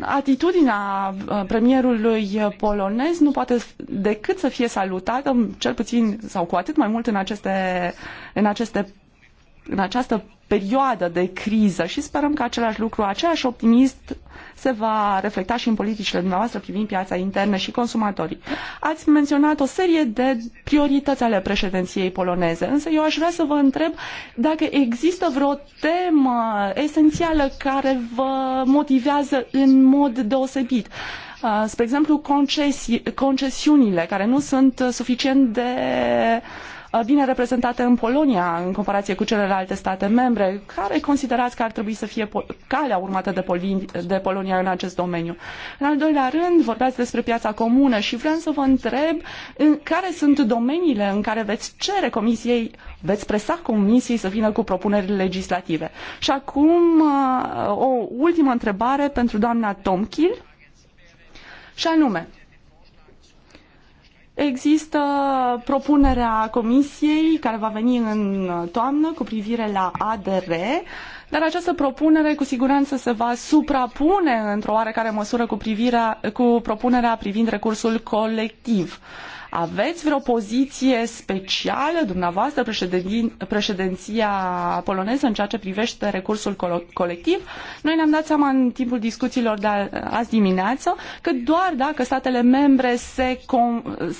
atitudine a premierului polonez nu poate decât să fie salutată, cel puțin sau cu atât mai mult în, aceste, în, aceste, în această perioadă de criză și sperăm că același lucru, același optimist, se va reflecta și în politicile dumneavoastră privind piața internă și consumatorii. Ați menționat o serie de priorități ale președinției poloneze, însă eu aș vrea să vă întreb dacă există vreo temă esențială care vă motivează în mod deosebit uh, spre exemplu, concesi- concesiunile care nu sunt suficient de bine reprezentate în Polonia în comparație cu celelalte state membre. Care considerați că ar trebui să fie calea urmată de, Pol de Polonia în acest domeniu? În al doilea rând, vorbeați despre piața comună și vreau să vă întreb în care sunt domeniile în care veți cere Comisiei veți presa comisiei să vină cu propuneri legislative. Și acum o ultimă întrebare pentru doamna Tomkil și anume, Există propunerea Comisiei care va veni în toamnă cu privire la ADR, dar această propunere cu siguranță se va suprapune într-o oarecare măsură cu, privirea, cu propunerea privind recursul colectiv. Uh, aveți vreo poziție specială, dumneavoastră, președin, președinția poloneză în ceea ce privește recursul co colectiv? Noi ne-am dat seama în timpul discuțiilor de azi dimineață că doar dacă statele membre se,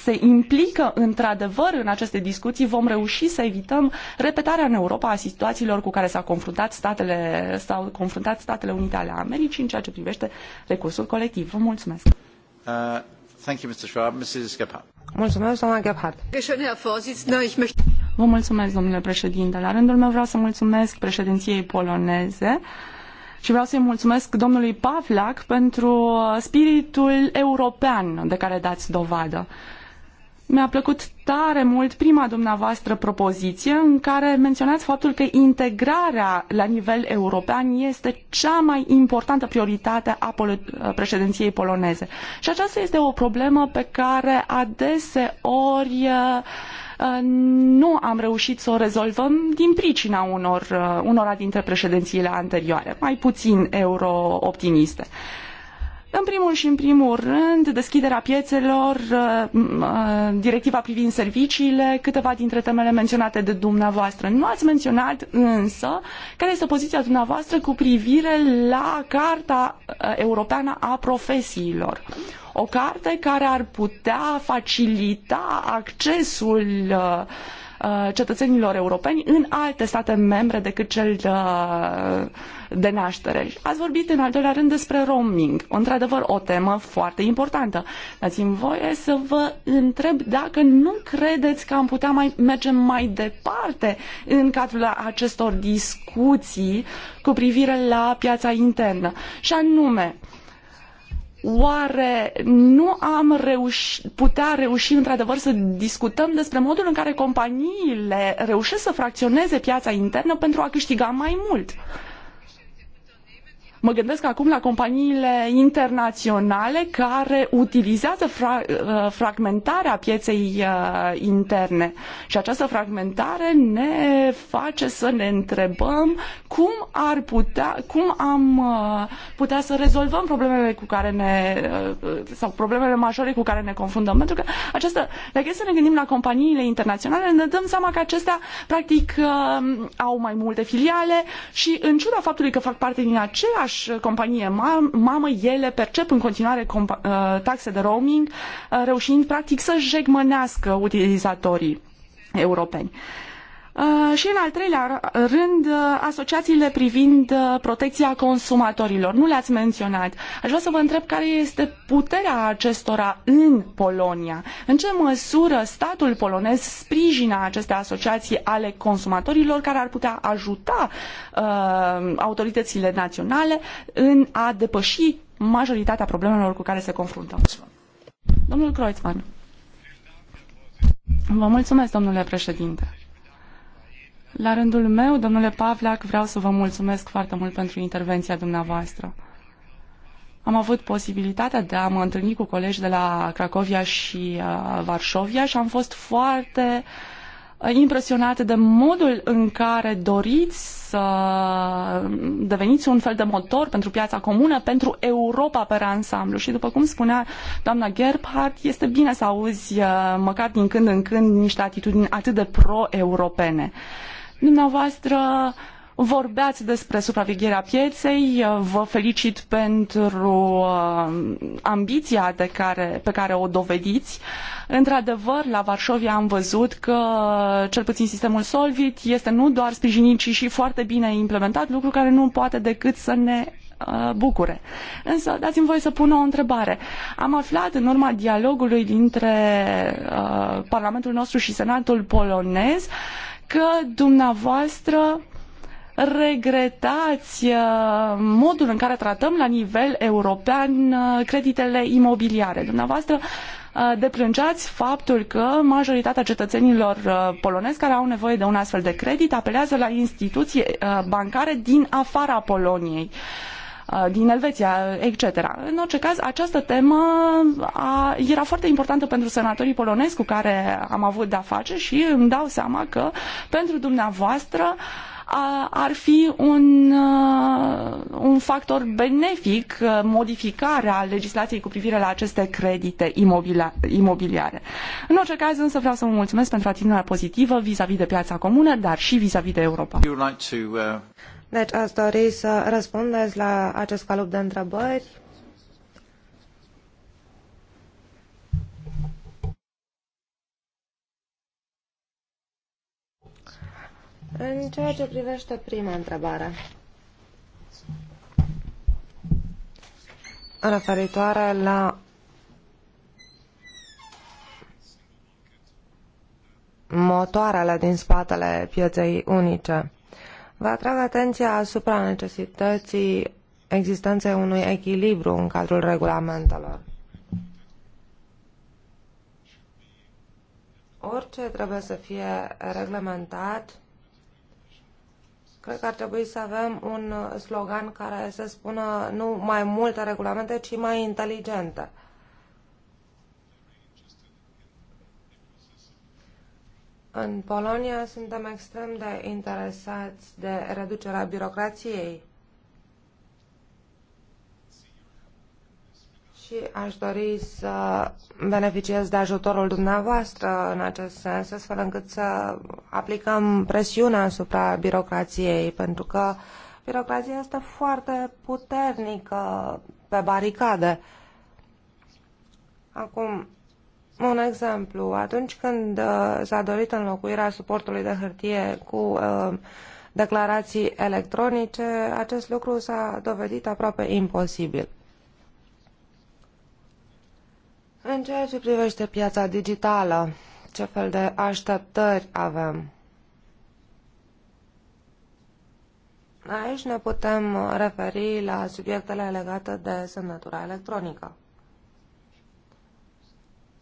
se implică într-adevăr în aceste discuții, vom reuși să evităm repetarea în Europa a situațiilor cu care s-au confruntat statele, s-au confruntat Statele Unite ale Americii în ceea ce privește recursul colectiv. Vă mulțumesc! Uh, Mulțumesc, mulțumesc, domnule președinte. La rândul meu vreau să mulțumesc președinției poloneze și vreau să-i mulțumesc domnului Pavlak pentru spiritul european de care dați dovadă. Mi-a plăcut tare mult prima dumneavoastră propoziție în care menționați faptul că integrarea la nivel european este cea mai importantă prioritate a președinției poloneze. Și aceasta este o problemă pe care adeseori uh, uh, nu am reușit să o rezolvăm din pricina unor, uh, unora dintre președințiile anterioare, mai puțin eurooptimiste. optimiste în primul și în primul rând, deschiderea piețelor, uh, uh, directiva privind serviciile, câteva dintre temele menționate de dumneavoastră. Nu ați menționat însă care este poziția dumneavoastră cu privire la Carta uh, Europeană a Profesiilor. O carte care ar putea facilita accesul uh, Uh, cetățenilor europeni în alte state membre decât cel uh, de naștere. Ați vorbit în al doilea rând despre roaming, într-adevăr o temă foarte importantă. Dați-mi voie să vă întreb dacă nu credeți că am putea mai merge mai departe în cadrul acestor discuții cu privire la piața internă. Și anume, Oare nu am reuși, putea reuși într-adevăr să discutăm despre modul în care companiile reușesc să fracționeze piața internă pentru a câștiga mai mult? Mă gândesc acum la companiile internaționale care utilizează fra- uh, fragmentarea pieței uh, interne. Și această fragmentare ne face să ne întrebăm cum ar putea, cum am uh, putea să rezolvăm problemele cu care ne sau problemele majore cu care ne confruntăm. Pentru că această, dacă să ne gândim la companiile internaționale, ne dăm seama că acestea practic au mai multe filiale și în ciuda faptului că fac parte din aceeași aceeași companie mamă, ele percep în continuare uh, taxe de roaming, uh, reușind practic să jegmănească utilizatorii europeni. Uh, și în al treilea rând, uh, asociațiile privind uh, protecția consumatorilor. Nu le-ați menționat. Aș vrea să vă întreb care este puterea acestora în Polonia. În ce măsură statul polonez sprijină aceste asociații ale consumatorilor care ar putea ajuta uh, autoritățile naționale în a depăși majoritatea problemelor cu care se confruntă? Domnul Kreutzmann. Vă mulțumesc, domnule președinte. La rândul meu, domnule Pavlac, vreau să vă mulțumesc foarte mult pentru intervenția dumneavoastră. Am avut posibilitatea de a mă întâlni cu colegi de la Cracovia și uh, Varșovia și am fost foarte uh, impresionate de modul în care doriți să deveniți un fel de motor pentru piața comună, pentru Europa pe ansamblu. Și după cum spunea doamna Gerhardt, este bine să auzi uh, măcar din când în când niște atitudini atât de pro-europene. Uh, Dumneavoastră vorbeați despre supravegherea pieței, vă felicit pentru uh, ambiția de care, pe care o dovediți. Într-adevăr, la Varșovia am văzut că cel puțin sistemul Solvit este nu doar sprijinit, ci și foarte bine implementat, lucru care nu poate decât să ne uh, bucure. Însă, dați-mi voie să pun o întrebare. Am aflat în urma dialogului dintre uh, Parlamentul nostru și Senatul polonez uh, că dumneavoastră regretați uh, modul în care tratăm la nivel european uh, creditele imobiliare. Dumneavoastră uh, deplângeați faptul că majoritatea cetățenilor polonezi care au nevoie de un astfel de credit apelează la instituții bancare din afara Poloniei. Uh, din Elveția, etc. În orice caz, această temă a, era foarte importantă pentru senatorii polonezi cu care am avut de-a face și îmi dau seama că pentru dumneavoastră a, ar fi un, un factor benefic modificarea legislației cu privire la aceste credite imobiliare. În orice caz, însă vreau să vă mulțumesc pentru atitudinea pozitivă vis-a-vis -vis de piața comună, dar și vis-a-vis -vis de Europa. Uh, deci ați dori să răspundeți la acest calup de întrebări? În ceea ce privește prima întrebare, referitoare la motoarele din spatele pieței unice. Vă atrag atenția asupra necesității existenței unui echilibru în cadrul regulamentelor. Orice trebuie să fie reglementat, cred că ar trebui să avem un slogan care să spună nu mai multe regulamente, ci mai inteligente. În Polonia suntem extrem de interesați de reducerea birocrației. Și aș dori să beneficiez de ajutorul dumneavoastră în acest sens, astfel încât să aplicăm presiunea asupra birocrației, pentru că birocrația este foarte puternică pe baricade. Acum, un exemplu. Atunci când uh, s-a dorit înlocuirea suportului de hârtie cu uh, declarații electronice, acest lucru s-a dovedit aproape imposibil. În ceea ce privește piața digitală, ce fel de așteptări avem? Aici ne putem uh, referi la subiectele legate de semnătura electronică.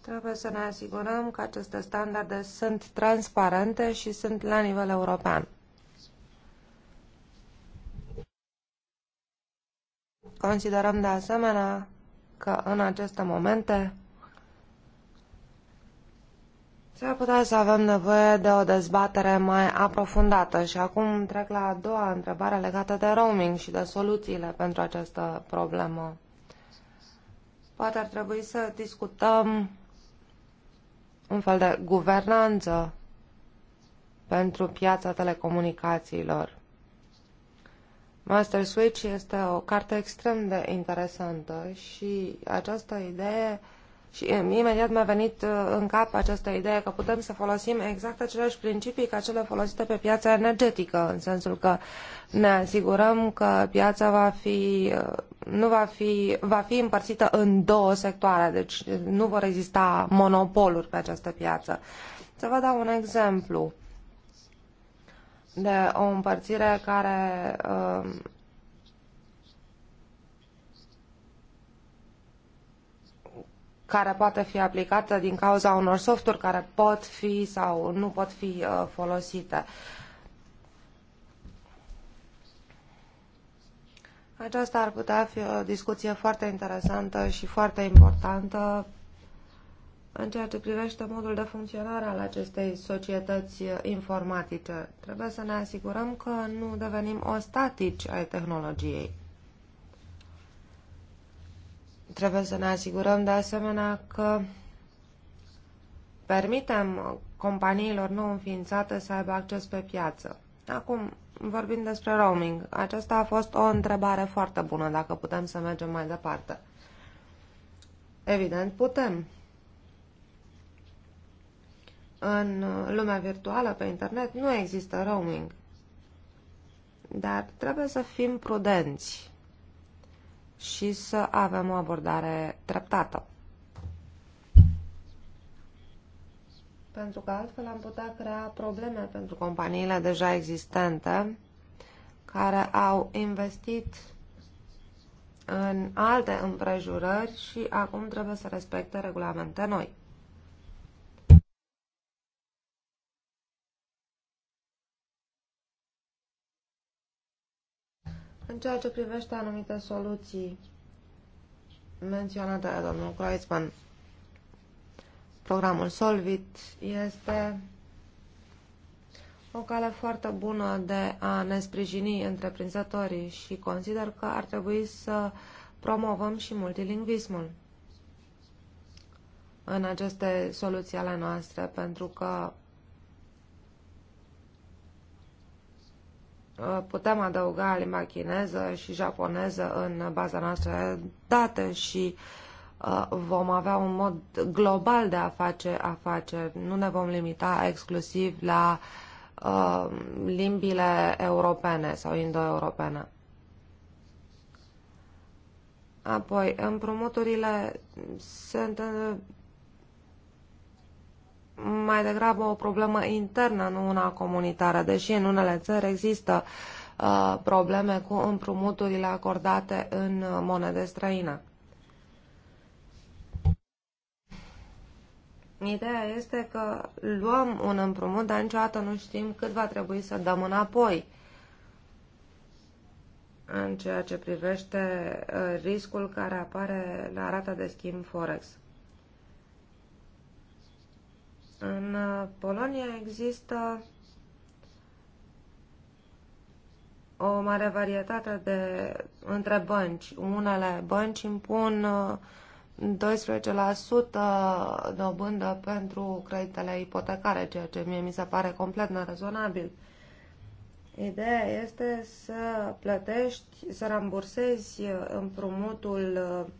Trebuie să ne asigurăm că aceste standarde sunt transparente și sunt la nivel european. Considerăm de asemenea că în aceste momente S-ar putea să avem nevoie de o dezbatere mai aprofundată și acum trec la a doua întrebare legată de roaming și de soluțiile pentru această problemă. Poate ar trebui să discutăm un fel de guvernanță pentru piața telecomunicațiilor. Master Switch este o carte extrem de interesantă și această idee uh, și imediat mi-a venit uh, în cap această idee că putem să folosim exact aceleași principii ca cele folosite pe piața energetică, în sensul că ne asigurăm că piața va fi, uh, nu va fi, va fi împărțită în două sectoare, deci nu vor exista monopoluri pe această piață. Să vă dau un exemplu de o împărțire care uh, care poate fi aplicată din cauza unor softuri care pot fi sau nu pot fi uh, folosite. Aceasta ar putea fi o discuție foarte interesantă și foarte importantă în ceea ce privește modul de funcționare al acestei societăți informatice. Trebuie să ne asigurăm că nu devenim ostatici ai tehnologiei. Trebuie să ne asigurăm de asemenea că permitem companiilor nou înființate să aibă acces pe piață. Acum, vorbim despre roaming. Aceasta a fost o întrebare foarte bună, dacă putem să mergem mai departe. Evident, putem. În lumea virtuală, pe internet, nu există roaming. Dar trebuie să fim prudenți și să avem o abordare treptată. Pentru că altfel am putea crea probleme pentru companiile deja existente care au investit în alte împrejurări și acum trebuie să respecte regulamente noi. În ceea ce privește anumite soluții menționate de domnul Kreuzmann, programul Solvit este o cale foarte bună de a ne sprijini întreprinzătorii și consider că ar trebui să promovăm și multilingvismul în aceste soluții ale noastre, pentru că putem adăuga limba chineză și japoneză în baza noastră de date și uh, vom avea un mod global de a face afaceri. Nu ne vom limita exclusiv la uh, limbile europene sau indo-europene. Apoi, împrumuturile sunt uh, mai degrabă o problemă internă, nu una comunitară, deși în unele țări există uh, probleme cu împrumuturile acordate în monede străină. Ideea este că luăm un împrumut, dar niciodată nu știm cât va trebui să dăm înapoi în ceea ce privește uh, riscul care apare la rata de schimb Forex. În uh, Polonia există o mare varietate de între bănci. Unele bănci impun 12% uh, dobândă pentru creditele ipotecare, ceea ce mie mi se pare complet nerezonabil. Ideea este să plătești, să rambursezi împrumutul uh,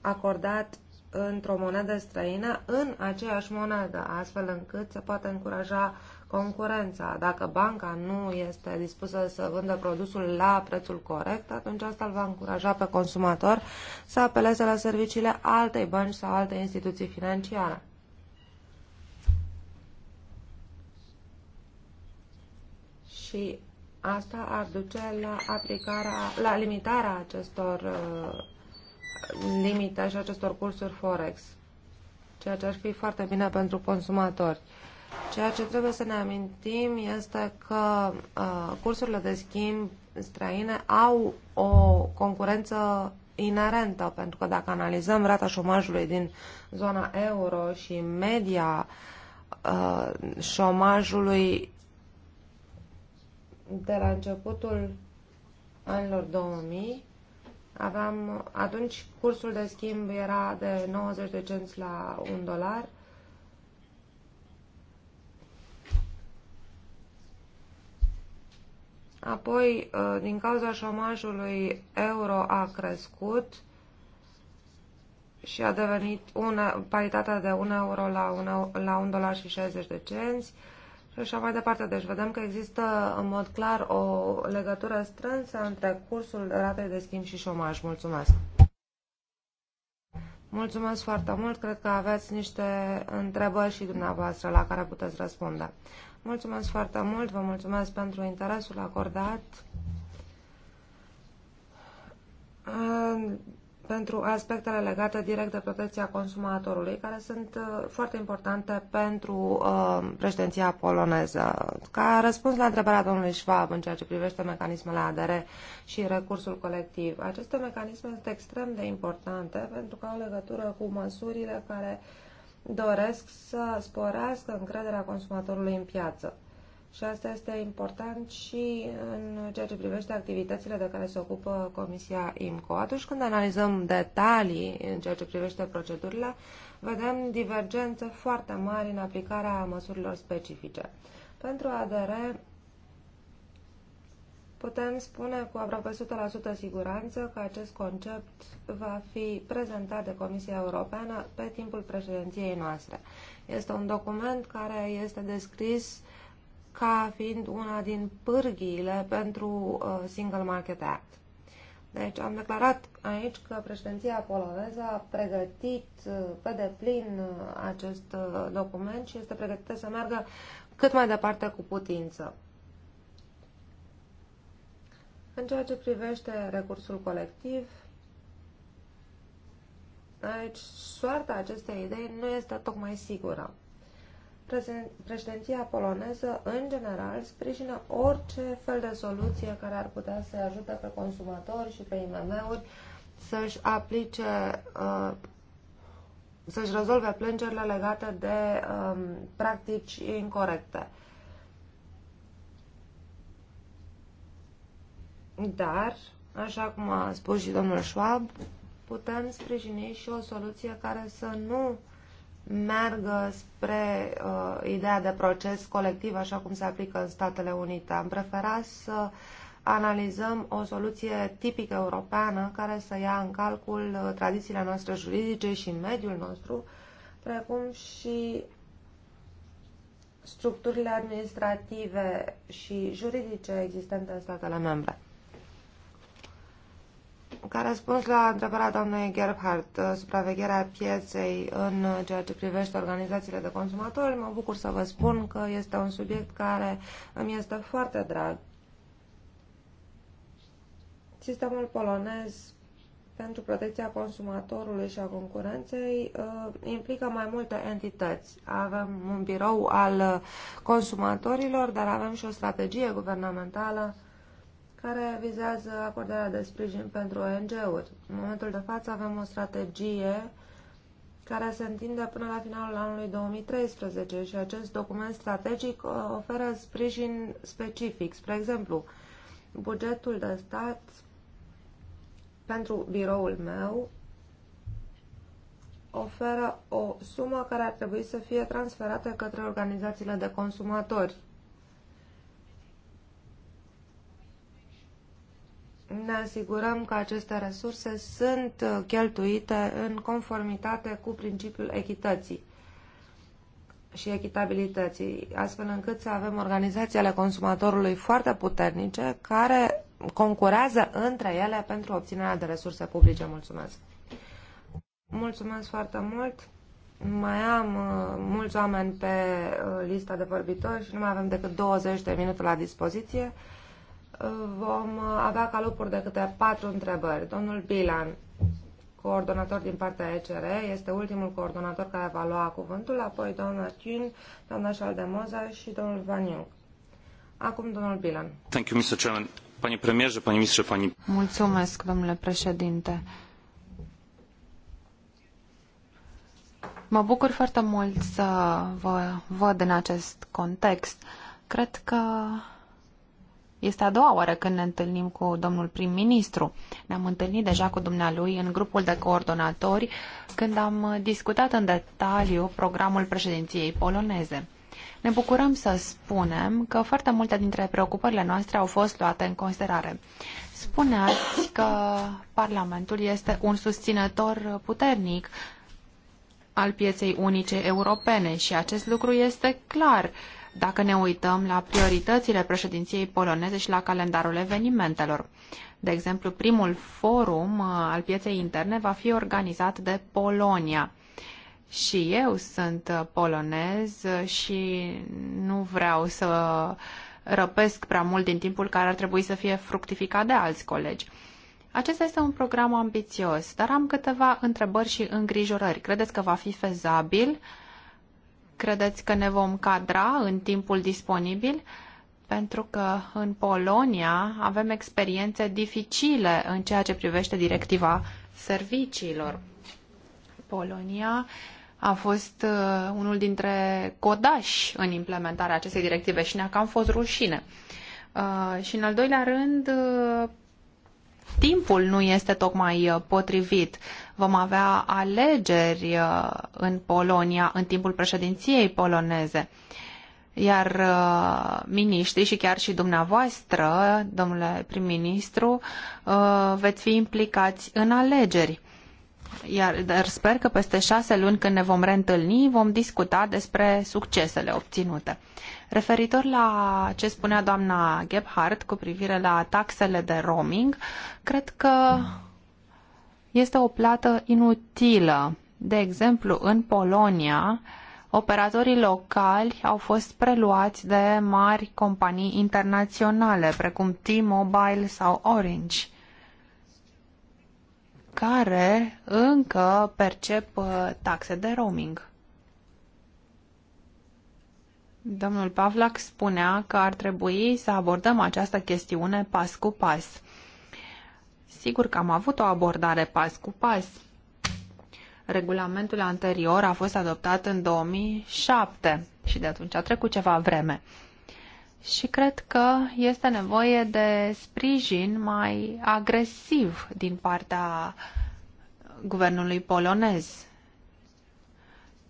acordat într-o monedă străină în aceeași monedă, astfel încât se poate încuraja concurența. Dacă banca nu este dispusă să vândă produsul la prețul corect, atunci asta îl va încuraja pe consumator să apeleze la serviciile altei bănci sau alte instituții financiare. Și asta ar duce la aplicarea, la limitarea acestor uh, limita și acestor cursuri Forex, ceea ce ar fi foarte bine pentru consumatori. Ceea ce trebuie să ne amintim este că uh, cursurile de schimb străine au o concurență inerentă, pentru că dacă analizăm rata șomajului din zona euro și media uh, șomajului de la începutul anilor 2000, Aveam, atunci cursul de schimb era de 90 de cenți la 1 dolar. Apoi, ă, din cauza șomajului, euro a crescut și a devenit una, paritatea de 1 euro la 1, la 1 dolar și 60 de cenți și așa mai departe. Deci vedem că există în mod clar o legătură strânsă între cursul ratei de schimb și șomaj. Mulțumesc! Mulțumesc foarte mult, cred că aveți niște întrebări și dumneavoastră la care puteți răspunde. Mulțumesc foarte mult, vă mulțumesc pentru interesul acordat pentru aspectele legate direct de protecția consumatorului, care sunt uh, foarte importante pentru uh, președinția poloneză. Ca răspuns la întrebarea domnului Schwab în ceea ce privește mecanismele ADR și recursul colectiv, aceste mecanisme sunt extrem de importante pentru că au legătură cu măsurile care doresc să sporească încrederea consumatorului în piață. Și asta este important și în ceea ce privește activitățile de care se ocupă Comisia IMCO. Atunci când analizăm detalii în ceea ce privește procedurile, vedem divergențe foarte mari în aplicarea măsurilor specifice. Pentru ADR putem spune cu aproape 100% siguranță că acest concept va fi prezentat de Comisia Europeană pe timpul președinției noastre. Este un document care este descris ca fiind una din pârghiile pentru uh, Single Market Act. Deci am declarat aici că președinția poloneză a pregătit uh, pe deplin uh, acest document și este pregătită să meargă cât mai departe cu putință. În ceea ce privește recursul colectiv, aici soarta acestei idei nu este tocmai sigură președinția poloneză, în general, sprijină orice fel de soluție care ar putea să ajute pe consumatori și pe IMM-uri să-și aplice, uh, să-și rezolve plângerile legate de um, practici incorrecte. Dar, așa cum a spus și domnul Schwab, putem sprijini și o soluție care să nu meargă spre uh, ideea de proces colectiv, așa cum se aplică în Statele Unite. Am preferat să analizăm o soluție tipică europeană care să ia în calcul uh, tradițiile noastre juridice și mediul nostru, precum și structurile administrative și juridice existente în statele membre. Ca răspuns la întrebarea doamnei Gerhardt, uh, supravegherea pieței în uh, ceea ce privește organizațiile de consumatori, mă bucur să vă spun că este un subiect care îmi este foarte drag. Sistemul polonez pentru protecția consumatorului și a concurenței uh, implică mai multe entități. Avem un birou al consumatorilor, dar avem și o strategie guvernamentală care vizează acordarea de sprijin pentru ONG-uri. În momentul de față avem o strategie care se întinde până la finalul anului 2013 și acest document strategic uh, oferă sprijin specific. Spre exemplu, bugetul de stat pentru biroul meu oferă o sumă care ar trebui să fie transferată către organizațiile de consumatori ne asigurăm că aceste resurse sunt uh, cheltuite în conformitate cu principiul echității și echitabilității, astfel încât să avem organizații ale consumatorului foarte puternice care concurează între ele pentru obținerea de resurse publice. Mulțumesc! Mulțumesc foarte mult! Mai am uh, mulți oameni pe uh, lista de vorbitori și nu mai avem decât 20 de minute la dispoziție vom avea ca lucruri de câte patru întrebări. Domnul Bilan, coordonator din partea ECR, este ultimul coordonator care va lua cuvântul, apoi doamna Thun, doamna Șaldemoza și domnul Vaniuc. Acum domnul Bilan. Thank you, Mr. Chairman. Pani premierze, pani ministrze, pani... Mulțumesc, domnule președinte. Mă bucur foarte mult să vă văd în acest context. Cred că este a doua oară când ne întâlnim cu domnul prim-ministru. Ne-am întâlnit deja cu dumnealui în grupul de coordonatori când am discutat în detaliu programul președinției poloneze. Ne bucurăm să spunem că foarte multe dintre preocupările noastre au fost luate în considerare. Spuneați că Parlamentul este un susținător puternic al pieței unice europene și acest lucru este clar. Uh, dacă ne uităm la prioritățile președinției poloneze și la calendarul evenimentelor. De exemplu, primul forum uh, al pieței interne va fi organizat de Polonia. Și eu sunt uh, polonez uh, și nu vreau să răpesc prea mult din timpul care ar trebui să fie fructificat de alți colegi. Acesta este un program ambițios, dar am câteva întrebări și îngrijorări. Credeți că va fi fezabil? Credeți că ne vom cadra în timpul disponibil? Pentru că în Polonia avem experiențe dificile în ceea ce privește directiva serviciilor. Polonia a fost uh, unul dintre codași în implementarea acestei directive și ne-a cam fost rușine. Uh, și în al doilea rând, uh, timpul nu este tocmai potrivit. Vom avea alegeri uh, în Polonia în timpul președinției poloneze. Iar uh, miniștrii și chiar și dumneavoastră, domnule prim-ministru, uh, veți fi implicați în alegeri. Iar, dar sper că peste șase luni, când ne vom reîntâlni, vom discuta despre succesele obținute. Referitor la ce spunea doamna Gebhardt cu privire la taxele de roaming, cred că este o plată inutilă. De exemplu, în Polonia, operatorii locali au fost preluați de mari companii internaționale, precum T-Mobile sau Orange, care încă percep uh, taxe de roaming. Domnul Pavlac spunea că ar trebui să abordăm această chestiune pas cu pas sigur că am avut o abordare pas cu pas. Regulamentul anterior a fost adoptat în 2007 și de atunci a trecut ceva vreme. Și cred că este nevoie de sprijin mai agresiv din partea guvernului polonez.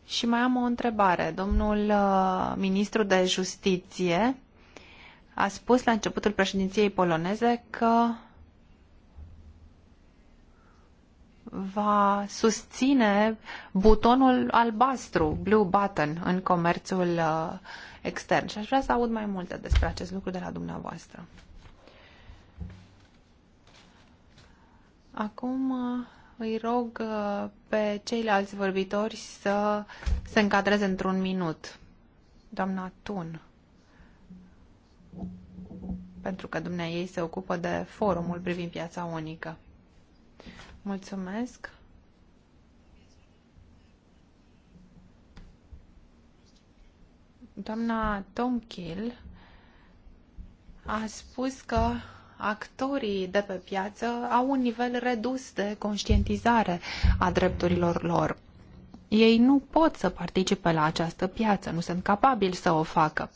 Și mai am o întrebare. Domnul uh, ministru de justiție a spus la începutul președinției poloneze că va susține butonul albastru, blue button, în comerțul uh, extern. Și aș vrea să aud mai multe despre acest lucru de la dumneavoastră. Acum uh, îi rog uh, pe ceilalți vorbitori să se încadreze într-un minut. Doamna Tun. Pentru că dumneai ei se ocupă de forumul privind piața unică. Mulțumesc. Doamna Kill a spus că actorii de pe piață au un nivel redus de conștientizare a drepturilor lor. Ei nu pot să participe la această piață, nu sunt capabili să o facă.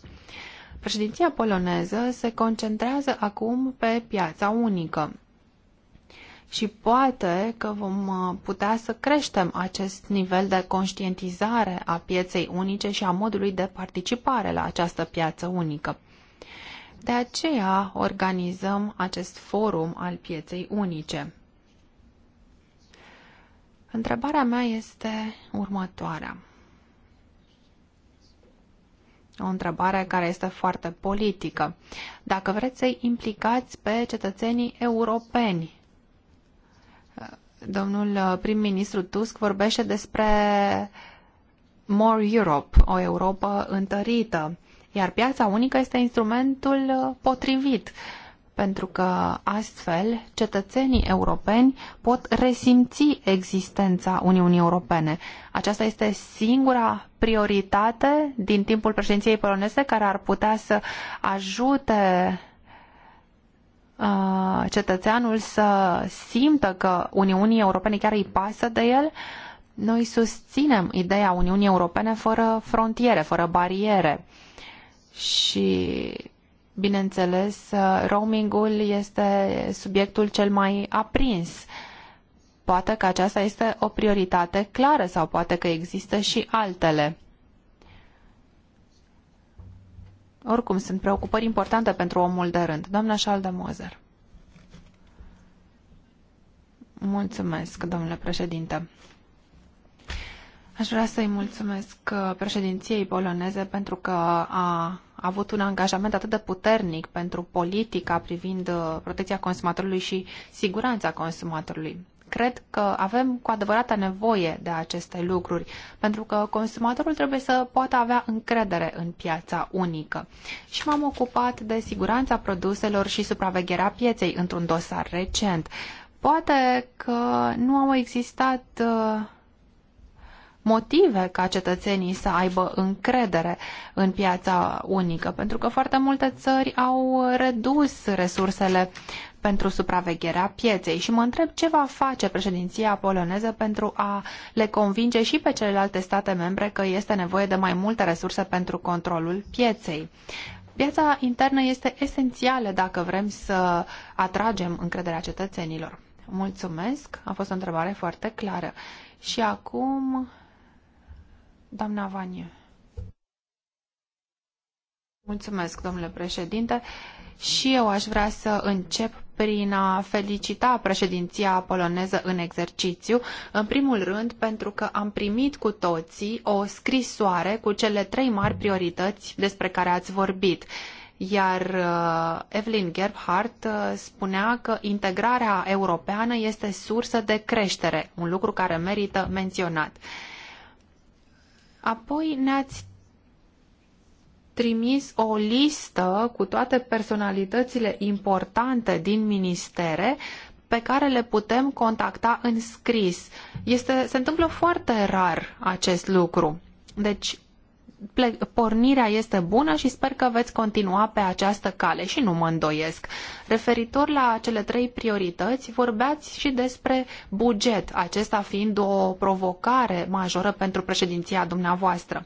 Președinția poloneză se concentrează acum pe piața unică și poate că vom uh, putea să creștem acest nivel de conștientizare a pieței unice și a modului de participare la această piață unică. De aceea organizăm acest forum al pieței unice. Întrebarea mea este următoarea. O întrebare care este foarte politică. Dacă vreți să-i implicați pe cetățenii europeni Domnul uh, prim-ministru Tusk vorbește despre More Europe, o Europa întărită, iar piața unică este instrumentul uh, potrivit pentru că astfel cetățenii europeni pot resimți existența Uniunii Europene. Aceasta este singura prioritate din timpul președinției poloneze care ar putea să ajute Uh, cetățeanul să simtă că Uniunii Europene chiar îi pasă de el, noi susținem ideea Uniunii Europene fără frontiere, fără bariere. Și, bineînțeles, uh, roamingul este subiectul cel mai aprins. Poate că aceasta este o prioritate clară sau poate că există și altele. Oricum, sunt preocupări importante pentru omul de rând. Doamna Mozer. Mulțumesc, domnule președinte. Aș vrea să-i mulțumesc uh, președinției poloneze pentru că a avut un angajament atât de puternic pentru politica privind uh, protecția consumatorului și siguranța consumatorului cred că avem cu adevărat nevoie de aceste lucruri, pentru că consumatorul trebuie să poată avea încredere în piața unică. Și m-am ocupat de siguranța produselor și supravegherea pieței într-un dosar recent. Poate că nu au existat uh, motive ca cetățenii să aibă încredere în piața unică, pentru că foarte multe țări au redus resursele pentru supravegherea pieței și mă întreb ce va face președinția poloneză pentru a le convinge și pe celelalte state membre că este nevoie de mai multe resurse pentru controlul pieței. Piața internă este esențială dacă vrem să atragem încrederea cetățenilor. Mulțumesc, a fost o întrebare foarte clară. Și acum, doamna Vaniu. Mulțumesc, domnule președinte. Și eu aș vrea să încep prin a felicita președinția poloneză în exercițiu, în primul rând pentru că am primit cu toții o scrisoare cu cele trei mari priorități despre care ați vorbit iar uh, Evelyn Gerbhardt uh, spunea că integrarea europeană este sursă de creștere, un lucru care merită menționat. Apoi ne-ați trimis o listă cu toate personalitățile importante din ministere pe care le putem contacta în scris. Este, se întâmplă foarte rar acest lucru. Deci, pornirea este bună și sper că veți continua pe această cale și nu mă îndoiesc. Referitor la cele trei priorități, vorbeați și despre buget, acesta fiind o provocare majoră pentru președinția dumneavoastră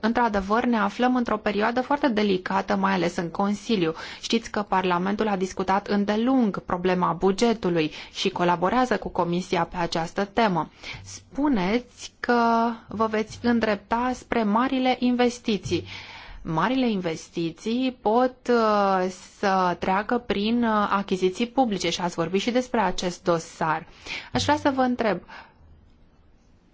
într-adevăr, ne aflăm într-o perioadă foarte delicată, mai ales în Consiliu. Știți că Parlamentul a discutat îndelung problema bugetului și colaborează cu Comisia pe această temă. Spuneți că vă veți îndrepta spre marile investiții marile investiții pot uh, să treacă prin uh, achiziții publice și ați vorbit și despre acest dosar. Aș vrea să vă întreb,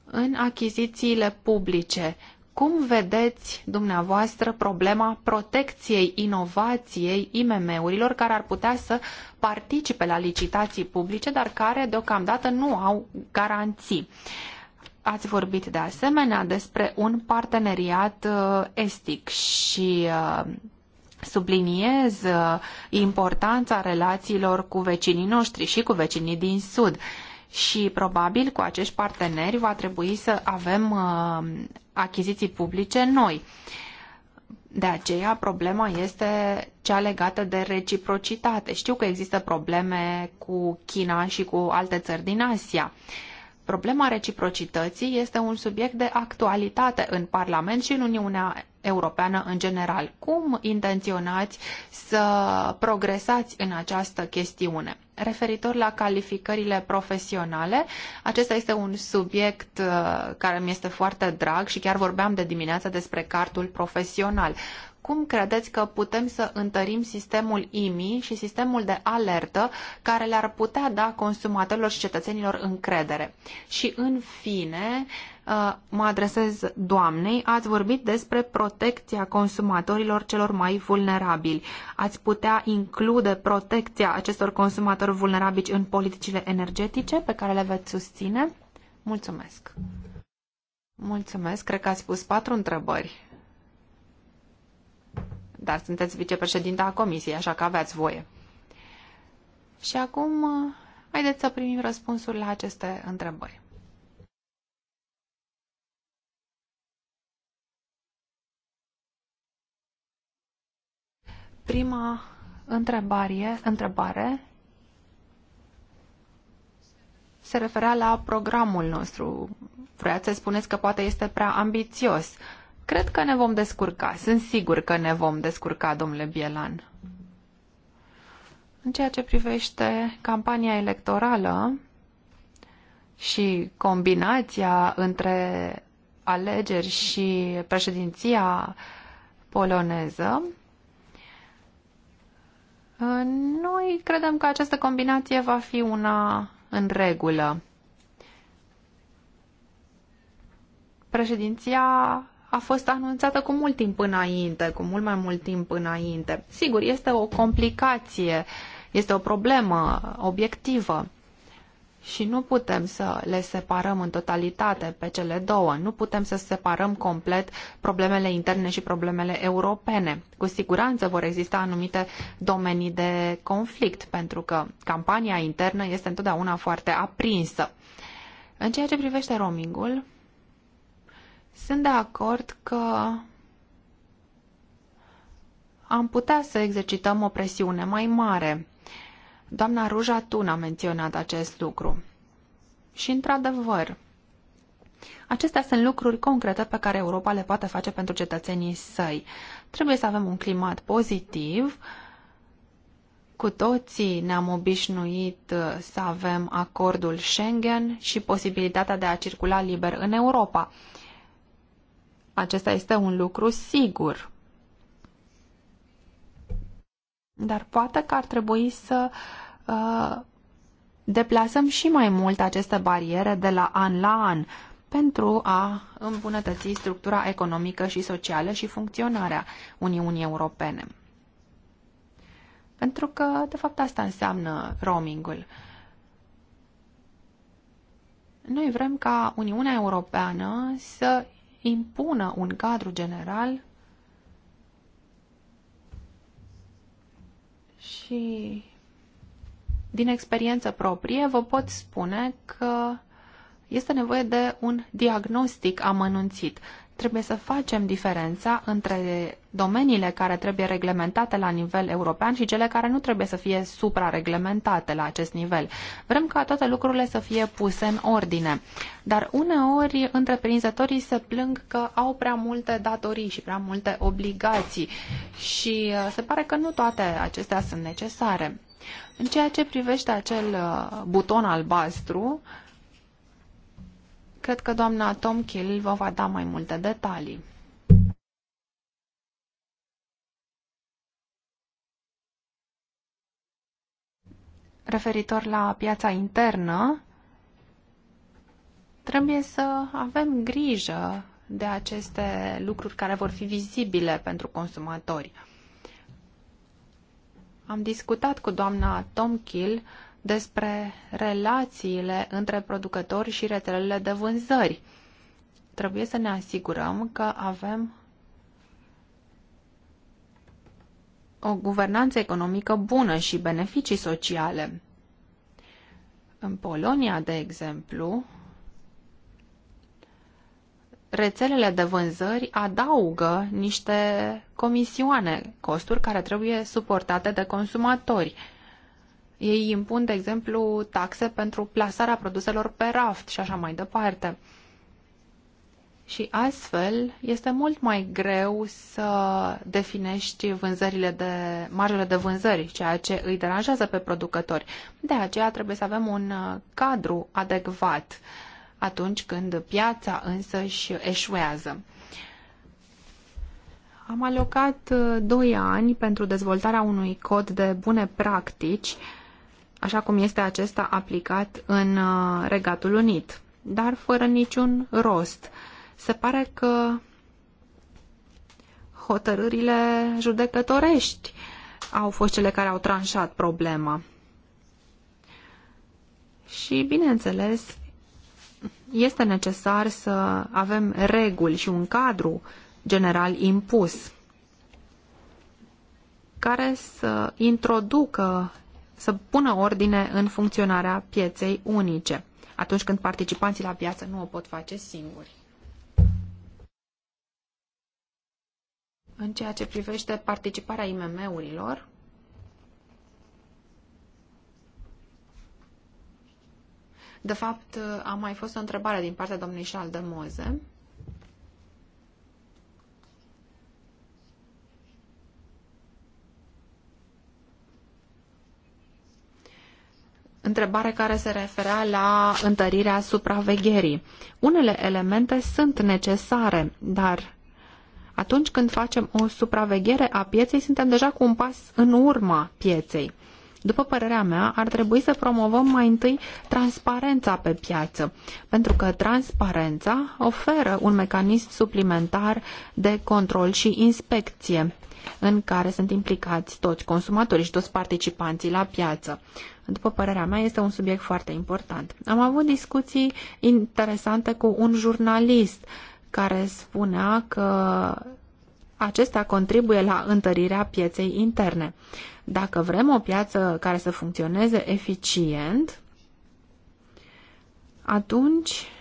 în achizițiile publice, cum vedeți dumneavoastră problema protecției inovației IMM-urilor care ar putea să participe la licitații publice, dar care deocamdată nu au garanții? Ați vorbit de asemenea despre un parteneriat uh, estic și uh, subliniez uh, importanța relațiilor cu vecinii noștri și cu vecinii din Sud și probabil cu acești parteneri va trebui să avem uh, achiziții publice noi. De aceea, problema este cea legată de reciprocitate. Știu că există probleme cu China și cu alte țări din Asia. Problema reciprocității este un subiect de actualitate în Parlament și în Uniunea Europeană în general. Cum intenționați să progresați în această chestiune? referitor la calificările profesionale. Acesta este un subiect uh, care mi este foarte drag și chiar vorbeam de dimineață despre cartul profesional. Cum credeți că putem să întărim sistemul IMI și sistemul de alertă care le-ar putea da consumatorilor și cetățenilor încredere? Și în fine, Uh, mă adresez doamnei, ați vorbit despre protecția consumatorilor celor mai vulnerabili. Ați putea include protecția acestor consumatori vulnerabili în politicile energetice pe care le veți susține? Mulțumesc! Mulțumesc, cred că ați pus patru întrebări. Dar sunteți vicepreședinta a comisiei, așa că aveți voie. Și acum, uh, haideți să primim răspunsuri la aceste întrebări. Prima întrebare, întrebare se referea la programul nostru. Vreau să spuneți că poate este prea ambițios. Cred că ne vom descurca. Sunt sigur că ne vom descurca, domnule Bielan. În ceea ce privește campania electorală și combinația între alegeri și președinția poloneză, Uh, noi credem că această combinație va fi una în regulă. Președinția a fost anunțată cu mult timp înainte, cu mult mai mult timp înainte. Sigur, este o complicație, este o problemă obiectivă, și nu putem să le separăm în totalitate pe cele două. Nu putem să separăm complet problemele interne și problemele europene. Cu siguranță vor exista anumite domenii de conflict, pentru că campania internă este întotdeauna foarte aprinsă. În ceea ce privește roamingul, sunt de acord că am putea să exercităm o presiune mai mare Doamna Ruja Tun a menționat acest lucru. Și, într-adevăr, Acestea sunt lucruri concrete pe care Europa le poate face pentru cetățenii săi. Trebuie să avem un climat pozitiv. Cu toții ne-am obișnuit uh, să avem acordul Schengen și posibilitatea de a circula liber în Europa. Acesta este un lucru sigur. Dar poate că ar trebui să uh, deplasăm și mai mult aceste bariere de la an la an pentru a îmbunătăți structura economică și socială și funcționarea Uniunii Europene. Pentru că, de fapt, asta înseamnă roamingul. Noi vrem ca Uniunea Europeană să impună un cadru general Și din experiență proprie vă pot spune că este nevoie de un diagnostic amănunțit trebuie să facem diferența între domeniile care trebuie reglementate la nivel european și cele care nu trebuie să fie suprareglementate la acest nivel. Vrem ca toate lucrurile să fie puse în ordine, dar uneori întreprinzătorii se plâng că au prea multe datorii și prea multe obligații și uh, se pare că nu toate acestea sunt necesare. În ceea ce privește acel uh, buton albastru, Cred că doamna Tomkil vă va da mai multe detalii. Referitor la piața internă, trebuie să avem grijă de aceste lucruri care vor fi vizibile pentru consumatori. Am discutat cu doamna Tomkill despre relațiile între producători și rețelele de vânzări. Trebuie să ne asigurăm că avem o guvernanță economică bună și beneficii sociale. În Polonia, de exemplu, rețelele de vânzări adaugă niște comisioane, costuri care trebuie suportate de consumatori. Ei impun, de exemplu, taxe pentru plasarea produselor pe raft și așa mai departe. Și astfel este mult mai greu să definești vânzările de, marjele de vânzări, ceea ce îi deranjează pe producători. De aceea trebuie să avem un uh, cadru adecvat atunci când piața însă își eșuează. Am alocat 2 uh, ani pentru dezvoltarea unui cod de bune practici așa cum este acesta aplicat în uh, Regatul Unit, dar fără niciun rost. Se pare că hotărârile judecătorești au fost cele care au tranșat problema. Și, bineînțeles, este necesar să avem reguli și un cadru general impus care să introducă să pună ordine în funcționarea pieței unice, atunci când participanții la piață nu o pot face singuri. În ceea ce privește participarea IMM-urilor, de fapt, a mai fost o întrebare din partea domnului Charles de Moze. întrebare care se referea la întărirea supravegherii. Unele elemente sunt necesare, dar atunci când facem o supraveghere a pieței, suntem deja cu un pas în urma pieței. După părerea mea, ar trebui să promovăm mai întâi transparența pe piață, pentru că transparența oferă un mecanism suplimentar de control și inspecție în care sunt implicați toți consumatorii și toți participanții la piață. După părerea mea, este un subiect foarte important. Am avut discuții interesante cu un jurnalist care spunea că acesta contribuie la întărirea pieței interne. Dacă vrem o piață care să funcționeze eficient, atunci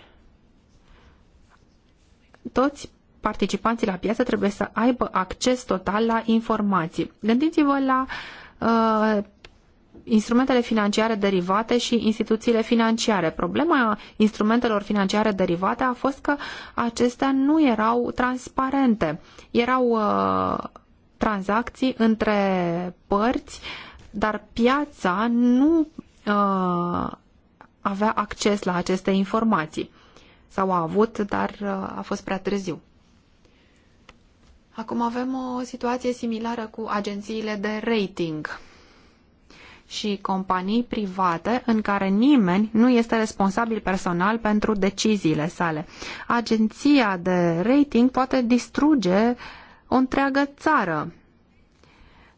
toți participanții la piață trebuie să aibă acces total la informații. Gândiți-vă la uh, instrumentele financiare derivate și instituțiile financiare. Problema instrumentelor financiare derivate a fost că acestea nu erau transparente. Erau uh, tranzacții între părți, dar piața nu uh, avea acces la aceste informații. Sau a avut, dar uh, a fost prea târziu. Acum avem o situație similară cu agențiile de rating și companii private în care nimeni nu este responsabil personal pentru deciziile sale. Agenția de rating poate distruge uh, o întreagă țară.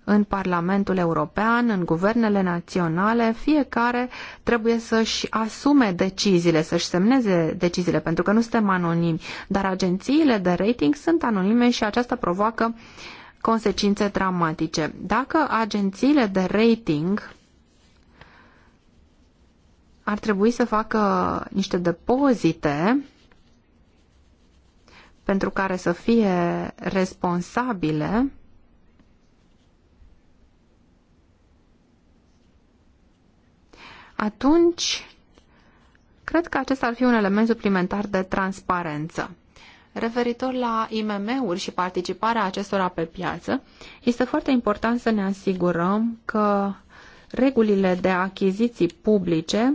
În Parlamentul European, în guvernele naționale, fiecare trebuie să-și asume deciziile, să-și semneze deciziile, pentru că nu suntem anonimi. Dar agențiile de rating sunt anonime și aceasta provoacă consecințe dramatice. Dacă agențiile de rating ar trebui să facă niște depozite pentru care să fie responsabile atunci cred că acesta ar fi un element suplimentar de transparență. Referitor la IMM-uri și participarea acestora pe piață, este foarte important să ne asigurăm că regulile de achiziții publice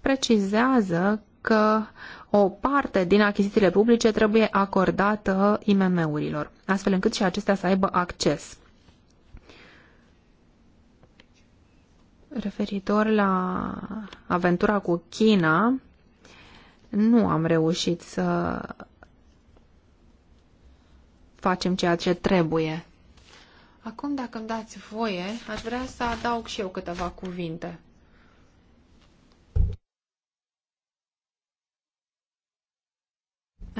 precizează că uh, o parte din achizițiile publice trebuie acordată IMM-urilor, astfel încât și acestea să aibă acces. Referitor la aventura cu China, nu am reușit să facem ceea ce trebuie. Acum, dacă îmi dați voie, aș vrea să adaug și eu câteva cuvinte.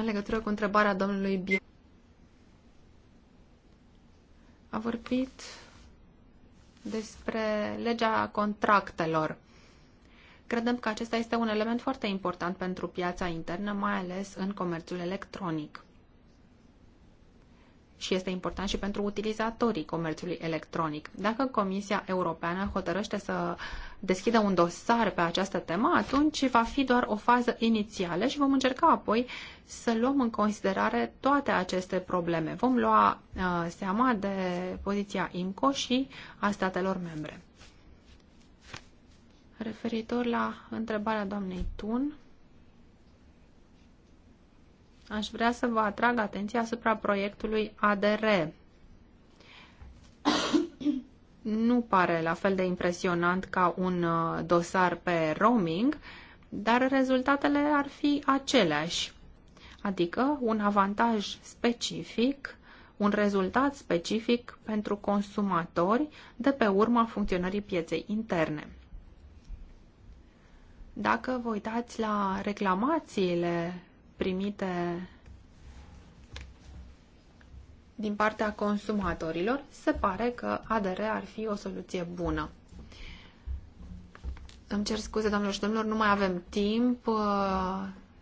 în legătură cu întrebarea domnului Bie. A vorbit despre legea contractelor. Credem că acesta este un element foarte important pentru piața internă, mai ales în comerțul electronic și este important și pentru utilizatorii comerțului electronic. Dacă Comisia Europeană hotărăște să deschidă un dosar pe această temă, atunci va fi doar o fază inițială și vom încerca apoi să luăm în considerare toate aceste probleme. Vom lua uh, seama de poziția IMCO și a statelor membre. Referitor la întrebarea doamnei Tun, aș vrea să vă atrag atenția asupra proiectului ADR. Nu pare la fel de impresionant ca un uh, dosar pe roaming, dar rezultatele ar fi aceleași, adică un avantaj specific, un rezultat specific pentru consumatori de pe urma funcționării pieței interne. Dacă vă uitați la reclamațiile primite din partea consumatorilor, se pare că ADR ar fi o soluție bună. Îmi cer scuze, doamnelor și domnilor, nu mai avem timp uh,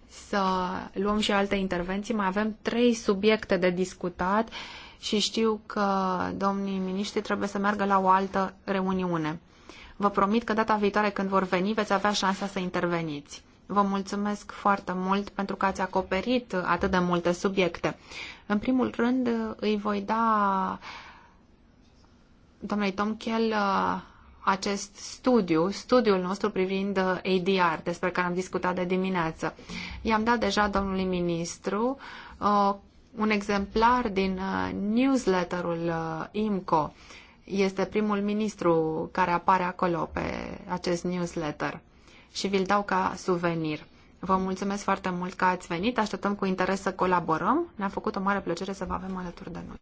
să luăm și alte intervenții. Mai avem trei subiecte de discutat și știu că domnii miniștri trebuie să meargă la o altă reuniune. Vă promit că data viitoare când vor veni veți avea șansa să interveniți. Vă mulțumesc foarte mult pentru că ați acoperit atât de multe subiecte. În primul rând, îi voi da domnului Tomchel uh, acest studiu, studiul nostru privind uh, ADR, despre care am discutat de dimineață. I-am dat deja domnului ministru uh, un exemplar din newsletterul IMCO. Este primul ministru care apare acolo pe acest newsletter și vi-l dau ca suvenir. Vă mulțumesc foarte mult că ați venit, așteptăm cu interes să colaborăm. Ne-a făcut o mare plăcere să vă avem alături de noi.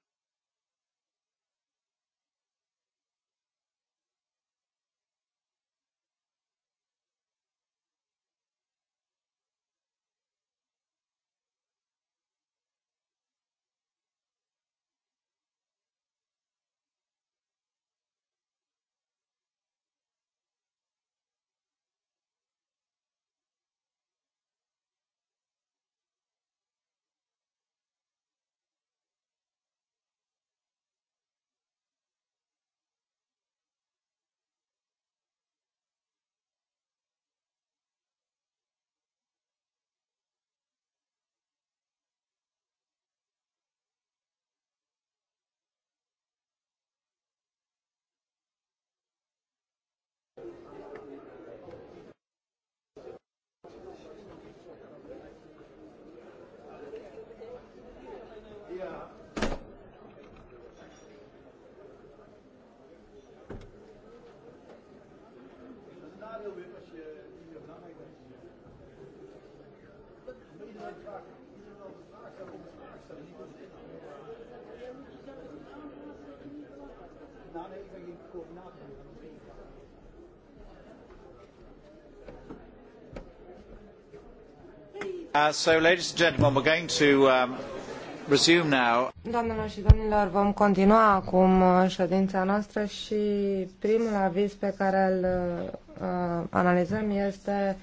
Doamnelor și domnilor, vom continua acum uh, ședința noastră și primul aviz pe care îl uh, uh, analizăm este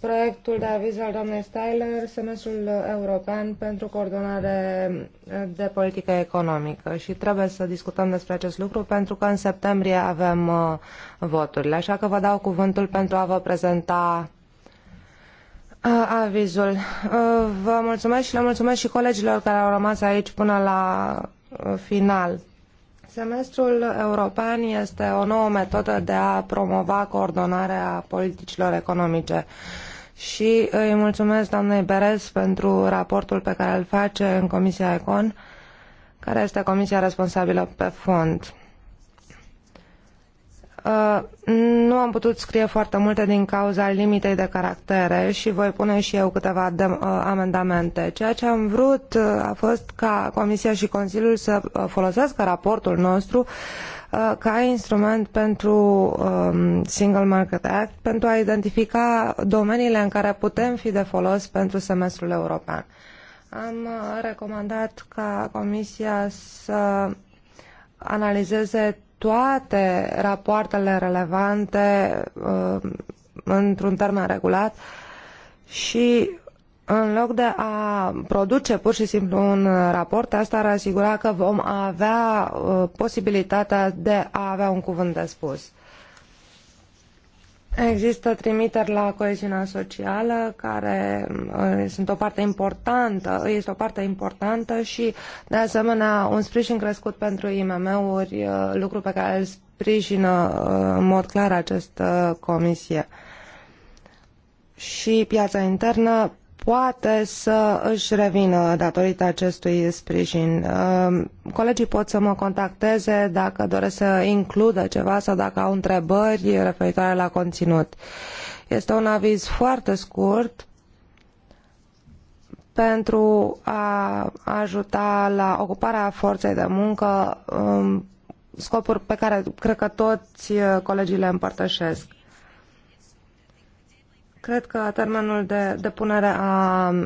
proiectul de aviz al doamnei Styler, semestrul european pentru coordonare uh, de politică economică și trebuie să discutăm despre acest lucru pentru că în septembrie avem uh, voturile, așa că vă dau cuvântul pentru a vă prezenta avizul. Vă mulțumesc și le mulțumesc și colegilor care au rămas aici până la final. Semestrul european este o nouă metodă de a promova coordonarea politicilor economice și îi mulțumesc doamnei Berez pentru raportul pe care îl face în Comisia Econ, care este comisia responsabilă pe fond. Uh, nu am putut scrie foarte multe din cauza limitei de caractere și voi pune și eu câteva uh, amendamente. Ceea ce am vrut uh, a fost ca Comisia și Consiliul să folosească raportul nostru ca instrument pentru um, Single Market Act pentru a identifica domeniile în care putem fi de folos pentru semestrul european. Am recomandat ca Comisia să analizeze toate rapoartele relevante uh, într-un termen regulat și în loc de a produce pur și simplu un raport, asta ar asigura că vom avea uh, posibilitatea de a avea un cuvânt de spus. Există trimiteri la coeziunea socială, care uh, sunt o parte importantă, este o parte importantă și, de asemenea, un sprijin crescut pentru IMM-uri, uh, lucru pe care îl sprijină uh, în mod clar această comisie. Și piața internă poate să își revină datorită acestui sprijin. Ehm, colegii pot să mă contacteze dacă doresc să includă ceva sau dacă au întrebări referitoare la conținut. Este un aviz foarte scurt pentru a ajuta la ocuparea forței de muncă, scopuri pe care cred că toți colegii le împărtășesc. Cred că termenul de depunere a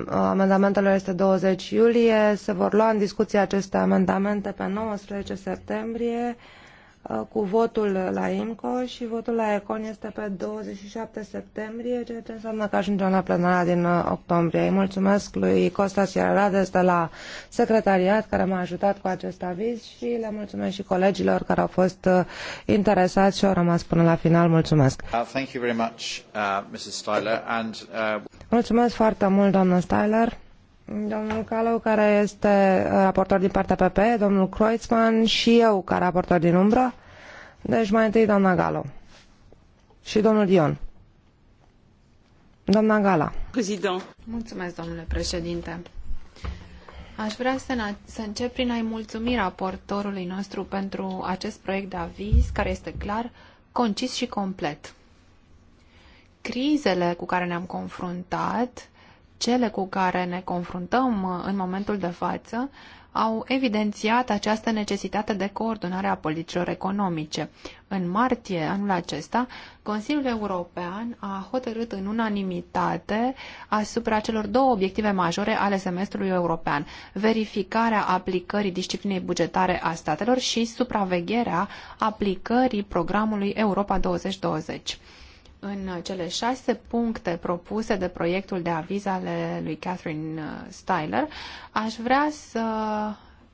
amendamentelor este 20 iulie. Se vor lua în discuție aceste amendamente pe 19 septembrie Uh, cu votul la IMCO și votul la ECON este pe 27 septembrie, ceea ce înseamnă că ajungem la plenara din uh, octombrie. Îi mulțumesc lui Costa Sierrades de la secretariat care m-a ajutat cu acest aviz și le mulțumesc și colegilor care au fost uh, interesați și au rămas până la final. Mulțumesc! Mulțumesc foarte mult, doamnă Styler! Domnul Calau, care este uh, raportor din partea PP, domnul Kreutzmann și eu, ca raportor din umbră. Deci mai întâi doamna Galo și domnul Dion. Doamna Gala. Prezident. Mulțumesc, domnule președinte. Aș vrea să, să încep prin a-i mulțumi raportorului nostru pentru acest proiect de aviz, care este clar, concis și complet. Crizele cu care ne-am confruntat cele cu care ne confruntăm uh, în momentul de față au evidențiat această necesitate de coordonare a politicilor economice. În martie anul acesta, Consiliul European a hotărât în unanimitate asupra celor două obiective majore ale semestrului european, verificarea aplicării disciplinei bugetare a statelor și supravegherea aplicării programului Europa 2020 în cele șase puncte propuse de proiectul de aviz ale lui Catherine uh, Styler, aș vrea să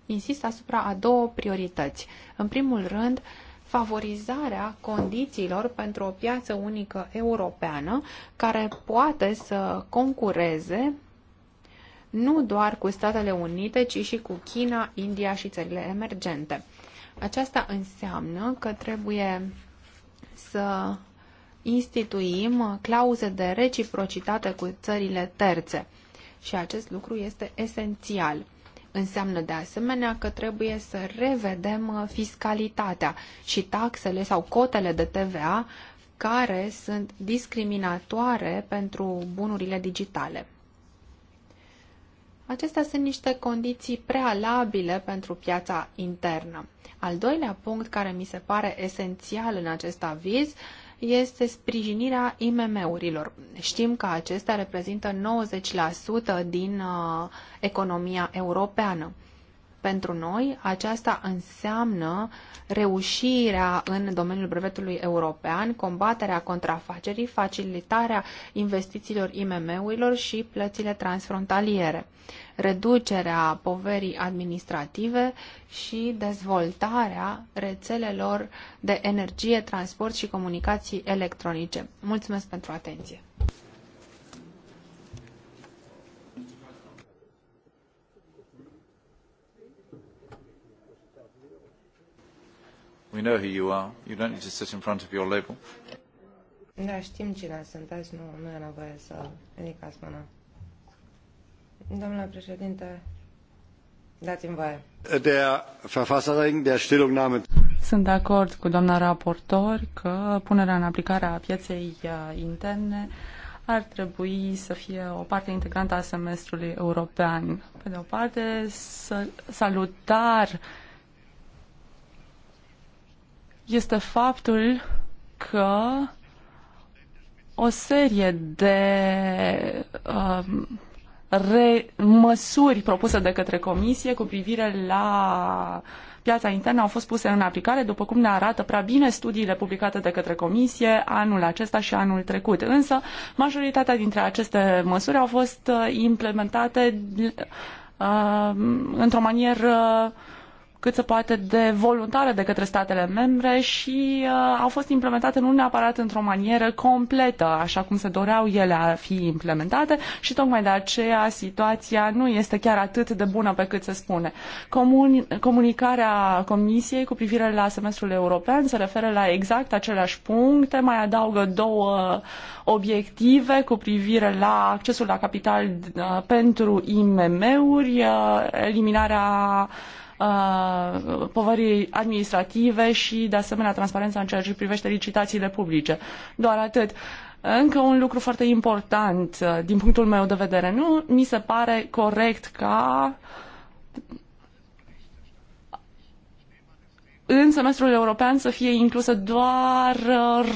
insist asupra a două priorități. În primul rând, favorizarea condițiilor pentru o piață unică europeană care poate să concureze nu doar cu Statele Unite, ci și cu China, India și țările emergente. Aceasta înseamnă că trebuie să instituim clauze de reciprocitate cu țările terțe. Și acest lucru este esențial. Înseamnă de asemenea că trebuie să revedem fiscalitatea și taxele sau cotele de TVA care sunt discriminatoare pentru bunurile digitale. Acestea sunt niște condiții prealabile pentru piața internă. Al doilea punct care mi se pare esențial în acest aviz este sprijinirea IMM-urilor. Știm că acestea reprezintă 90% din uh, economia europeană. Pentru noi, aceasta înseamnă reușirea în domeniul brevetului european, combaterea contrafacerii, facilitarea investițiilor IMM-urilor și plățile transfrontaliere, reducerea poverii administrative și dezvoltarea rețelelor de energie, transport și comunicații electronice. Mulțumesc pentru atenție! We know who you are. You don't need to sit in front of your label. Da, știm cine sunteți, nu, nu e nevoie să ridicați mâna. Domnule președinte, dați-mi voie. Der Verfasserin der Stellungnahme sunt de acord cu doamna raportor că punerea în aplicare a pieței uh, interne ar trebui să fie o parte integrantă a semestrului european. Pe de o parte, să salutar este faptul că o serie de uh, re- măsuri propuse de către Comisie cu privire la piața internă au fost puse în aplicare, după cum ne arată prea bine studiile publicate de către Comisie anul acesta și anul trecut. Însă, majoritatea dintre aceste măsuri au fost uh, implementate uh, într-o manieră uh, cât se poate de voluntare de către statele membre și uh, au fost implementate nu neapărat într-o manieră completă, așa cum se doreau ele a fi implementate și tocmai de aceea situația nu este chiar atât de bună pe cât se spune. Comun- comunicarea Comisiei cu privire la semestrul european se referă la exact aceleași puncte, mai adaugă două obiective cu privire la accesul la capital uh, pentru IMM-uri, uh, eliminarea uh, povării administrative și, de asemenea, transparența în ceea ce privește licitațiile publice. Doar atât. Încă un lucru foarte important din punctul meu de vedere. Nu mi se pare corect ca în semestrul european să fie incluse doar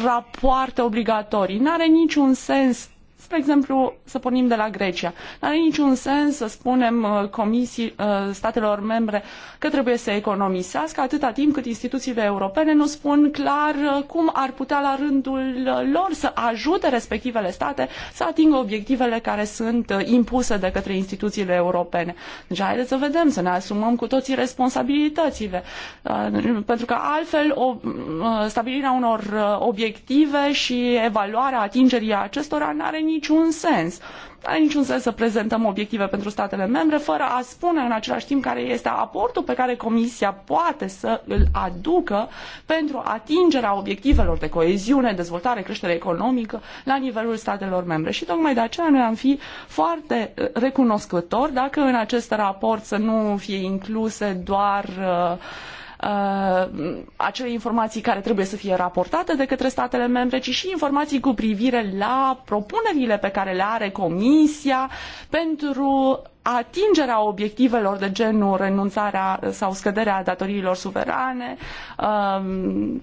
rapoarte obligatorii. N-are niciun sens Spre exemplu, să pornim de la Grecia. Nu are niciun sens să spunem uh, comisii uh, statelor membre că trebuie să economisească atâta timp cât instituțiile europene nu spun clar uh, cum ar putea la rândul lor să ajute respectivele state să atingă obiectivele care sunt impuse de către instituțiile europene. Deci haideți să vedem, să ne asumăm cu toții responsabilitățile. Pentru că altfel o, stabilirea unor obiective și evaluarea atingerii acestora nu are nici niciun sens. Nu are niciun sens să prezentăm obiective pentru statele membre fără a spune în același timp care este aportul pe care Comisia poate să îl aducă pentru atingerea obiectivelor de coeziune, dezvoltare, creștere economică la nivelul statelor membre. Și tocmai de aceea noi am fi foarte uh, recunoscători dacă în acest raport să nu fie incluse doar uh, uh, acele informații care trebuie să fie raportate de către statele membre, ci și informații cu privire la propunerile pe care le are Comisia pentru atingerea obiectivelor de genul renunțarea sau scăderea datoriilor suverane, uh,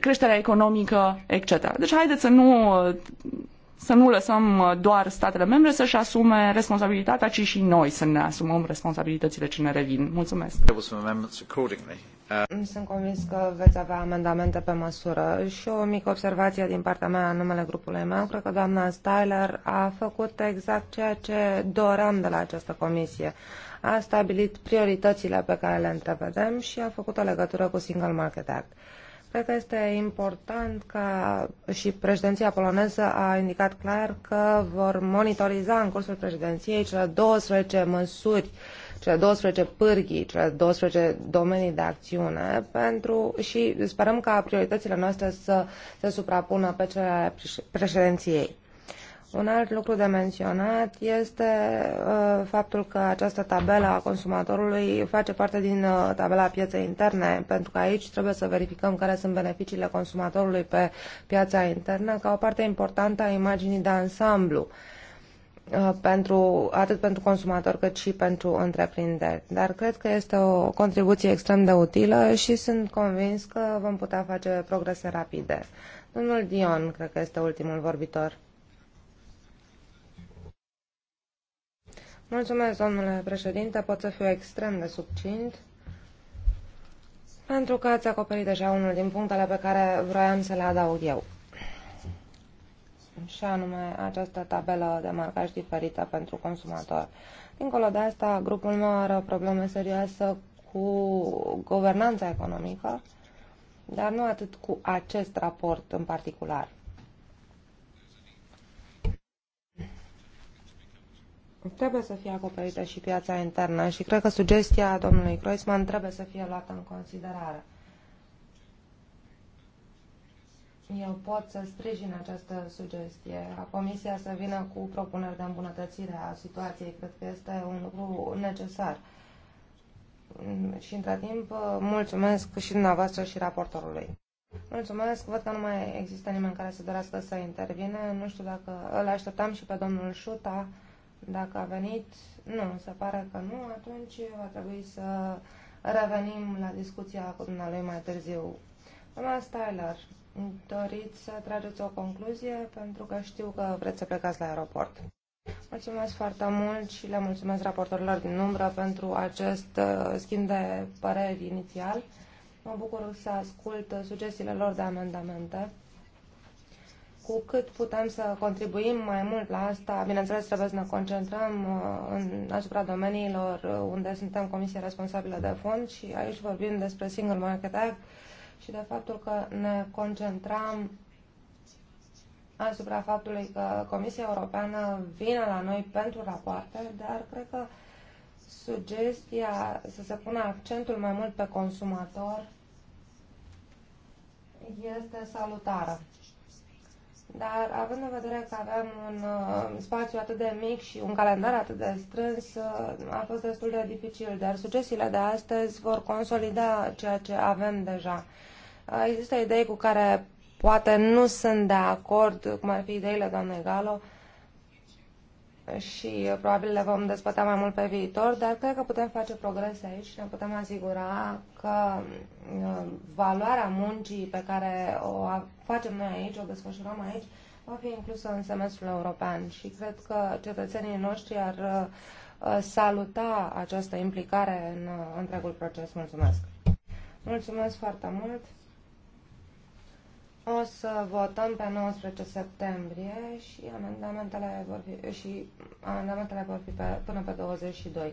creșterea economică, etc. Deci haideți să nu să nu lăsăm doar statele membre să-și asume responsabilitatea, ci și noi să ne asumăm responsabilitățile ce ne revin. Mulțumesc! Sunt convins că veți avea amendamente pe măsură și o mică observație din partea mea în numele grupului meu. Cred că doamna Styler a făcut exact ceea ce doream de la această comisie. A stabilit prioritățile pe care le întrevedem și a făcut o legătură cu Single Market Act. Cred că este important ca și președinția poloneză a indicat clar că vor monitoriza în cursul președinției cele 12 măsuri uh, cele 12 pârghii, cele 12 domenii de acțiune pentru și sperăm ca prioritățile noastre să se suprapună pe cele ale președinției. Un alt lucru de menționat este uh, faptul că această tabelă a consumatorului face parte din uh, tabela pieței interne, pentru că aici trebuie să verificăm care sunt beneficiile consumatorului pe piața internă ca o parte importantă a imaginii de ansamblu uh, Uh, pentru, atât pentru consumator cât și pentru întreprinderi. Dar cred că este o contribuție extrem de utilă și sunt convins că vom putea face progrese rapide. Domnul Dion, cred că este ultimul vorbitor. Mulțumesc, domnule președinte. Pot să fiu extrem de subțint. Pentru că ați acoperit deja unul din punctele pe care vroiam să le adaug eu și anume această tabelă de marcaj diferită pentru consumator. Dincolo de asta, grupul meu are o problemă serioasă cu guvernanța economică, dar nu atât cu acest raport în particular. Trebuie să fie acoperită și piața internă și cred că sugestia domnului Croisman trebuie să fie luată în considerare. eu pot să sprijin această sugestie a Comisia să vină cu propuneri de îmbunătățire a situației. Cred că este un lucru necesar. Și între timp, mulțumesc și dumneavoastră și raportorului. Mulțumesc, văd că nu mai există nimeni care să dorească să intervine. Nu știu dacă îl așteptam și pe domnul Șuta, dacă a venit. Nu, se pare că nu, atunci va trebui să revenim la discuția cu dumnealui mai târziu. Doamna Styler, doriți să trageți o concluzie pentru că știu că vreți să plecați la aeroport. Mulțumesc foarte mult și le mulțumesc raportorilor din umbră pentru acest uh, schimb de păreri inițial. Mă bucur să ascult sugestiile lor de amendamente. Cu cât putem să contribuim mai mult la asta, bineînțeles trebuie să ne concentrăm uh, în, asupra domeniilor uh, unde suntem comisia responsabilă de fond și aici vorbim despre Single Market Act, și de faptul că ne concentram asupra faptului că Comisia Europeană vine la noi pentru rapoarte, dar cred că sugestia să se pună accentul mai mult pe consumator este salutară. Dar având în vedere că aveam un uh, spațiu atât de mic și un calendar atât de strâns, uh, a fost destul de dificil. Dar succesile de astăzi vor consolida ceea ce avem deja. Uh, există idei cu care poate nu sunt de acord, cum ar fi ideile doamnei Galo, uh, și uh, probabil le vom dezbătea mai mult pe viitor, dar cred că putem face progrese aici și ne putem asigura că uh, valoarea muncii pe care o facem noi aici, o desfășurăm aici, va fi inclusă în semestrul european și cred că cetățenii noștri ar uh, saluta această implicare în întregul proces. Mulțumesc! Mulțumesc foarte mult! O să votăm pe 19 septembrie și amendamentele vor fi, și amendamentele vor fi pe, până pe 22.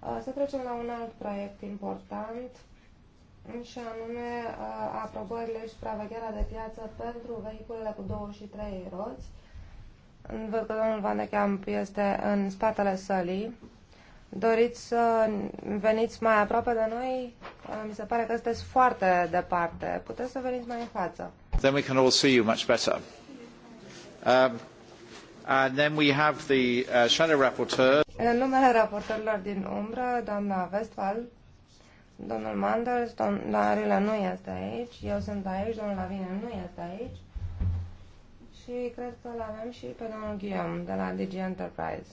Uh, să trecem la un alt proiect important și anume uh, aprobările și supravegherea de piață pentru vehiculele cu 2 și 3 roți. Văd că domnul Van de Camp este în spatele sălii. Doriți să veniți mai aproape de noi? Uh, mi se pare că sunteți foarte departe. Puteți să veniți mai în față then we can all see you much better. Um, and then we have the uh, shadow rapporteur. În numele raportorilor din umbră, doamna Westphal, domnul Manders, doamna Arila nu este aici, eu sunt aici, domnul Lavine nu este aici și cred că îl avem și pe domnul Guillaume de la DG Enterprise.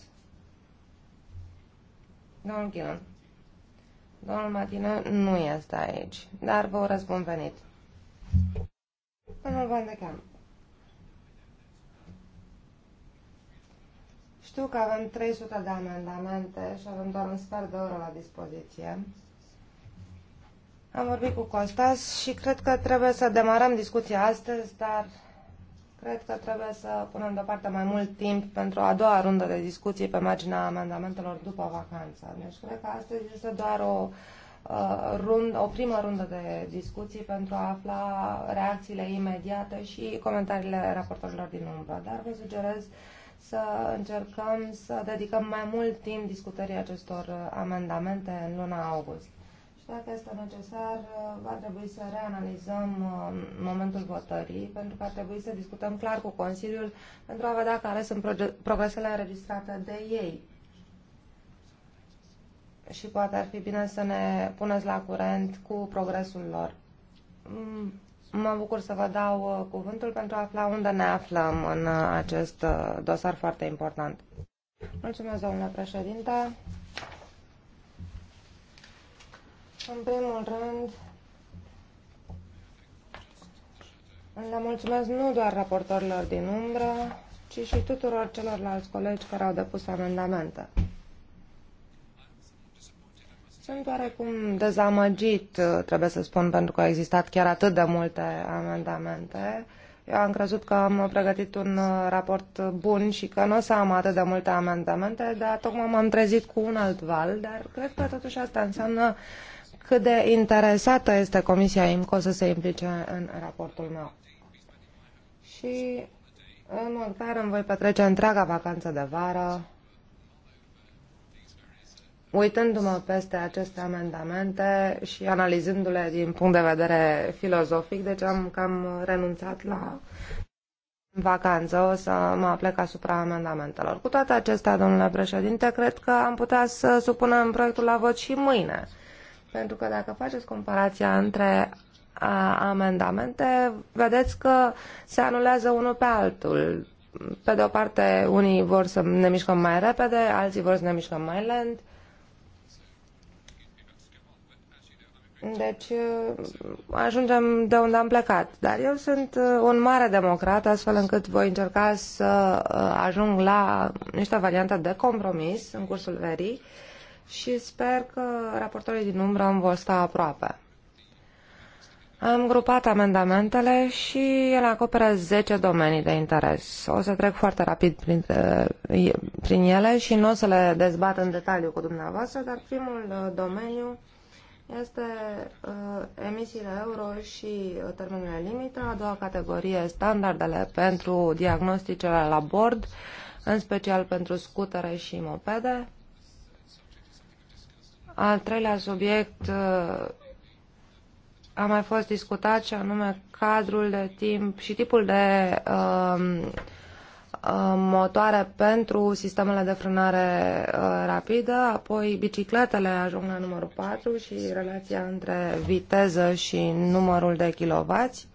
Domnul Guillaume, domnul Matine nu este aici, dar vă răspund venit. Domnul Van de Camp. Știu că avem 300 de amendamente și avem doar un sfert de oră la dispoziție. Am vorbit cu Costas și cred că trebuie să demarăm discuția astăzi, dar cred că trebuie să punem deoparte mai mult timp pentru a doua rundă de discuții pe marginea amendamentelor după vacanță. Deci cred că astăzi este doar o uh, Uh, rund, o primă rundă de discuții pentru a afla reacțiile imediate și comentariile raportorilor din umbră. Dar vă sugerez să încercăm să dedicăm mai mult timp discutării acestor uh, amendamente în luna august. Și dacă este necesar, uh, va trebui să reanalizăm momentul votării, pentru că ar trebui să discutăm clar cu Consiliul pentru a vedea care sunt progresele înregistrate de ei și poate ar fi bine să ne puneți la curent cu progresul lor. Mm, mă bucur să vă dau uh, cuvântul pentru a afla unde ne aflăm în uh, acest uh, dosar foarte important. Mulțumesc, domnule președinte. În primul rând, le mulțumesc nu doar raportorilor din umbră, ci și tuturor celorlalți colegi care au depus amendamente. Sunt oarecum dezamăgit, trebuie să spun, pentru că au existat chiar atât de multe amendamente. Eu am crezut că am pregătit un uh, raport bun și că nu o să am atât de multe amendamente, dar tocmai m-am trezit cu un alt val, dar cred că totuși asta înseamnă cât de interesată este Comisia IMCO să se implice în raportul meu. Și în mod clar îmi voi petrece întreaga vacanță de vară uitându-mă peste aceste amendamente și analizându-le din punct de vedere filozofic, deci am cam renunțat la vacanță, o să mă aplec asupra amendamentelor. Cu toate acestea, domnule președinte, cred că am putea să supunem proiectul la vot și mâine. Pentru că dacă faceți comparația între amendamente, vedeți că se anulează unul pe altul. Pe de o parte, unii vor să ne mișcăm mai repede, alții vor să ne mișcăm mai lent. Deci uh, ajungem de unde am plecat. Dar eu sunt uh, un mare democrat, astfel încât voi încerca să uh, ajung la niște variante de compromis în cursul verii și sper că raportorii din umbră îmi vor sta aproape. Am grupat amendamentele și ele acoperă 10 domenii de interes. O să trec foarte rapid prin, prin ele și nu o să le dezbat în detaliu cu dumneavoastră, dar primul domeniu este uh, emisiile euro și uh, termenele limită. A doua categorie, standardele pentru diagnosticele la bord, în special pentru scutere și mopede. Al treilea subiect uh, a mai fost discutat și anume cadrul de timp și tipul de uh, Uh, motoare pentru sistemele de frânare uh, rapidă, apoi bicicletele ajung la numărul 4 și relația între viteză și numărul de kilovați.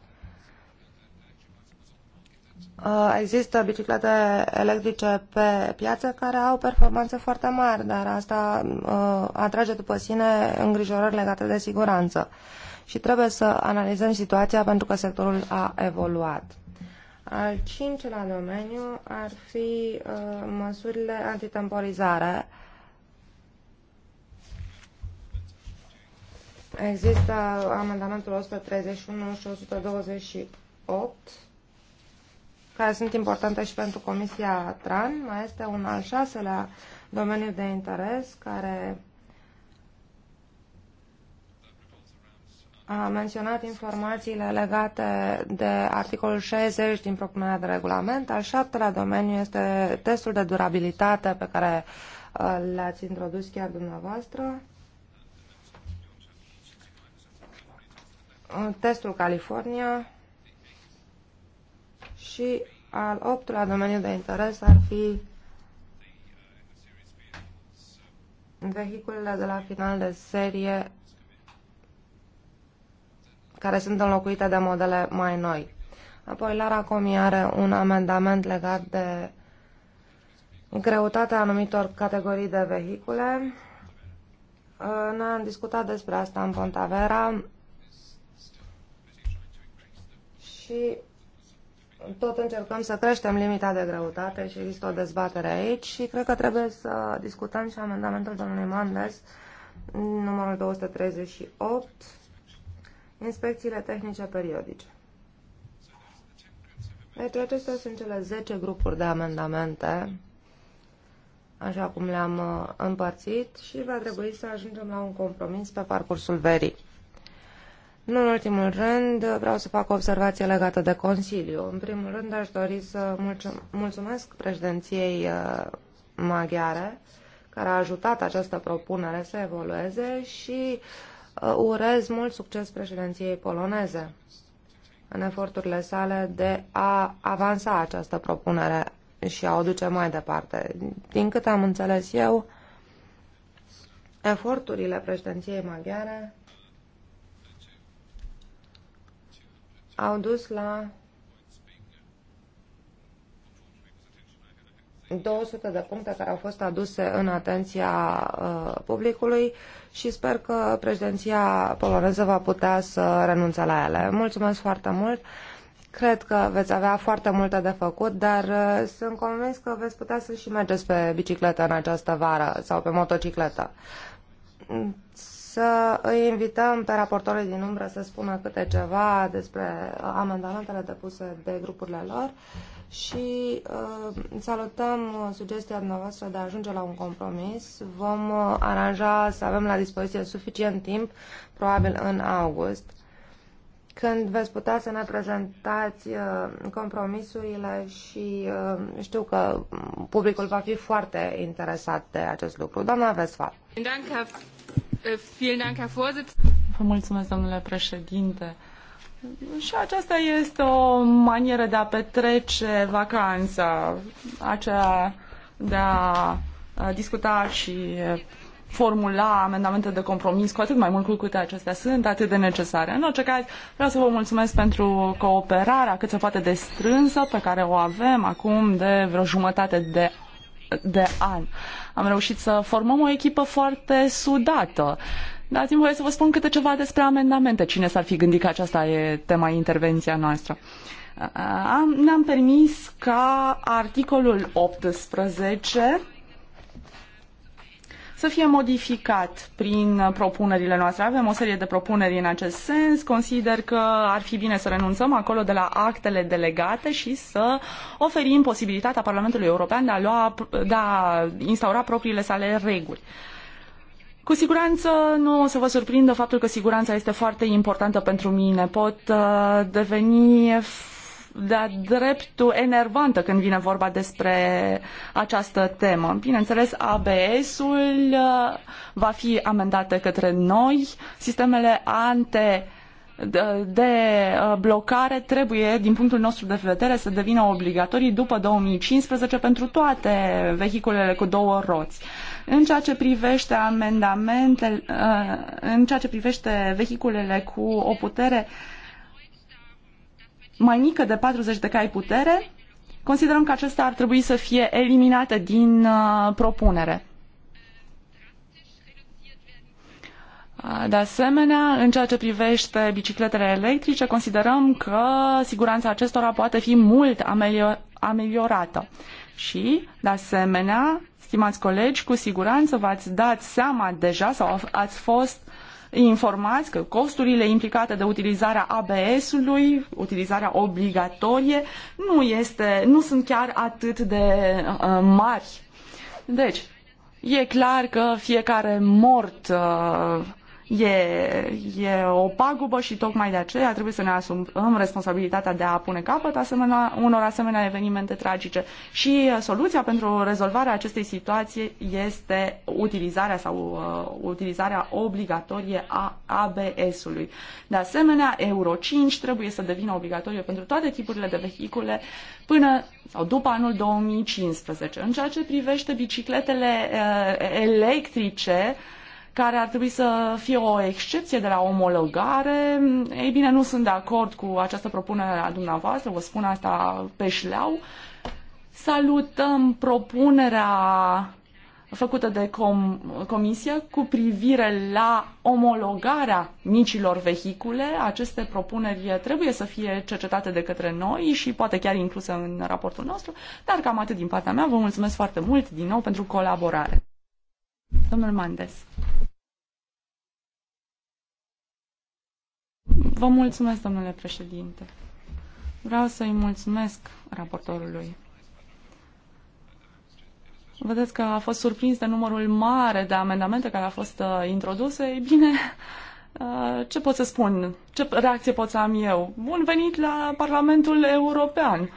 Uh, există biciclete electrice pe piață care au performanțe foarte mari, dar asta atrage după sine îngrijorări legate de siguranță. Și trebuie să analizăm situația pentru că sectorul a evoluat. Al cincilea domeniu ar fi uh, măsurile antitemporizare. Există amendamentul 131 și 128 care sunt importante și pentru Comisia TRAN. Mai este un al șaselea domeniu de interes care a menționat informațiile legate de articolul 60 din propunerea de regulament. Al șaptelea domeniu este testul de durabilitate pe care uh, l-ați introdus chiar dumneavoastră. Uh, testul California și al optulea domeniu de interes ar fi vehiculele de la final de serie care sunt înlocuite de modele mai noi. Apoi Lara Comi are un amendament legat de greutatea anumitor categorii de vehicule. Uh, noi am discutat despre asta în Pontavera și tot încercăm să creștem limita de greutate și există o dezbatere aici și cred că trebuie să discutăm și amendamentul domnului Mandes, numărul 238, inspecțiile tehnice periodice. Deci acestea sunt cele 10 grupuri de amendamente, așa cum le-am uh, împărțit și va trebui să ajungem la un compromis pe parcursul verii. Nu în ultimul rând, vreau să fac o observație legată de Consiliu. În primul rând, aș dori să mulțumesc președinției uh, maghiare, care a ajutat această propunere să evolueze și uh, Uh, urez mult succes președinției poloneze în eforturile sale de a avansa această propunere și a o duce mai departe. Din cât am înțeles eu, eforturile președinției maghiare au dus la 200 de puncte care au fost aduse în atenția uh, publicului și sper că președinția poloneză va putea să renunțe la ele. Mulțumesc foarte mult! Cred că veți avea foarte multe de făcut, dar uh, sunt convins că veți putea să și mergeți pe bicicletă în această vară sau pe motocicletă. Să îi invităm pe raportorii din umbră să spună câte ceva despre amendamentele depuse de grupurile lor și uh, salutăm sugestia noastră de a ajunge la un compromis. Vom uh, aranja să avem la dispoziție suficient timp, probabil în august, când veți putea să ne prezentați uh, compromisurile și uh, știu că publicul va fi foarte interesat de acest lucru. Doamna Vesfal. Vă mulțumesc, domnule președinte. Și aceasta este o manieră de a petrece vacanța, aceea de a discuta și formula amendamente de compromis, cu atât mai mult cu câte acestea sunt atât de necesare. În orice caz, vreau să vă mulțumesc pentru cooperarea cât se poate de strânsă pe care o avem acum de vreo jumătate de de an. Am reușit să formăm o echipă foarte sudată. Uh, Dați-mi voie să vă spun câte ceva despre amendamente. Cine s-ar fi gândit că aceasta e tema intervenția noastră? Am, ne-am permis ca articolul 18 să fie modificat prin propunerile noastre. Avem o serie de propuneri în acest sens. Consider că ar fi bine să renunțăm acolo de la actele delegate și să oferim posibilitatea Parlamentului European de a, lua, de a instaura propriile sale reguli. Uh, cu siguranță nu o să vă surprindă faptul că siguranța este foarte importantă pentru mine. Pot uh, deveni de dreptul enervantă când vine vorba despre această temă. Bineînțeles, ABS-ul uh, va fi amendată către noi. Sistemele ante de, de uh, blocare trebuie, din punctul nostru de vedere, să devină obligatorii după 2015 pentru toate vehiculele cu două roți. Uh, în ceea ce privește amendamente, uh, în ceea ce privește vehiculele cu o putere mai mică de 40 de cai putere, considerăm că acestea ar trebui să fie eliminate din uh, propunere. Uh, de asemenea, în ceea ce privește bicicletele electrice, considerăm că siguranța acestora poate fi mult ameliorată. Și, de asemenea, stimați colegi, cu siguranță v-ați dat seama deja sau ați fost informați că costurile implicate de utilizarea ABS-ului, utilizarea obligatorie, nu, este, nu sunt chiar atât de uh, mari. Deci, e clar că fiecare mort uh, E, e o pagubă și tocmai de aceea trebuie să ne asumăm responsabilitatea de a pune capăt asemenea, unor asemenea evenimente tragice. Și uh, soluția pentru rezolvarea acestei situații este utilizarea sau uh, utilizarea obligatorie a ABS-ului. De asemenea, Euro 5 trebuie să devină obligatorie pentru toate tipurile de vehicule până sau după anul 2015. În ceea ce privește bicicletele uh, electrice, uh, care ar trebui să fie o excepție de la omologare. Ei bine, nu sunt de acord cu această propunere a dumneavoastră, vă spun asta pe șleau. Salutăm propunerea făcută de com- comisie cu privire la omologarea micilor vehicule. Aceste propuneri trebuie să fie cercetate de către noi și poate chiar incluse în raportul nostru, dar cam atât din partea mea. Vă mulțumesc foarte mult din nou pentru colaborare. Domnul Mandes. Vă mulțumesc, domnule președinte. Vreau să-i mulțumesc raportorului. Vedeți că a fost surprins de numărul mare de amendamente care a fost uh, introduse. Ei bine, (laughs) uh, ce pot să spun? Ce reacție pot să am eu? Bun venit la Parlamentul European! Uh,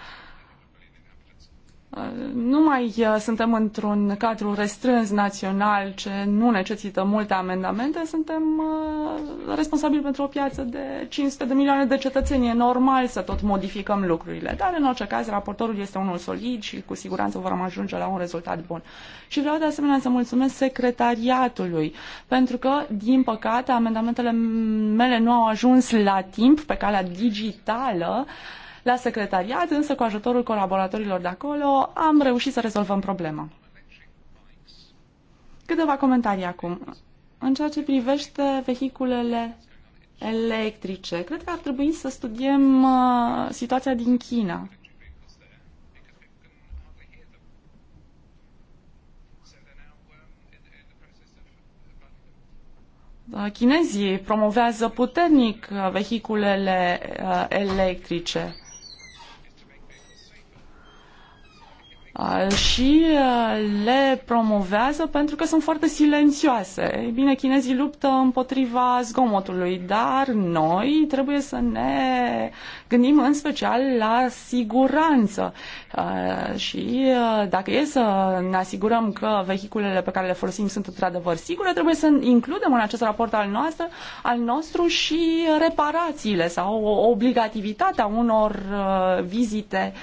nu mai uh, suntem într-un cadru restrâns național ce nu necesită multe amendamente, suntem uh, responsabili pentru o piață de 500 de milioane de cetățeni. E normal să tot modificăm lucrurile, dar în orice caz raportorul este unul solid și cu siguranță vom ajunge la un rezultat bun. Și vreau de asemenea să mulțumesc secretariatului, pentru că, din păcate, amendamentele mele nu au ajuns la timp pe calea digitală, uh, la secretariat, însă, cu ajutorul colaboratorilor de acolo, am reușit să rezolvăm problema. Câteva comentarii acum. În ceea ce privește vehiculele electrice, cred că ar trebui să studiem uh, situația din China. Uh, chinezii promovează puternic uh, vehiculele uh, electrice. Ah, și ah, le promovează pentru că sunt foarte silențioase. Ei bine, chinezii luptă împotriva zgomotului, dar noi trebuie să ne gândim în special la siguranță. Ah, și dacă e să ne asigurăm că vehiculele pe care le folosim sunt într-adevăr sigure, trebuie să includem în acest raport al nostru, al nostru și reparațiile sau obligativitatea unor vizite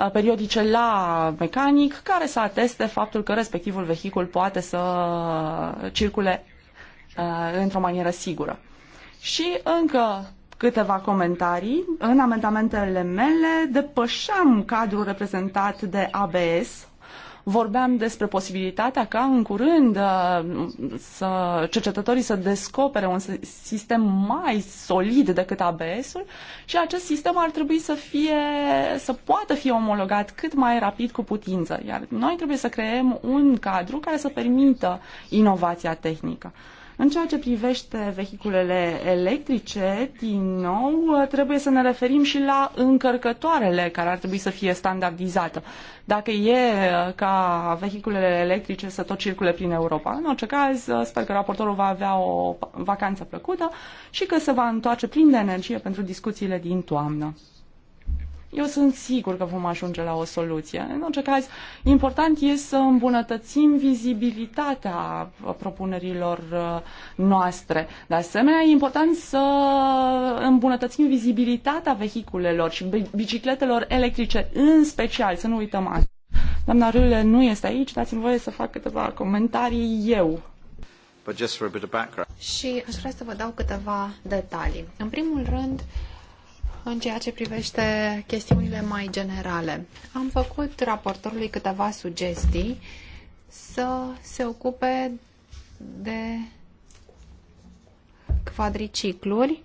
Uh, periodice la mecanic care să ateste faptul că respectivul vehicul poate să circule uh, într-o manieră sigură. Și încă câteva comentarii. În amendamentele mele depășeam cadrul reprezentat de ABS vorbeam despre posibilitatea ca în curând uh, să cercetătorii să descopere un sistem mai solid decât ABS-ul și acest sistem ar trebui să fie, să poată fi omologat cât mai rapid cu putință. Iar noi trebuie să creăm un cadru care să permită inovația tehnică. În ceea ce privește vehiculele electrice, din nou, trebuie să ne referim și la încărcătoarele care ar trebui să fie standardizată. Dacă e uh, ca vehiculele electrice să tot circule prin Europa, în orice caz, uh, sper că raportorul va avea o vacanță plăcută și că se va întoarce plin de energie pentru discuțiile din toamnă. Eu sunt sigur că vom ajunge la o soluție. În orice caz, important este să îmbunătățim vizibilitatea propunerilor uh, noastre. De asemenea, e important să îmbunătățim vizibilitatea vehiculelor și bicicletelor electrice, în special, să nu uităm asta. Doamna Râle nu este aici, dați-mi voie să fac câteva comentarii eu. Și aș vrea să vă dau câteva detalii. În primul rând, în ceea ce privește chestiunile mai generale, am făcut raportorului câteva sugestii să se ocupe de quadricicluri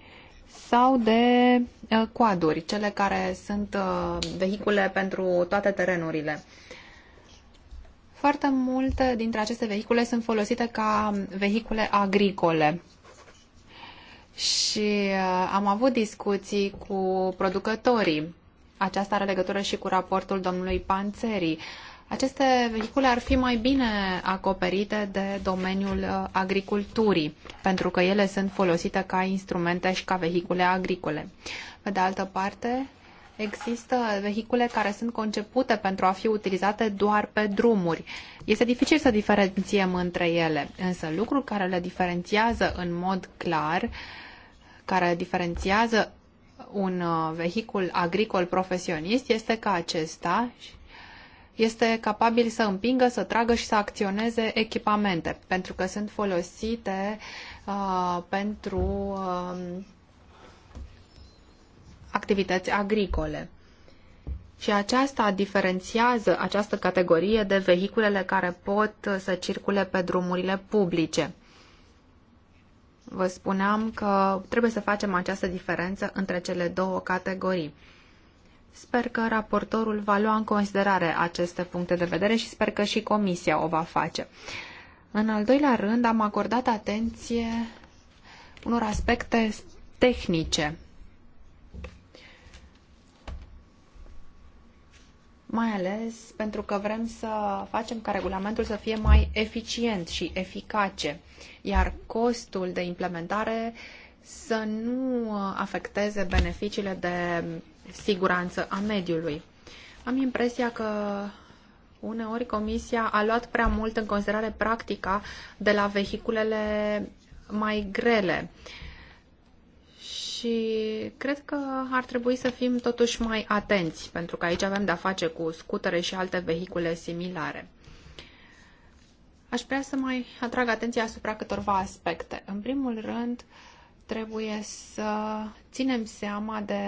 sau de uh, coaduri, cele care sunt uh, vehicule pentru toate terenurile. Foarte multe dintre aceste vehicule sunt folosite ca vehicule agricole și uh, am avut discuții cu producătorii. Aceasta are legătură și cu raportul domnului Panțeri. Aceste vehicule ar fi mai bine acoperite de domeniul uh, agriculturii, pentru că ele sunt folosite ca instrumente și ca vehicule agricole. Pe de altă parte, există vehicule care sunt concepute pentru a fi utilizate doar pe drumuri. Este dificil să diferențiem între ele, însă lucrul care le diferențiază în mod clar uh, care diferențiază un uh, vehicul agricol profesionist este că acesta este capabil să împingă, să tragă și să acționeze echipamente, pentru că sunt folosite uh, pentru uh, activități agricole. Și aceasta diferențiază această categorie de vehiculele care pot să circule pe drumurile publice. Vă spuneam că trebuie să facem această diferență între cele două categorii. Sper că raportorul va lua în considerare aceste puncte de vedere și sper că și comisia o va face. În al doilea rând, am acordat atenție unor aspecte tehnice mai ales pentru că vrem să facem ca regulamentul să fie mai eficient și eficace, iar costul de implementare să nu afecteze beneficiile de siguranță a mediului. Am impresia că uneori Comisia a luat prea mult în considerare practica de la vehiculele mai grele și cred că ar trebui să fim totuși mai atenți, pentru că aici avem de-a face cu scutere și alte vehicule similare. Aș vrea să mai atrag atenția asupra câtorva aspecte. În primul rând, trebuie să ținem seama de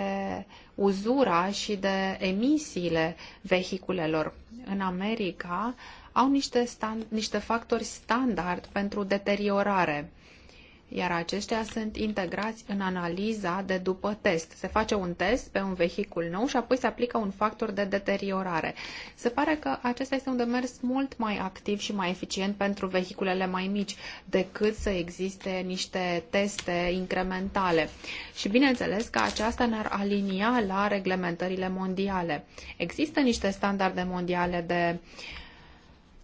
uzura și de emisiile vehiculelor. În America au niște, stand, niște factori standard pentru deteriorare iar aceștia sunt integrați în analiza de după test. Se face un test pe un vehicul nou și apoi se aplică un factor de deteriorare. Se pare că acesta este un demers mult mai activ și mai eficient pentru vehiculele mai mici decât să existe niște teste incrementale. Și bineînțeles că aceasta ne-ar alinia la reglementările mondiale. Există niște standarde mondiale de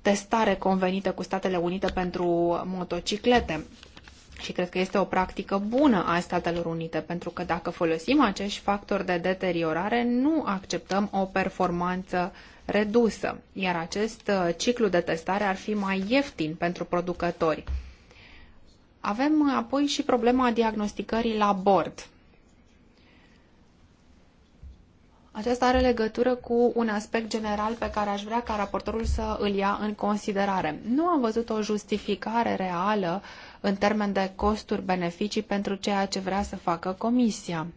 testare convenită cu Statele Unite pentru motociclete și cred că este o practică bună a Statelor Unite, pentru că dacă folosim acești factori de deteriorare, nu acceptăm o performanță redusă, iar acest uh, ciclu de testare ar fi mai ieftin pentru producători. Avem uh, apoi și problema diagnosticării la bord. Aceasta are legătură cu un aspect general pe care aș vrea ca raportorul să îl ia în considerare. Nu am văzut o justificare reală uh, în termen de costuri-beneficii pentru ceea ce vrea să facă Comisia.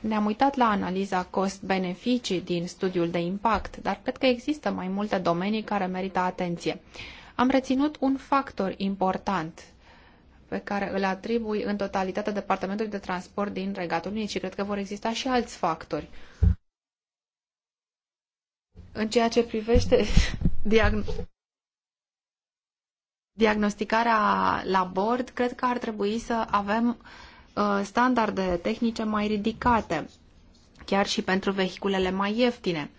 Ne-am uitat la analiza cost-beneficii din studiul de impact, dar cred că există mai multe domenii care merită atenție. Am reținut un factor important pe care îl atribui în totalitate Departamentului de Transport din Regatul Unit și cred că vor exista și alți factori. În ceea ce privește (laughs) diagnosticul diagnosticarea la bord, cred că ar trebui să avem uh, standarde tehnice mai ridicate, chiar și pentru vehiculele mai ieftine.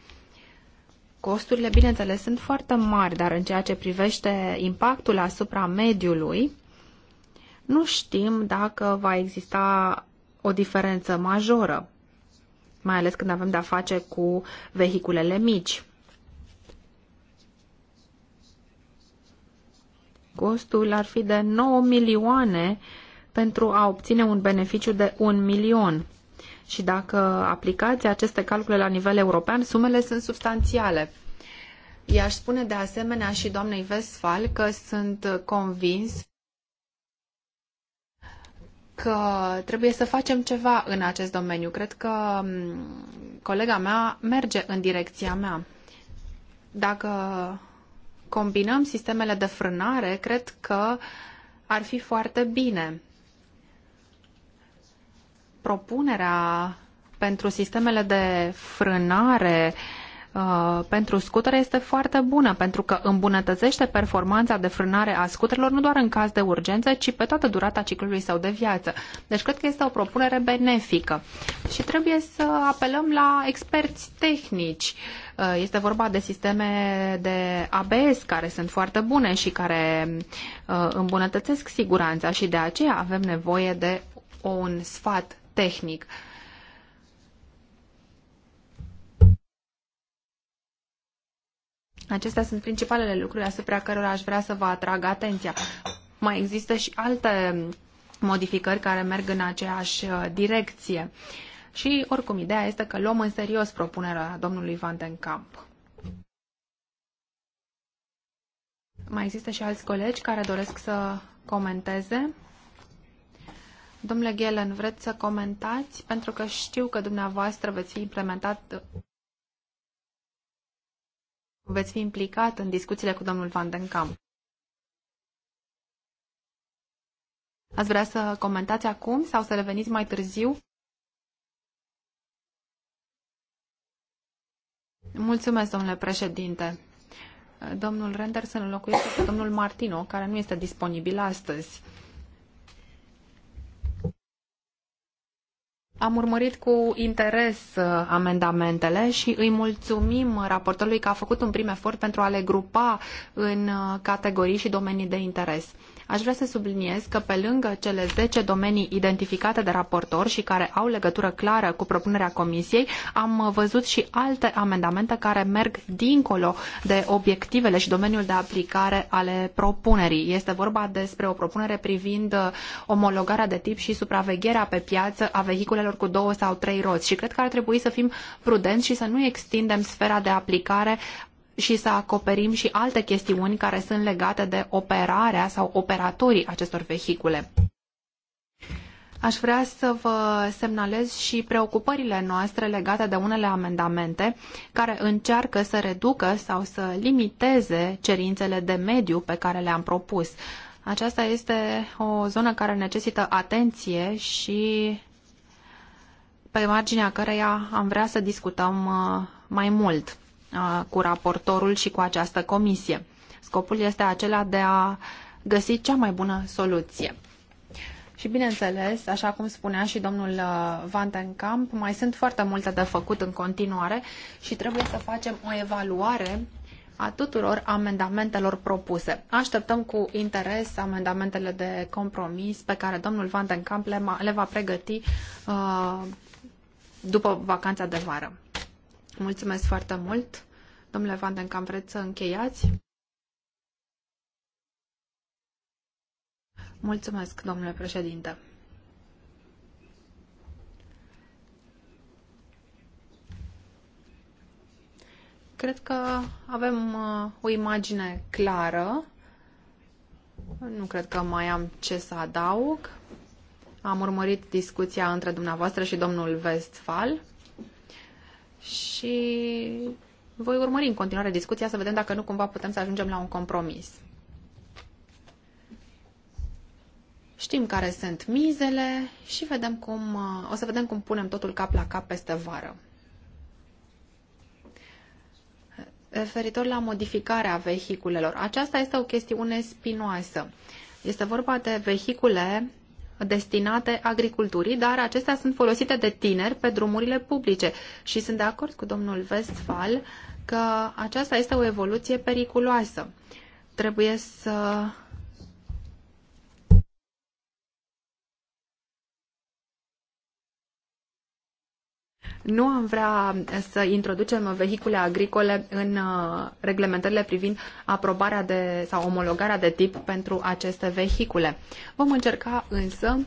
Costurile, bineînțeles, sunt foarte mari, dar în ceea ce privește impactul asupra mediului, nu știm dacă va exista o diferență majoră, mai ales când avem de-a face cu vehiculele mici. Costul ar fi de 9 milioane pentru a obține un beneficiu de 1 milion. Și dacă aplicați aceste calcule la nivel european, sumele sunt substanțiale. I-aș spune de asemenea și doamnei Vesfal că sunt convins că trebuie să facem ceva în acest domeniu. Cred că colega mea merge în direcția mea. Dacă combinăm sistemele de frânare, cred că ar fi foarte bine. Propunerea pentru sistemele de frânare uh, Uh, pentru scutere este foarte bună, pentru că îmbunătățește performanța de frânare a scuterilor nu doar în caz de urgență, ci pe toată durata ciclului său de viață. Deci cred că este o propunere benefică. Și trebuie să apelăm la experți tehnici. Uh, este vorba de sisteme de ABS care sunt foarte bune și care uh, îmbunătățesc siguranța și de aceea avem nevoie de un sfat tehnic. Acestea sunt principalele lucruri asupra cărora aș vrea să vă atrag atenția. Mai există și alte modificări care merg în aceeași uh, direcție. Și, oricum, ideea este că luăm în serios propunerea domnului Van den Kamp. Mai există și alți colegi care doresc să comenteze. Domnule Ghelen, vreți să comentați? Pentru că știu că dumneavoastră veți fi implementat veți fi implicat în discuțiile cu domnul Van den Kamp. Ați vrea să comentați acum sau să reveniți mai târziu? Mulțumesc, domnule președinte. Domnul Renderson înlocuiește pe domnul Martino, care nu este disponibil astăzi. Am urmărit cu interes uh, amendamentele și îi mulțumim raportorului că a făcut un prim efort pentru a le grupa în uh, categorii și domenii de interes. Aș vrea să subliniez că pe lângă cele zece domenii identificate de raportor și care au legătură clară cu propunerea Comisiei, am văzut și alte amendamente care merg dincolo de obiectivele și domeniul de aplicare ale propunerii. Este vorba despre o propunere privind uh, omologarea de tip și supravegherea pe piață a vehiculelor cu două sau trei roți și cred că ar trebui să fim prudenți și să nu extindem sfera de aplicare și să acoperim și alte chestiuni care sunt legate de operarea sau operatorii acestor vehicule. Aș vrea să vă semnalez și preocupările noastre legate de unele amendamente care încearcă să reducă sau să limiteze cerințele de mediu pe care le-am propus. Aceasta este o zonă care necesită atenție și pe marginea căreia am vrea să discutăm uh, mai mult cu raportorul și cu această comisie. Scopul este acela de a găsi cea mai bună soluție. Și bineînțeles, așa cum spunea și domnul uh, Van den Kamp, mai sunt foarte multe de făcut în continuare și trebuie să facem o evaluare a tuturor amendamentelor propuse. Așteptăm cu interes amendamentele de compromis pe care domnul Van den Kamp le, va pregăti uh, după vacanța de vară. Mulțumesc foarte mult. Domnule Van den Cam, vreți să încheiați? Mulțumesc, domnule președinte. Cred că avem uh, o imagine clară. Nu cred că mai am ce să adaug. Am urmărit discuția între dumneavoastră și domnul Westphal și voi urmări în continuare discuția să vedem dacă nu cumva putem să ajungem la un compromis. Știm care sunt mizele și vedem cum, o să vedem cum punem totul cap la cap peste vară. Referitor la modificarea vehiculelor, aceasta este o chestiune spinoasă. Este vorba de vehicule destinate agriculturii, dar acestea sunt folosite de tineri pe drumurile publice. Și sunt de acord cu domnul Westphal că aceasta este o evoluție periculoasă. Trebuie să Nu am vrea să introducem vehicule agricole în uh, reglementările privind aprobarea de, sau omologarea de tip pentru aceste vehicule. Vom încerca însă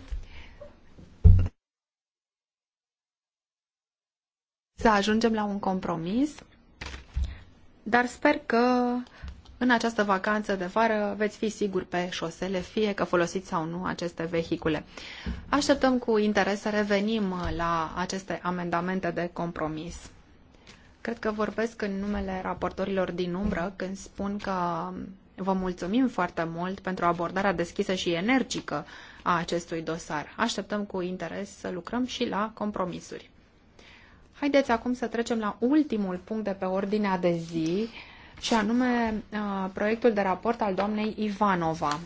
să ajungem la un compromis, dar sper că în această vacanță de vară veți fi sigur pe șosele, fie că folosiți sau nu aceste vehicule. Așteptăm cu interes să revenim la aceste amendamente de compromis. Cred că vorbesc în numele raportorilor din umbră când spun că vă mulțumim foarte mult pentru abordarea deschisă și energică a acestui dosar. Așteptăm cu interes să lucrăm și la compromisuri. Haideți acum să trecem la ultimul punct de pe ordinea de zi, și anume uh, proiectul de raport al doamnei Ivanova.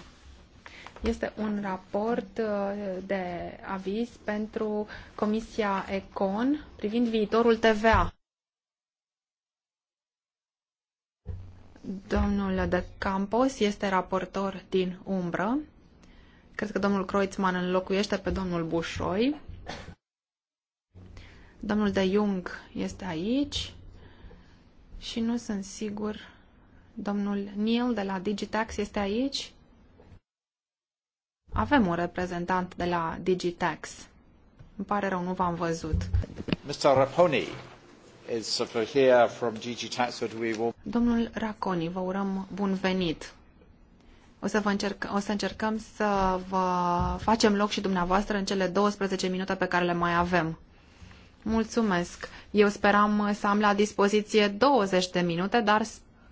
Este un raport uh, de aviz pentru Comisia Econ privind viitorul TVA. Domnul de Campos este raportor din umbră. Cred că domnul Kreutzmann înlocuiește pe domnul Bușoi. Domnul de Jung este aici și nu sunt sigur. Domnul Neil de la Digitax este aici? Avem un reprezentant de la Digitax. Îmi pare rău, nu v-am văzut. Mr. Raponi is here from Digitax, so we will... Domnul Raconi, vă urăm bun venit. O să, vă încerc, o să încercăm să vă facem loc și dumneavoastră în cele 12 minute pe care le mai avem. Mulțumesc. Eu speram uh, să am la dispoziție 20 de minute, dar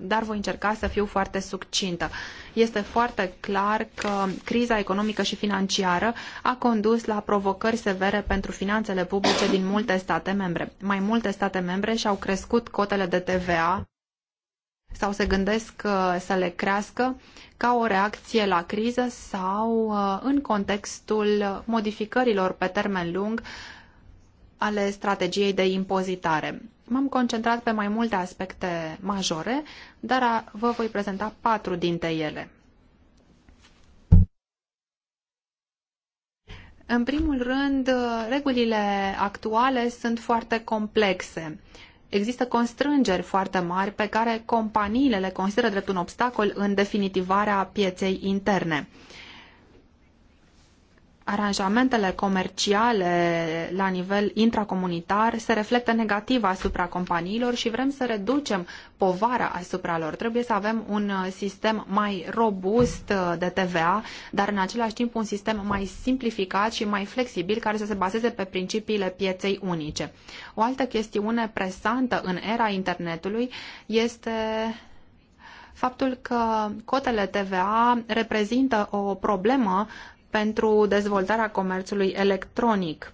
dar voi încerca să fiu foarte succintă. Este foarte clar că criza economică și financiară a condus la provocări severe pentru finanțele publice din multe state membre. Mai multe state membre și-au crescut cotele de TVA sau se gândesc uh, să le crească ca o reacție la criză sau uh, în contextul modificărilor pe termen lung ale strategiei de impozitare. M-am concentrat pe mai multe aspecte majore, dar vă voi prezenta patru dintre ele. În primul rând, regulile actuale sunt foarte complexe. Există constrângeri foarte mari pe care companiile le consideră drept un obstacol în definitivarea pieței interne aranjamentele comerciale la nivel intracomunitar se reflectă negativ asupra companiilor și vrem să reducem povara asupra lor. Trebuie să avem un uh, sistem mai robust uh, de TVA, dar în același timp un sistem mai simplificat și mai flexibil care să se bazeze pe principiile pieței unice. O altă chestiune presantă în era internetului este faptul că cotele TVA reprezintă o problemă pentru dezvoltarea comerțului electronic.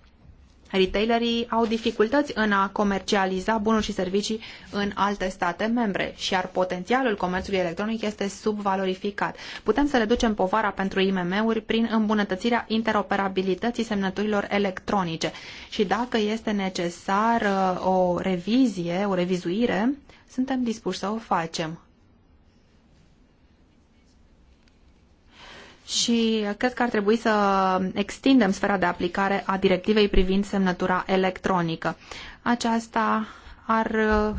Retailerii au dificultăți în a comercializa bunuri și servicii în alte state membre și iar potențialul comerțului electronic este subvalorificat. Putem să reducem povara pentru IMM-uri prin îmbunătățirea interoperabilității semnăturilor electronice și dacă este necesar o revizie, o revizuire, suntem dispuși să o facem. și cred că ar trebui să extindem sfera de aplicare a directivei privind semnătura electronică. Aceasta ar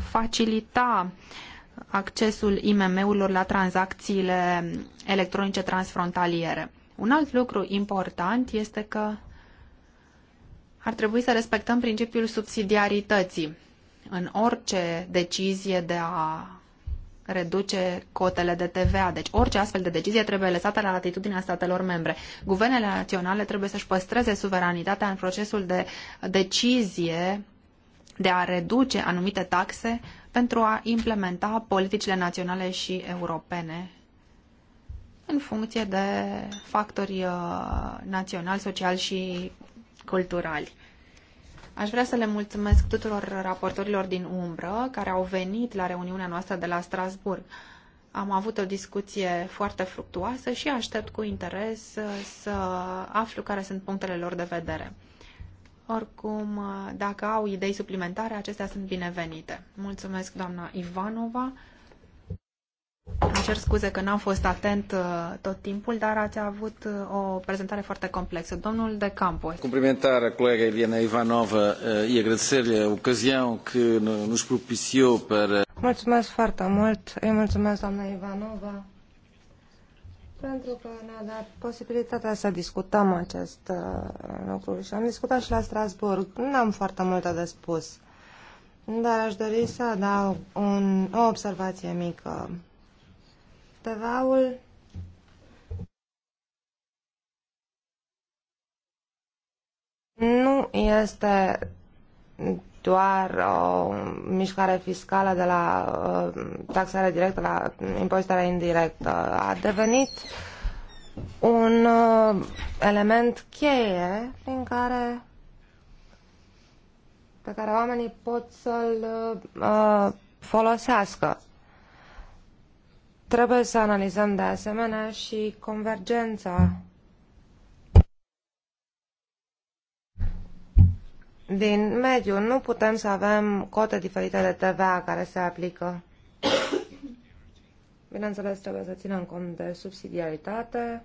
facilita accesul IMM-urilor la tranzacțiile electronice transfrontaliere. Un alt lucru important este că ar trebui să respectăm principiul subsidiarității în orice decizie de a reduce cotele de TVA. Deci orice astfel de decizie trebuie lăsată la latitudinea statelor membre. Guvernele naționale trebuie să-și păstreze suveranitatea în procesul de decizie de a reduce anumite taxe pentru a implementa politicile naționale și europene în funcție de factori uh, naționali, sociali și culturali. Aș vrea să le mulțumesc tuturor raportorilor din umbră care au venit la reuniunea noastră de la Strasburg. Am avut o discuție foarte fructuoasă și aștept cu interes să aflu care sunt punctele lor de vedere. Oricum, dacă au idei suplimentare, acestea sunt binevenite. Mulțumesc, doamna Ivanova. Îmi cer scuze că n-am fost atent uh, tot timpul, dar ați avut uh, o prezentare foarte complexă. Domnul de Campo. Cumprimentar a colega Eliana Ivanova e uh, agradecer-lhe ocazia que nos propiciou para... Mulțumesc foarte mult. Îi mulțumesc, doamna Ivanova, pentru că ne-a dat posibilitatea să discutăm acest lucru și am discutat și la Strasburg. Nu am foarte multe de spus, dar aș dori să adaug un, o observație mică tv Nu este doar o mișcare fiscală de la uh, taxarea directă la impozitarea indirectă. A devenit un uh, element cheie prin care pe care oamenii pot să-l uh, folosească. Trebuie să analizăm de asemenea și convergența din mediu. Nu putem să avem cote diferite de TVA care se aplică. Bineînțeles, trebuie să ținem cont de subsidiaritate.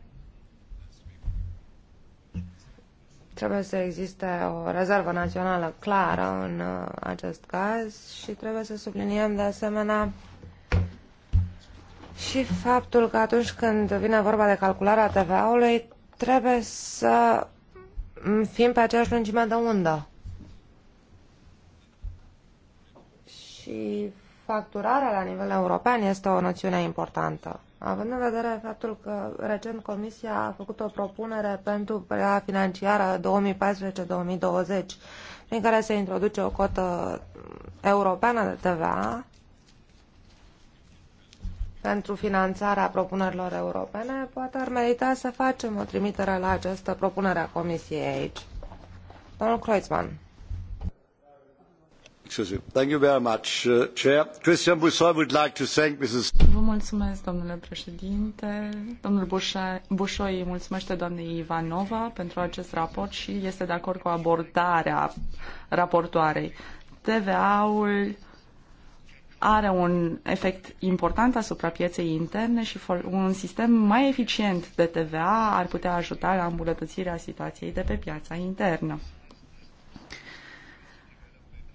Trebuie să existe o rezervă națională clară în uh, acest caz și trebuie să subliniem de asemenea și faptul că atunci când vine vorba de calcularea TVA-ului, trebuie să fim pe aceeași lungime de undă. Și facturarea la nivel european este o noțiune importantă. Având în vedere faptul că recent Comisia a făcut o propunere pentru perioada financiară 2014-2020, prin care se introduce o cotă europeană de TVA, pentru finanțarea propunerilor europene, poate ar merita să facem o trimitere la această propunere a Comisiei aici. Domnul Kreuzmann. Thank you very much, uh, Chair. Christian Boussoy would like to thank Mrs. Vă mulțumesc, domnule președinte. Domnul Bușoi îi mulțumește doamnei Ivanova pentru acest raport și este de acord cu abordarea raportoarei. TVA-ul are un efect important asupra pieței interne și un sistem mai eficient de TVA ar putea ajuta la îmbunătățirea situației de pe piața internă.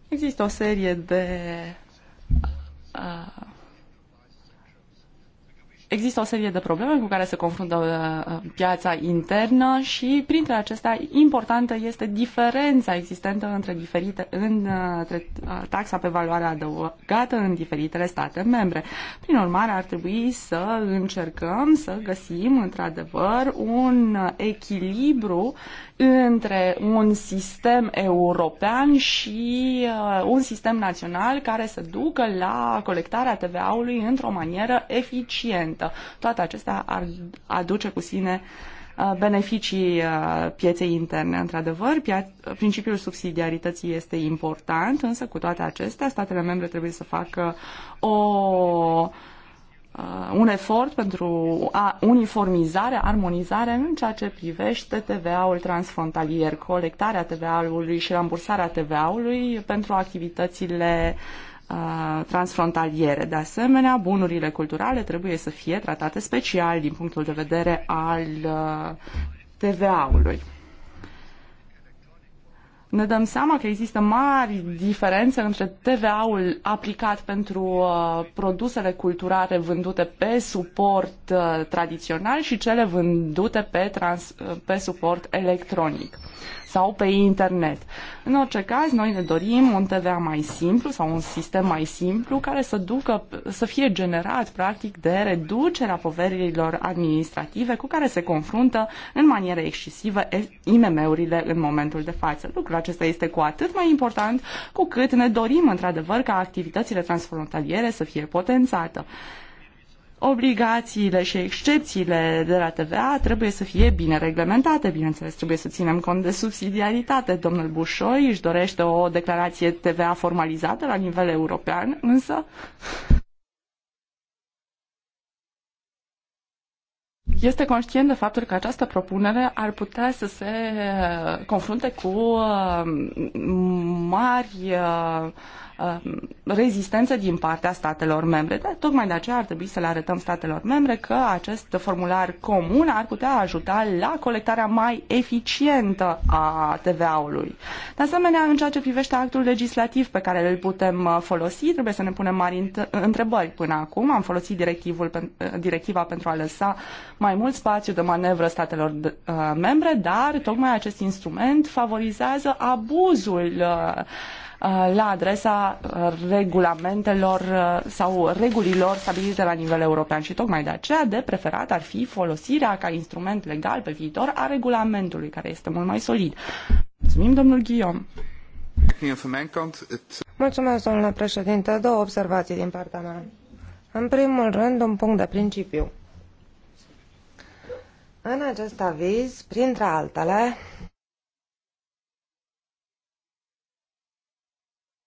Există o serie de uh, există o serie de probleme cu care se confruntă uh, piața internă și printre acestea importantă este diferența existentă între diferite uh, între uh, taxa pe valoare adăugată în diferitele state membre. Prin urmare, ar trebui să încercăm să găsim într-adevăr un echilibru între un sistem european și uh, un sistem național care să ducă la colectarea TVA-ului într-o manieră eficientă. Toate acestea ar aduce cu sine uh, beneficii uh, pieței interne. Într-adevăr, principiul subsidiarității este important, însă cu toate acestea, statele membre trebuie să facă o Uh, un efort pentru a uniformizare, armonizare în ceea ce privește TVA-ul transfrontalier, colectarea TVA-ului și rambursarea TVA-ului pentru activitățile uh, transfrontaliere. De asemenea, bunurile culturale trebuie să fie tratate special din punctul de vedere al uh, TVA-ului ne dăm seama că există mari diferențe între TVA-ul aplicat pentru uh, produsele culturale vândute pe suport uh, tradițional și cele vândute pe, trans, uh, pe suport electronic sau pe internet. În orice caz, noi ne dorim un TVA mai simplu sau un sistem mai simplu care să ducă, să fie generat practic de reducerea poverilor administrative cu care se confruntă în manieră excesivă IMM-urile în momentul de față. Lucrul acesta este cu atât mai important cu cât ne dorim într-adevăr ca activitățile transfrontaliere să fie potențată obligațiile și excepțiile de la TVA trebuie să fie bine reglementate, bineînțeles, trebuie să ținem cont de subsidiaritate. Domnul Bușoi își dorește o declarație TVA formalizată la nivel european, însă este conștient de faptul că această propunere ar putea să se confrunte cu uh, mari uh, Uh, rezistență din partea statelor membre. Dar tocmai de aceea ar trebui să le arătăm statelor membre că acest formular comun ar putea ajuta la colectarea mai eficientă a TVA-ului. De asemenea, în ceea ce privește actul legislativ pe care îl putem uh, folosi, trebuie să ne punem mari întrebări până acum. Am folosit directivul, uh, directiva pentru a lăsa mai mult spațiu de manevră statelor membre, dar tocmai acest instrument favorizează abuzul uh, Uh, la adresa uh, regulamentelor uh, sau regulilor stabilite la nivel european și tocmai de aceea de preferat ar fi folosirea ca instrument legal pe viitor a regulamentului care este mult mai solid. Mulțumim, domnul Ghiom. Mulțumesc, domnule președinte. Două observații din partea mea. În primul rând, un punct de principiu. În acest aviz, printre altele,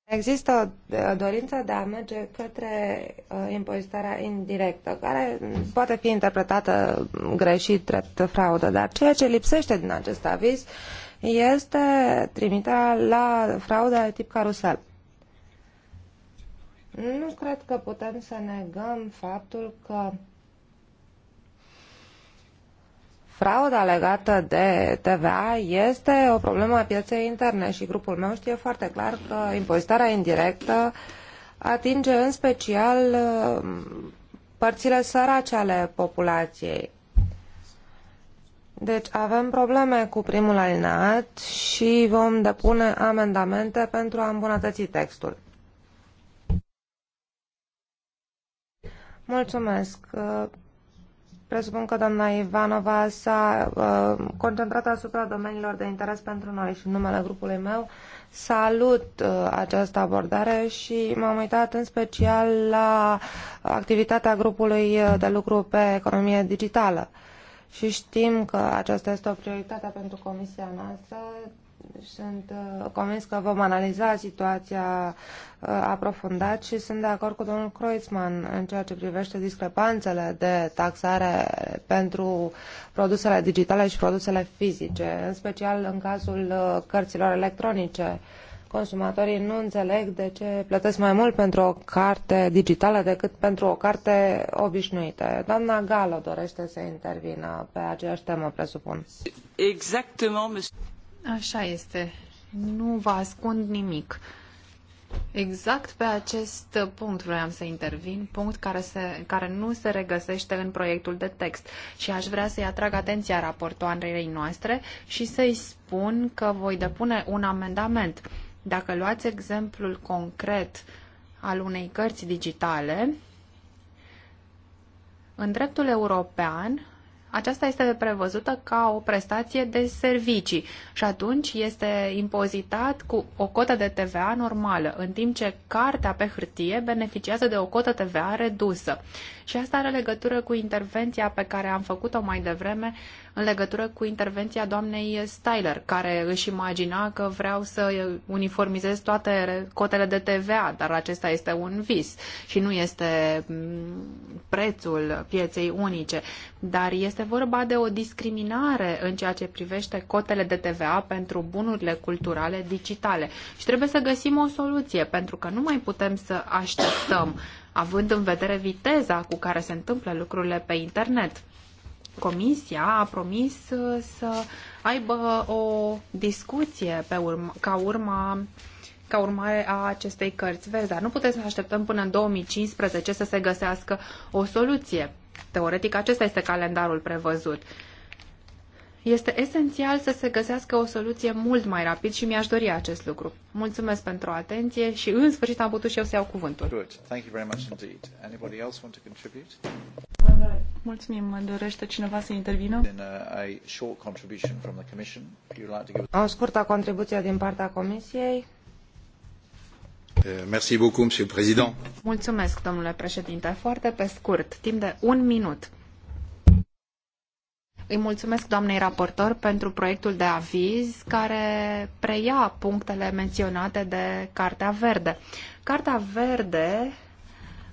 Există o uh, dorință de a merge către uh, impozitarea indirectă, care poate fi interpretată greșit drept fraudă, dar ceea ce lipsește din acest aviz este trimiterea la fraudă de tip carusel. Nu cred că putem să negăm faptul că frauda legată de TVA este o problemă a pieței interne și grupul meu știe foarte clar că impozitarea indirectă atinge în special uh, părțile sărace ale populației. Deci avem probleme cu primul alineat și vom depune amendamente pentru a îmbunătăți textul. Mulțumesc. Uh, Presupun că doamna Ivanova s-a uh, concentrat asupra domeniilor de interes pentru noi și în numele grupului meu salut uh, această abordare și m-am uitat în special la activitatea grupului uh, de lucru pe economie digitală. Și știm că aceasta este o prioritate pentru comisia noastră deci sunt uh, convins că vom analiza situația uh, aprofundat și sunt de acord cu domnul Kreuzmann în ceea ce privește discrepanțele de taxare pentru produsele digitale și produsele fizice, în special în cazul uh, cărților electronice. Consumatorii nu înțeleg de ce plătesc mai mult pentru o carte digitală decât pentru o carte obișnuită. Doamna Galo dorește să intervină pe aceeași temă, presupun. Exactement, Așa este. Nu vă ascund nimic. Exact pe acest punct vreau să intervin, punct care, se, care nu se regăsește în proiectul de text și aș vrea să-i atrag atenția raportoarei noastre și să-i spun că voi depune un amendament. Dacă luați exemplul concret al unei cărți digitale, în dreptul european aceasta este prevăzută ca o prestație de servicii și atunci este impozitat cu o cotă de TVA normală, în timp ce cartea pe hârtie beneficiază de o cotă TVA redusă. Și asta are legătură cu intervenția pe care am făcut-o mai devreme în legătură cu intervenția doamnei Styler, care își imagina că vreau să uniformizez toate cotele de TVA, dar acesta este un vis și nu este mm, prețul pieței unice. Dar este vorba de o discriminare în ceea ce privește cotele de TVA pentru bunurile culturale digitale. Și trebuie să găsim o soluție, pentru că nu mai putem să așteptăm având în vedere viteza cu care se întâmplă lucrurile pe internet. Comisia a promis uh, să aibă o discuție pe urma, ca urma ca urmare a acestei cărți verzi. Dar nu putem să așteptăm până în 2015 să se găsească o soluție. Teoretic, acesta este calendarul prevăzut. Este esențial să se găsească o soluție mult mai rapid și mi-aș dori acest lucru. Mulțumesc pentru atenție și în sfârșit am putut și eu să iau cuvântul. Mulțumim. Dorește cineva să intervină? Uh, o scurtă contribuție din partea Comisiei. Eh, Mulțumesc, domnule președinte. Foarte pe scurt, timp de un minut. Îi mulțumesc doamnei raportor pentru proiectul de aviz care preia punctele menționate de Cartea Verde. Cartea Verde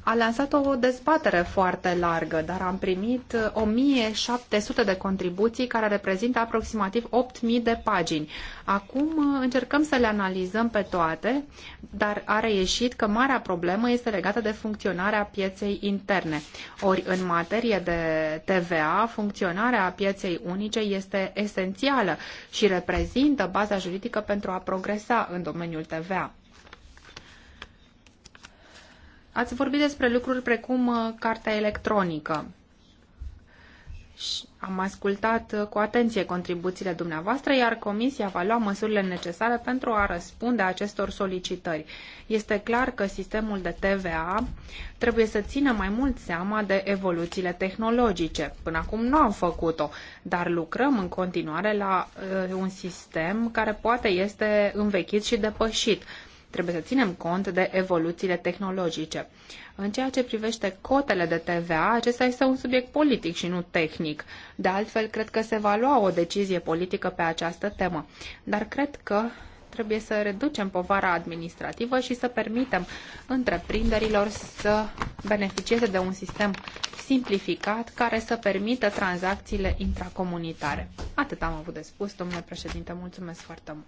a lansat o dezbatere foarte largă, dar am primit 1700 uh, de contribuții care reprezintă aproximativ 8000 de pagini. Acum uh, încercăm să le analizăm pe toate, dar a reieșit că marea problemă este legată de funcționarea pieței interne. Ori în materie de TVA, funcționarea pieței unice este esențială și reprezintă baza juridică pentru a progresa în domeniul TVA. Ați vorbit despre lucruri precum uh, cartea electronică. Și am ascultat uh, cu atenție contribuțiile dumneavoastră, iar Comisia va lua măsurile necesare pentru a răspunde acestor solicitări. Este clar că sistemul de TVA trebuie să țină mai mult seama de evoluțiile tehnologice. Până acum nu am făcut-o, dar lucrăm în continuare la uh, un sistem care poate este învechit și depășit. Trebuie să ținem cont de evoluțiile tehnologice. În ceea ce privește cotele de TVA, acesta este un subiect politic și nu tehnic. De altfel, cred că se va lua o decizie politică pe această temă. Dar cred că trebuie să reducem povara administrativă și să permitem întreprinderilor să beneficieze de un sistem simplificat care să permită tranzacțiile intracomunitare. Atât am avut de spus, domnule președinte, mulțumesc foarte mult.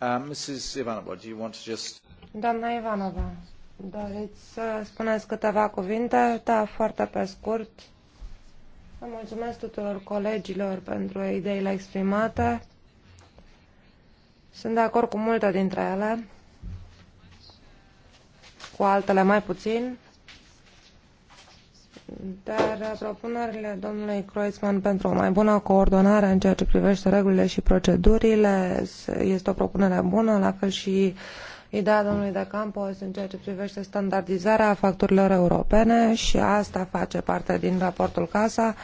Uh, Mrs. Ivanova, do you want to just... Doamna Ivanova, doriți să spuneți câteva cuvinte? Da, foarte pe scurt. Vă mulțumesc tuturor colegilor pentru ideile exprimate. Sunt de acord cu multe dintre ele, cu altele mai puțin dar propunerile domnului Kreuzmann pentru o mai bună coordonare în ceea ce privește regulile și procedurile este o propunere bună, la fel și ideea domnului de Campos în ceea ce privește standardizarea facturilor europene și asta face parte din raportul CASA.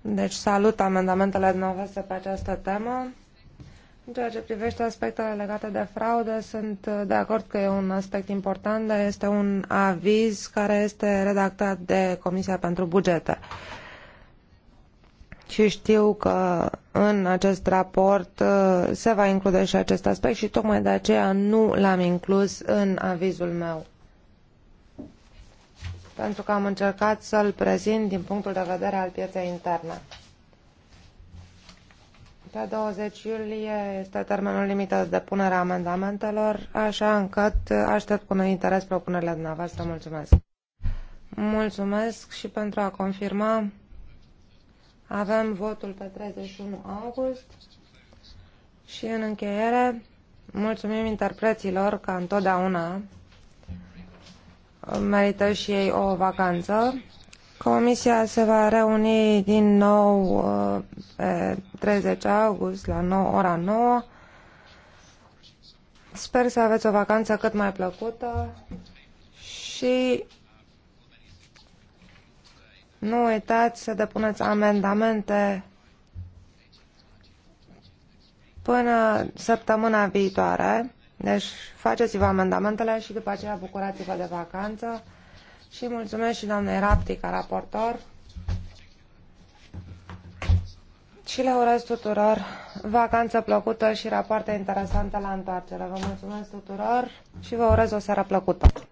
Deci salut amendamentele noastre pe această temă în ceea ce privește aspectele legate de fraudă, sunt uh, de acord că e un aspect important, dar este un aviz care este redactat de Comisia pentru Bugete. Și știu că în acest raport uh, se va include și acest aspect și tocmai de aceea nu l-am inclus în avizul meu. Pentru că am încercat să-l prezint din punctul de vedere al pieței interne. La 20 iulie este termenul limită de punere a amendamentelor, așa încât aștept cu noi interes propunerile dumneavoastră. Mulțumesc! Mulțumesc și pentru a confirma, avem votul pe 31 august și în încheiere mulțumim interpreților ca întotdeauna merită și ei o vacanță. Comisia se va reuni din nou uh, pe 30 august la 9, ora 9. Sper să aveți o vacanță cât mai plăcută și nu uitați să depuneți amendamente până săptămâna viitoare. Deci faceți-vă amendamentele și după aceea bucurați-vă de vacanță și mulțumesc și doamnei Rapti ca raportor și le urez tuturor vacanță plăcută și rapoarte interesante la întoarcere. Vă mulțumesc tuturor și vă urez o seară plăcută.